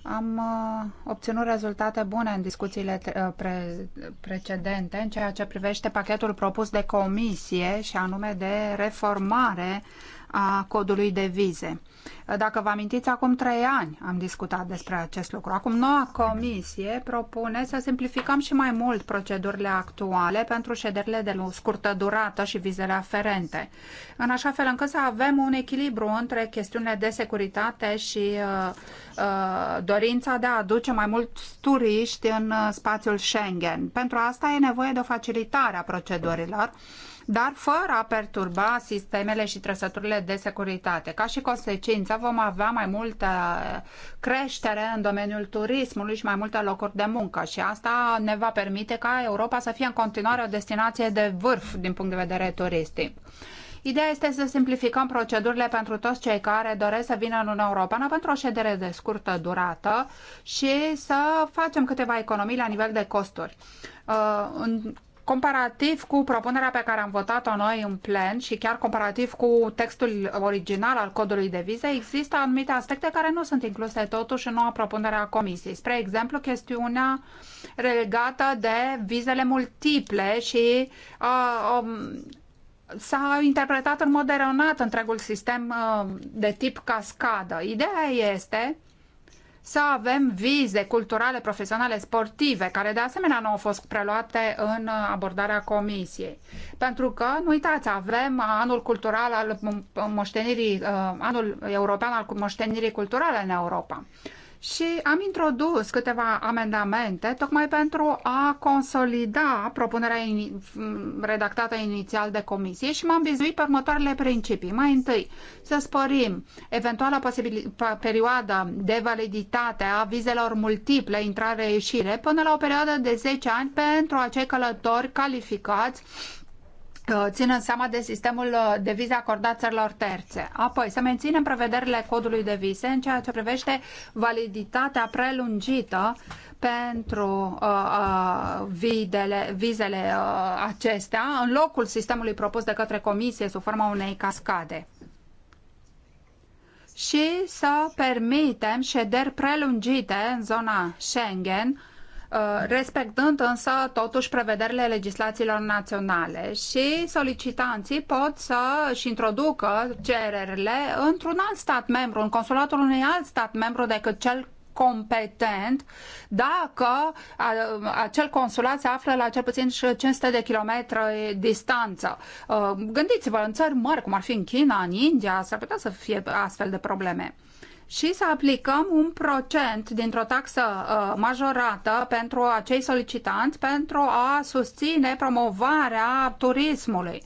am uh, obținut rezultate bune în discuțiile uh, pre precedente în ceea ce privește pachetul propus de comisie și anume de reformare a codului de vize. Dacă vă amintiți, acum trei ani am discutat despre acest lucru. Acum noua comisie propune să simplificăm și mai mult procedurile actuale pentru șederile de scurtă durată și vizele aferente, în așa fel încât să avem un echilibru între chestiunile de securitate și uh, uh, dorința de a aduce mai mulți turiști în uh, spațiul Schengen. Pentru asta e nevoie de o facilitare a procedurilor dar fără a perturba sistemele și trăsăturile de securitate. Ca și consecință vom avea mai multă creștere în domeniul turismului și mai multe locuri de muncă și asta ne va permite ca Europa să fie în continuare o destinație de vârf din punct de vedere turistic. Ideea este să simplificăm procedurile pentru toți cei care doresc să vină în Uniunea Europeană pentru o ședere de scurtă durată și să facem câteva economii la nivel de costuri. Uh, în comparativ cu propunerea pe care am votat-o noi în plen și chiar comparativ cu textul original al codului de vize, există anumite aspecte care nu sunt incluse totuși în noua propunere a Comisiei. Spre exemplu, chestiunea legată de vizele multiple și uh, um, s-a interpretat în mod eronat întregul sistem uh, de tip cascadă. Ideea este să avem vize culturale, profesionale, sportive, care de asemenea nu au fost preluate în abordarea comisiei. Pentru că, nu uitați, avem anul cultural al moștenirii, uh, anul european al moștenirii culturale în Europa și am introdus câteva amendamente tocmai pentru a consolida propunerea in, redactată inițial de comisie și m-am vizuit pe următoarele principii. Mai întâi, să spărim eventuala perioadă de validitate a vizelor multiple, intrare-ieșire, până la o perioadă de 10 ani pentru acei călători calificați Uh, ținând seama de sistemul uh, de vize acordat țărilor terțe. Apoi, să menținem prevederile codului de vize în ceea ce privește validitatea prelungită pentru uh, uh, videle, vizele uh, acestea, în locul sistemului propus de către comisie sub forma unei cascade și să permitem șederi prelungite în zona Schengen Uh, respectând însă totuși prevederile legislațiilor naționale și solicitanții pot să își introducă cererile într-un alt stat membru, în consulatul unui alt stat membru decât cel competent dacă uh, acel consulat se află la cel puțin 500 de kilometri distanță. Uh, gândiți-vă, în țări mari, cum ar fi în China, în India, s-ar putea să fie astfel de probleme și să aplicăm un procent dintr-o taxă uh, majorată pentru acei solicitanți pentru a susține promovarea turismului.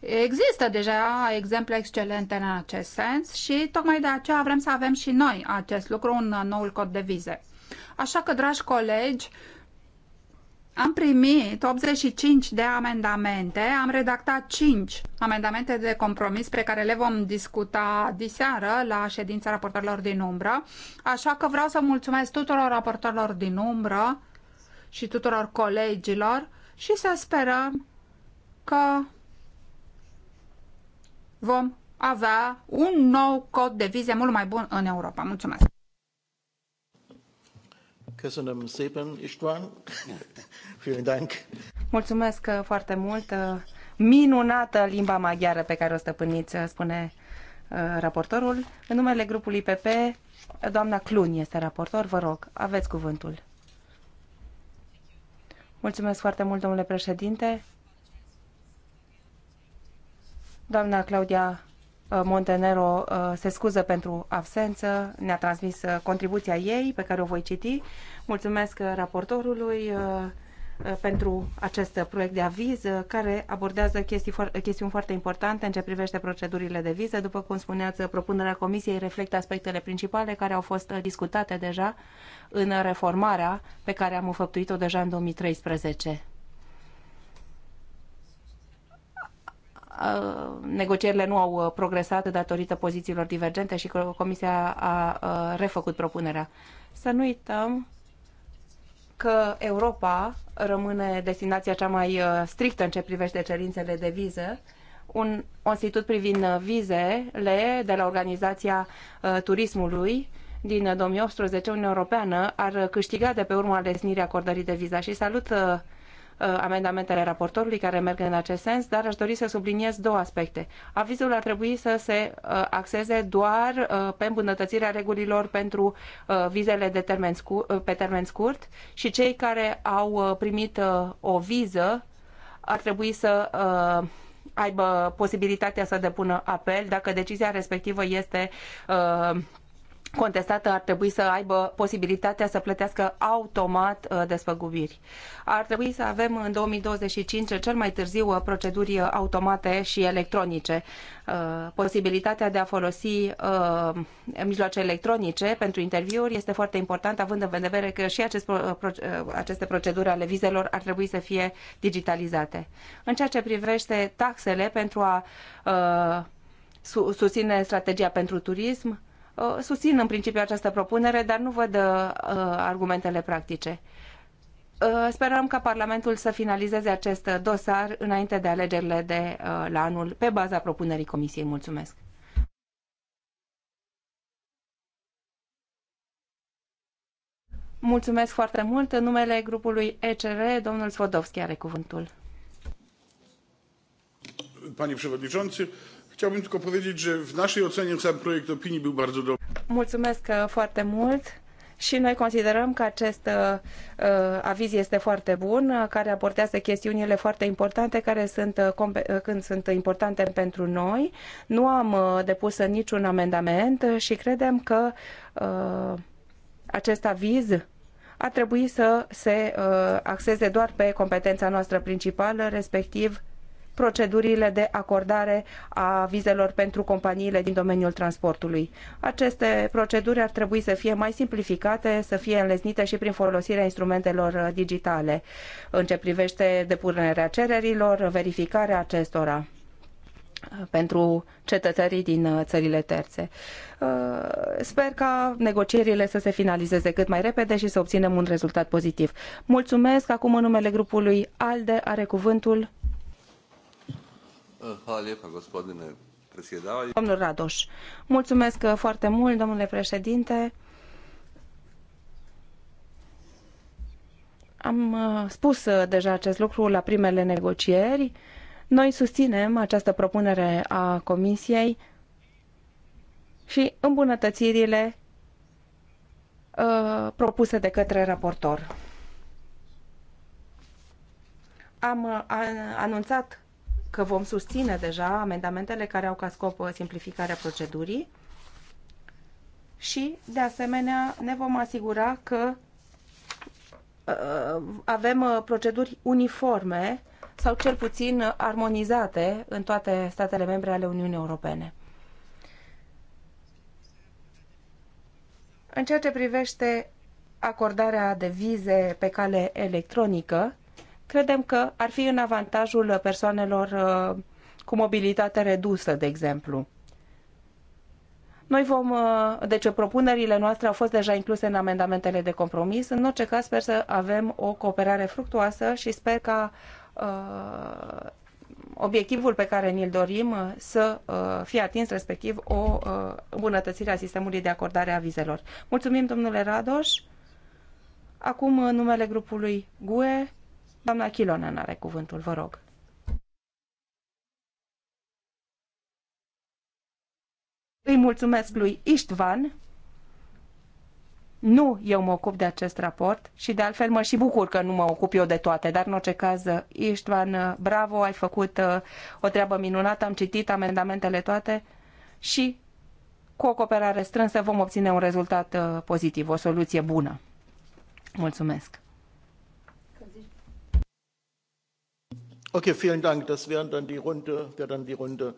Există deja exemple excelente în acest sens și tocmai de aceea vrem să avem și noi acest lucru în noul cod de vize. Așa că, dragi colegi, am primit 85 de amendamente, am redactat 5 amendamente de compromis pe care le vom discuta diseară la ședința raportorilor din umbră, așa că vreau să mulțumesc tuturor raportorilor din umbră și tuturor colegilor și să sperăm că vom avea un nou cod de vize mult mai bun în Europa. Mulțumesc! Köszönöm szépen, István. Mulțumesc uh, foarte mult. Uh, minunată limba maghiară pe care o stăpâniți, uh, spune raportorul. În numele grupului PP, doamna Clun este raportor. Vă rog, aveți cuvântul. Mulțumesc foarte mult, domnule președinte. Doamna Claudia Montenero se scuză pentru absență, ne-a transmis contribuția ei, pe care o voi citi. Mulțumesc raportorului, Uh, pentru acest proiect de aviz uh, care abordează chestii, chestiuni foarte importante în ce privește procedurile de viză. După cum spuneați, propunerea Comisiei reflectă aspectele principale care au fost uh, discutate deja în reformarea pe care am înfăptuit-o deja în 2013. negocierile nu au progresat datorită pozițiilor divergente și Comisia a refăcut propunerea. Să nu uităm că Europa rămâne destinația cea mai uh, strictă în ce privește cerințele de viză. Un, institut privind uh, vizele de la Organizația uh, Turismului din 2018, Uniunea Europeană ar câștiga de pe urma lesnirii acordării de viza și salut Uh, amendamentele raportorului care merg în acest sens, dar aș dori să subliniez două aspecte. Avizul ar trebui să se uh, axeze doar uh, pe îmbunătățirea regulilor pentru vizele de termen scurt, pe termen scurt și cei care au primit o viză ar trebui să aibă posibilitatea să depună apel dacă decizia respectivă este contestată ar trebui să aibă posibilitatea să plătească automat uh, despăgubiri. Ar trebui să avem în 2025 cel mai târziu uh, proceduri uh, automate și electronice. Posibilitatea de a folosi mijloace electronice pentru interviuri este foarte important, având în vedere că și aceste proceduri ale vizelor ar trebui să fie digitalizate. În ceea ce privește taxele pentru a susține strategia pentru turism, Uh, susțin în principiu această propunere, dar nu văd uh, argumentele practice. Uh, sperăm ca Parlamentul să finalizeze acest dosar înainte de alegerile de la anul, pe baza propunerii Comisiei. Mulțumesc! Mulțumesc foarte mult. În numele grupului ECR, domnul Svodovski are cuvântul. Panie Przewodniczący, Chciałbym tylko powiedzieć, że w naszej ocenie sam projekt opinii był bardzo dobry. Mulțumesc foarte mult și noi considerăm că acest uh, aviz este foarte bun, care abordează chestiunile foarte importante care sunt, când sunt importante pentru noi. Nu am uh, depus niciun amendament și credem că uh, acest aviz ar trebui să se uh, axeze doar pe competența noastră principală, respectiv procedurile de acordare a vizelor pentru companiile din domeniul transportului. Aceste proceduri ar trebui să fie mai simplificate, să fie înlesnite și prin folosirea instrumentelor digitale în ce privește depunerea cererilor, verificarea acestora uh, pentru cetățenii din uh, țările terțe. Uh, sper ca negocierile să se finalizeze cât mai repede și să obținem un rezultat pozitiv. Mulțumesc. Acum în numele grupului ALDE are cuvântul Eh, Domnul Radoș, mulțumesc eh, foarte mult, domnule președinte. Am eh, spus deja acest lucru la primele negocieri. Noi susținem această propunere a Comisiei și îmbunătățirile propuse de către raportor. Am anunțat că vom susține deja amendamentele care au ca scop uh, simplificarea procedurii și, de asemenea, ne vom asigura că uh, avem uh, proceduri uniforme sau cel puțin armonizate în toate statele membre ale Uniunii Europene. În ceea ce privește acordarea de vize pe cale electronică, credem că ar fi în avantajul persoanelor uh, cu mobilitate redusă, de exemplu. Noi vom, uh, deci propunerile noastre au fost deja incluse în amendamentele de compromis. În orice caz sper să avem o cooperare fructuoasă și sper ca uh, obiectivul pe care ni-l dorim uh, să uh, fie atins, respectiv o uh, îmbunătățire a sistemului de acordare a vizelor. Mulțumim, domnule Radoș. Acum, numele grupului GUE, Doamna Chilonen are cuvântul, vă rog. Îi mulțumesc lui Istvan. Nu eu mă ocup de acest raport și de altfel mă și bucur că nu mă ocup eu de toate, dar în orice caz, Istvan, bravo, ai făcut uh, o treabă minunată, am citit amendamentele toate și cu o cooperare strânsă vom obține un rezultat uh, pozitiv, o soluție bună. Mulțumesc! Ok, vielen Dank. Das dann die Runde, dann die Runde.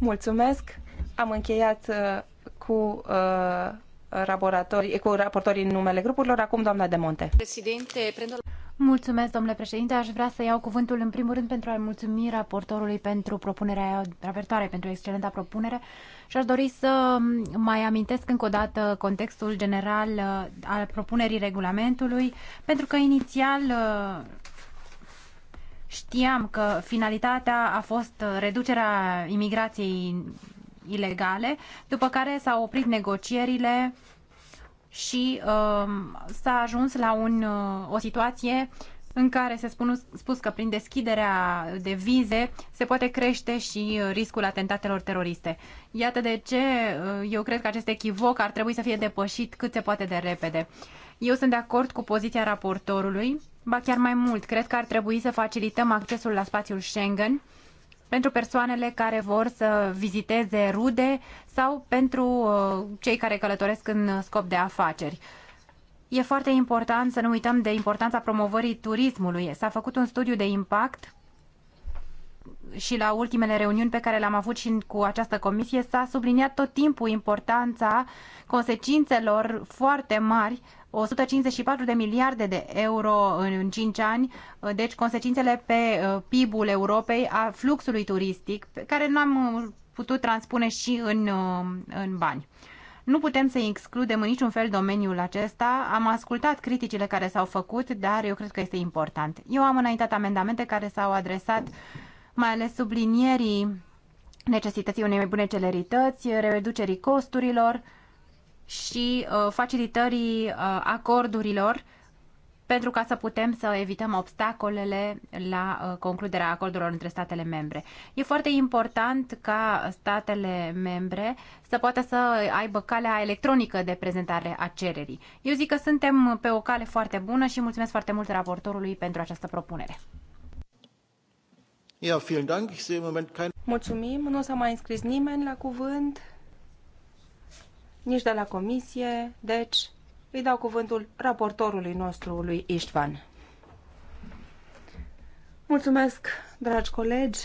Mulțumesc. Am încheiat uh, cu uh, raportorii, cu raportorii în numele grupurilor. Acum, doamna de Monte. Președinte, prendo... Mulțumesc, domnule președinte. Aș vrea să iau cuvântul în primul rând pentru a-i mulțumi raportorului pentru propunerea raportoare, pentru excelenta propunere și aș dori să um, mai amintesc încă o dată contextul general uh, al propunerii regulamentului, pentru că inițial Știam că finalitatea a fost reducerea imigrației ilegale, după care s-au oprit negocierile și uh, s-a ajuns la un, uh, o situație în care se spun, spus că prin deschiderea de vize se poate crește și uh, riscul atentatelor teroriste. Iată de ce uh, eu cred că acest echivoc ar trebui să fie depășit cât se poate de repede. Eu sunt de acord cu poziția raportorului Ba chiar mai mult, cred că ar trebui să facilităm accesul la spațiul Schengen pentru persoanele care vor să viziteze rude sau pentru uh, cei care călătoresc în scop de afaceri. E foarte important să nu uităm de importanța promovării turismului. S-a făcut un studiu de impact și la ultimele reuniuni pe care le-am avut și cu această comisie s-a subliniat tot timpul importanța consecințelor foarte mari 154 de miliarde de euro în 5 ani, uh, deci consecințele pe uh, PIB-ul Europei a fluxului turistic, pe care nu am uh, putut transpune și în, în bani. Nu putem să excludem în niciun fel domeniul acesta. Am ascultat criticile care s-au făcut, dar eu cred că este important. Eu am înaintat amendamente care s-au adresat uh, mai ales sublinierii necesității unei mai bune celerități, reducerii costurilor și uh, facilitării uh, acordurilor pentru ca să putem să evităm obstacolele la uh, concluderea acordurilor între statele membre. E foarte important ca statele membre să poată să aibă calea electronică de prezentare a cererii. Eu zic că suntem pe o cale foarte bună și mulțumesc foarte mult raportorului pentru această propunere. Mulțumim, nu s-a mai înscris nimeni la cuvânt, nici de la comisie, deci îi dau cuvântul raportorului nostru, lui Istvan. Mulțumesc, dragi colegi.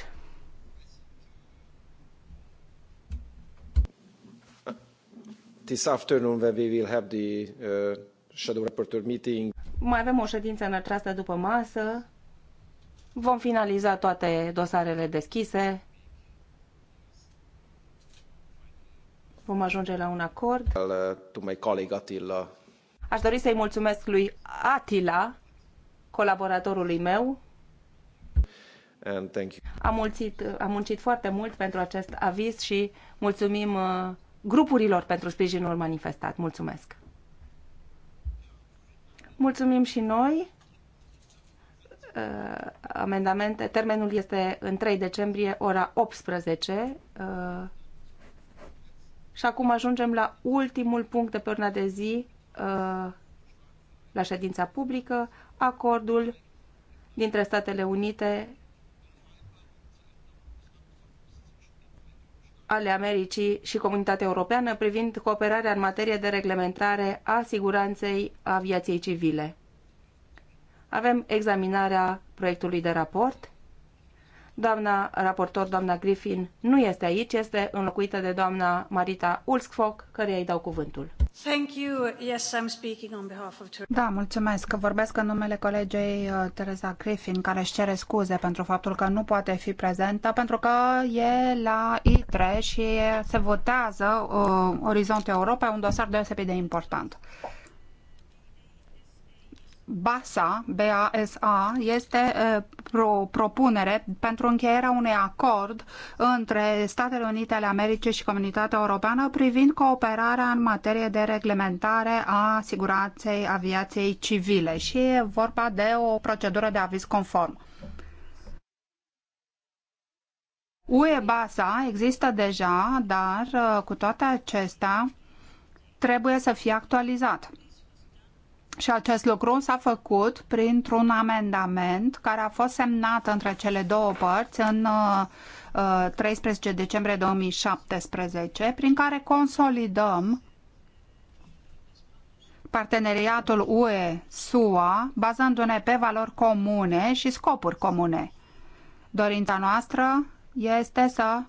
This afternoon when we will have the uh, shadow rapporteur meeting. Mai avem o ședință în această după masă Vom finaliza toate dosarele deschise. Vom ajunge la un acord. Uh, Aș dori să-i mulțumesc lui Atila, colaboratorului meu. And thank you. Am, mulțit, am muncit foarte mult pentru acest aviz și mulțumim uh, grupurilor pentru sprijinul manifestat. Mulțumesc! Mulțumim și noi! Uh, amendamente. Termenul este în 3 decembrie, ora 18. Uh, și acum ajungem la ultimul punct de pe urna de zi uh, la ședința publică, acordul dintre Statele Unite ale Americii și Comunitatea Europeană privind cooperarea în materie de reglementare a siguranței aviației civile. Avem examinarea proiectului de raport. Doamna raportor, doamna Griffin, nu este aici, este înlocuită de doamna Marita Ulskfok, care îi dau cuvântul. Thank you. Yes, I'm speaking on behalf of... Da, mulțumesc. Că vorbesc în numele colegei uh, Teresa Griffin, care își cere scuze pentru faptul că nu poate fi prezentă, pentru că e la ITRE și se votează uh, Orizont Europa, un dosar deosebit de important. Uh, BASA, BASA este pro, propunere pentru încheierea unui acord între Statele Unite ale Americii și Comunitatea Europeană privind cooperarea în materie de reglementare a siguranței aviației civile și e vorba de o procedură de aviz conform. UE-BASA există deja, dar cu toate acestea trebuie să fie actualizat. Și acest lucru s-a făcut printr-un amendament care a fost semnat între cele două părți în 13 uh, uh, decembrie 2017, prin care consolidăm parteneriatul UE-SUA, bazându-ne pe valori comune și scopuri comune. Dorința noastră este să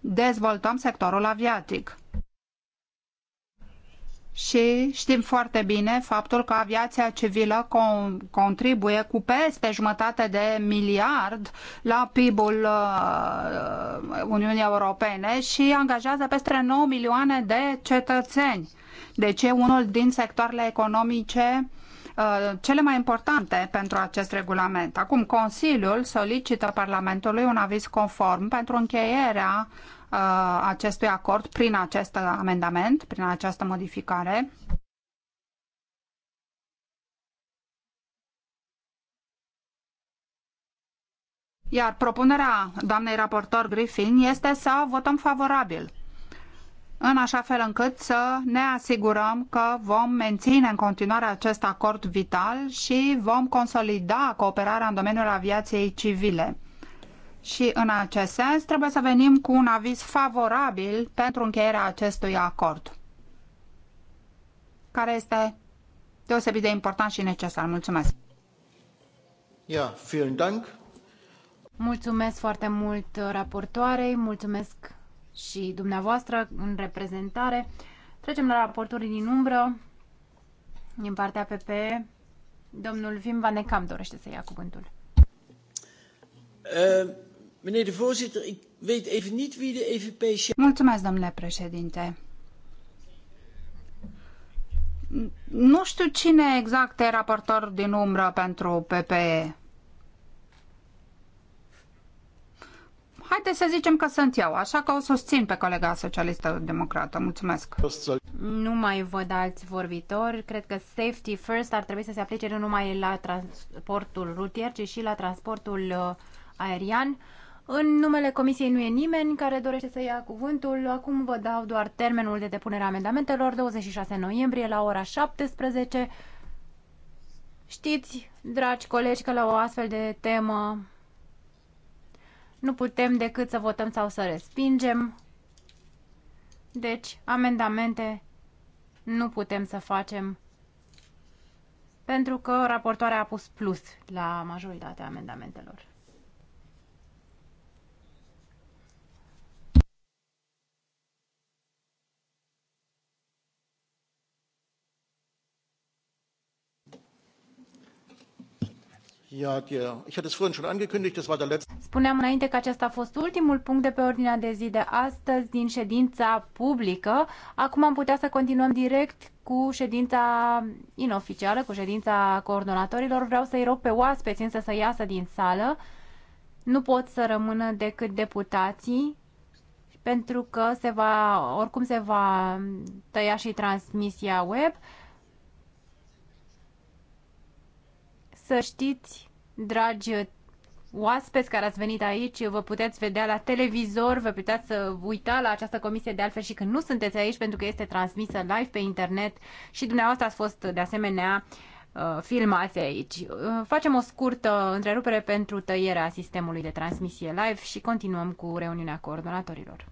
dezvoltăm sectorul aviatic și știm foarte bine faptul că aviația civilă contribuie cu peste jumătate de miliard la PIB-ul uh, Uniunii Europene și angajează peste 9 milioane de cetățeni. Deci e unul din sectoarele economice uh, cele mai importante pentru acest regulament. Acum, Consiliul solicită Parlamentului un aviz conform pentru încheierea Uh, acestui acord prin acest amendament, prin această modificare. Iar propunerea doamnei raportor Griffin este să votăm favorabil, în așa fel încât să ne asigurăm că vom menține în continuare acest acord vital și vom consolida cooperarea în domeniul aviației civile și în acest sens trebuie să venim cu un aviz favorabil pentru încheierea acestui acord, care este deosebit de important și necesar. Mulțumesc! Ja, vielen Dank. Mulțumesc foarte mult raportoarei, mulțumesc și dumneavoastră în reprezentare. Trecem la raporturi din umbră. Din partea PP, domnul Vim Vanecam dorește să ia cuvântul. Uh. Mulțumesc, domnule președinte. Nu știu cine exact e raportor din umbră pentru PPE. Haideți să zicem că sunt eu, așa că o susțin pe colega socialistă democrată. Mulțumesc! Nu mai văd alți vorbitori. Cred că safety first ar trebui să se aplice nu numai la transportul rutier, ci și la transportul uh, aerian. În numele Comisiei nu e nimeni care dorește să ia cuvântul. Acum vă dau doar termenul de depunere a amendamentelor, 26 noiembrie la ora 17. Știți, dragi colegi, că la o astfel de temă nu putem decât să votăm sau să respingem. Deci, amendamente nu putem să facem pentru că raportoarea a pus plus la majoritatea amendamentelor. Spuneam înainte că acesta a fost ultimul punct de pe ordinea de zi de astăzi din ședința publică. Acum am putea să continuăm direct cu ședința inoficială, cu ședința coordonatorilor. Vreau să-i rog pe oaspeți însă să iasă din sală. Nu pot să rămână decât deputații pentru că se va, oricum se va tăia și transmisia web. Să știți, dragi oaspeți care ați venit aici, vă puteți vedea la televizor, vă puteți să uita la această comisie de altfel și când nu sunteți aici pentru că este transmisă live pe internet și dumneavoastră ați fost de asemenea uh, filmați aici. Uh, facem o scurtă întrerupere pentru tăierea sistemului de transmisie live și continuăm cu reuniunea coordonatorilor.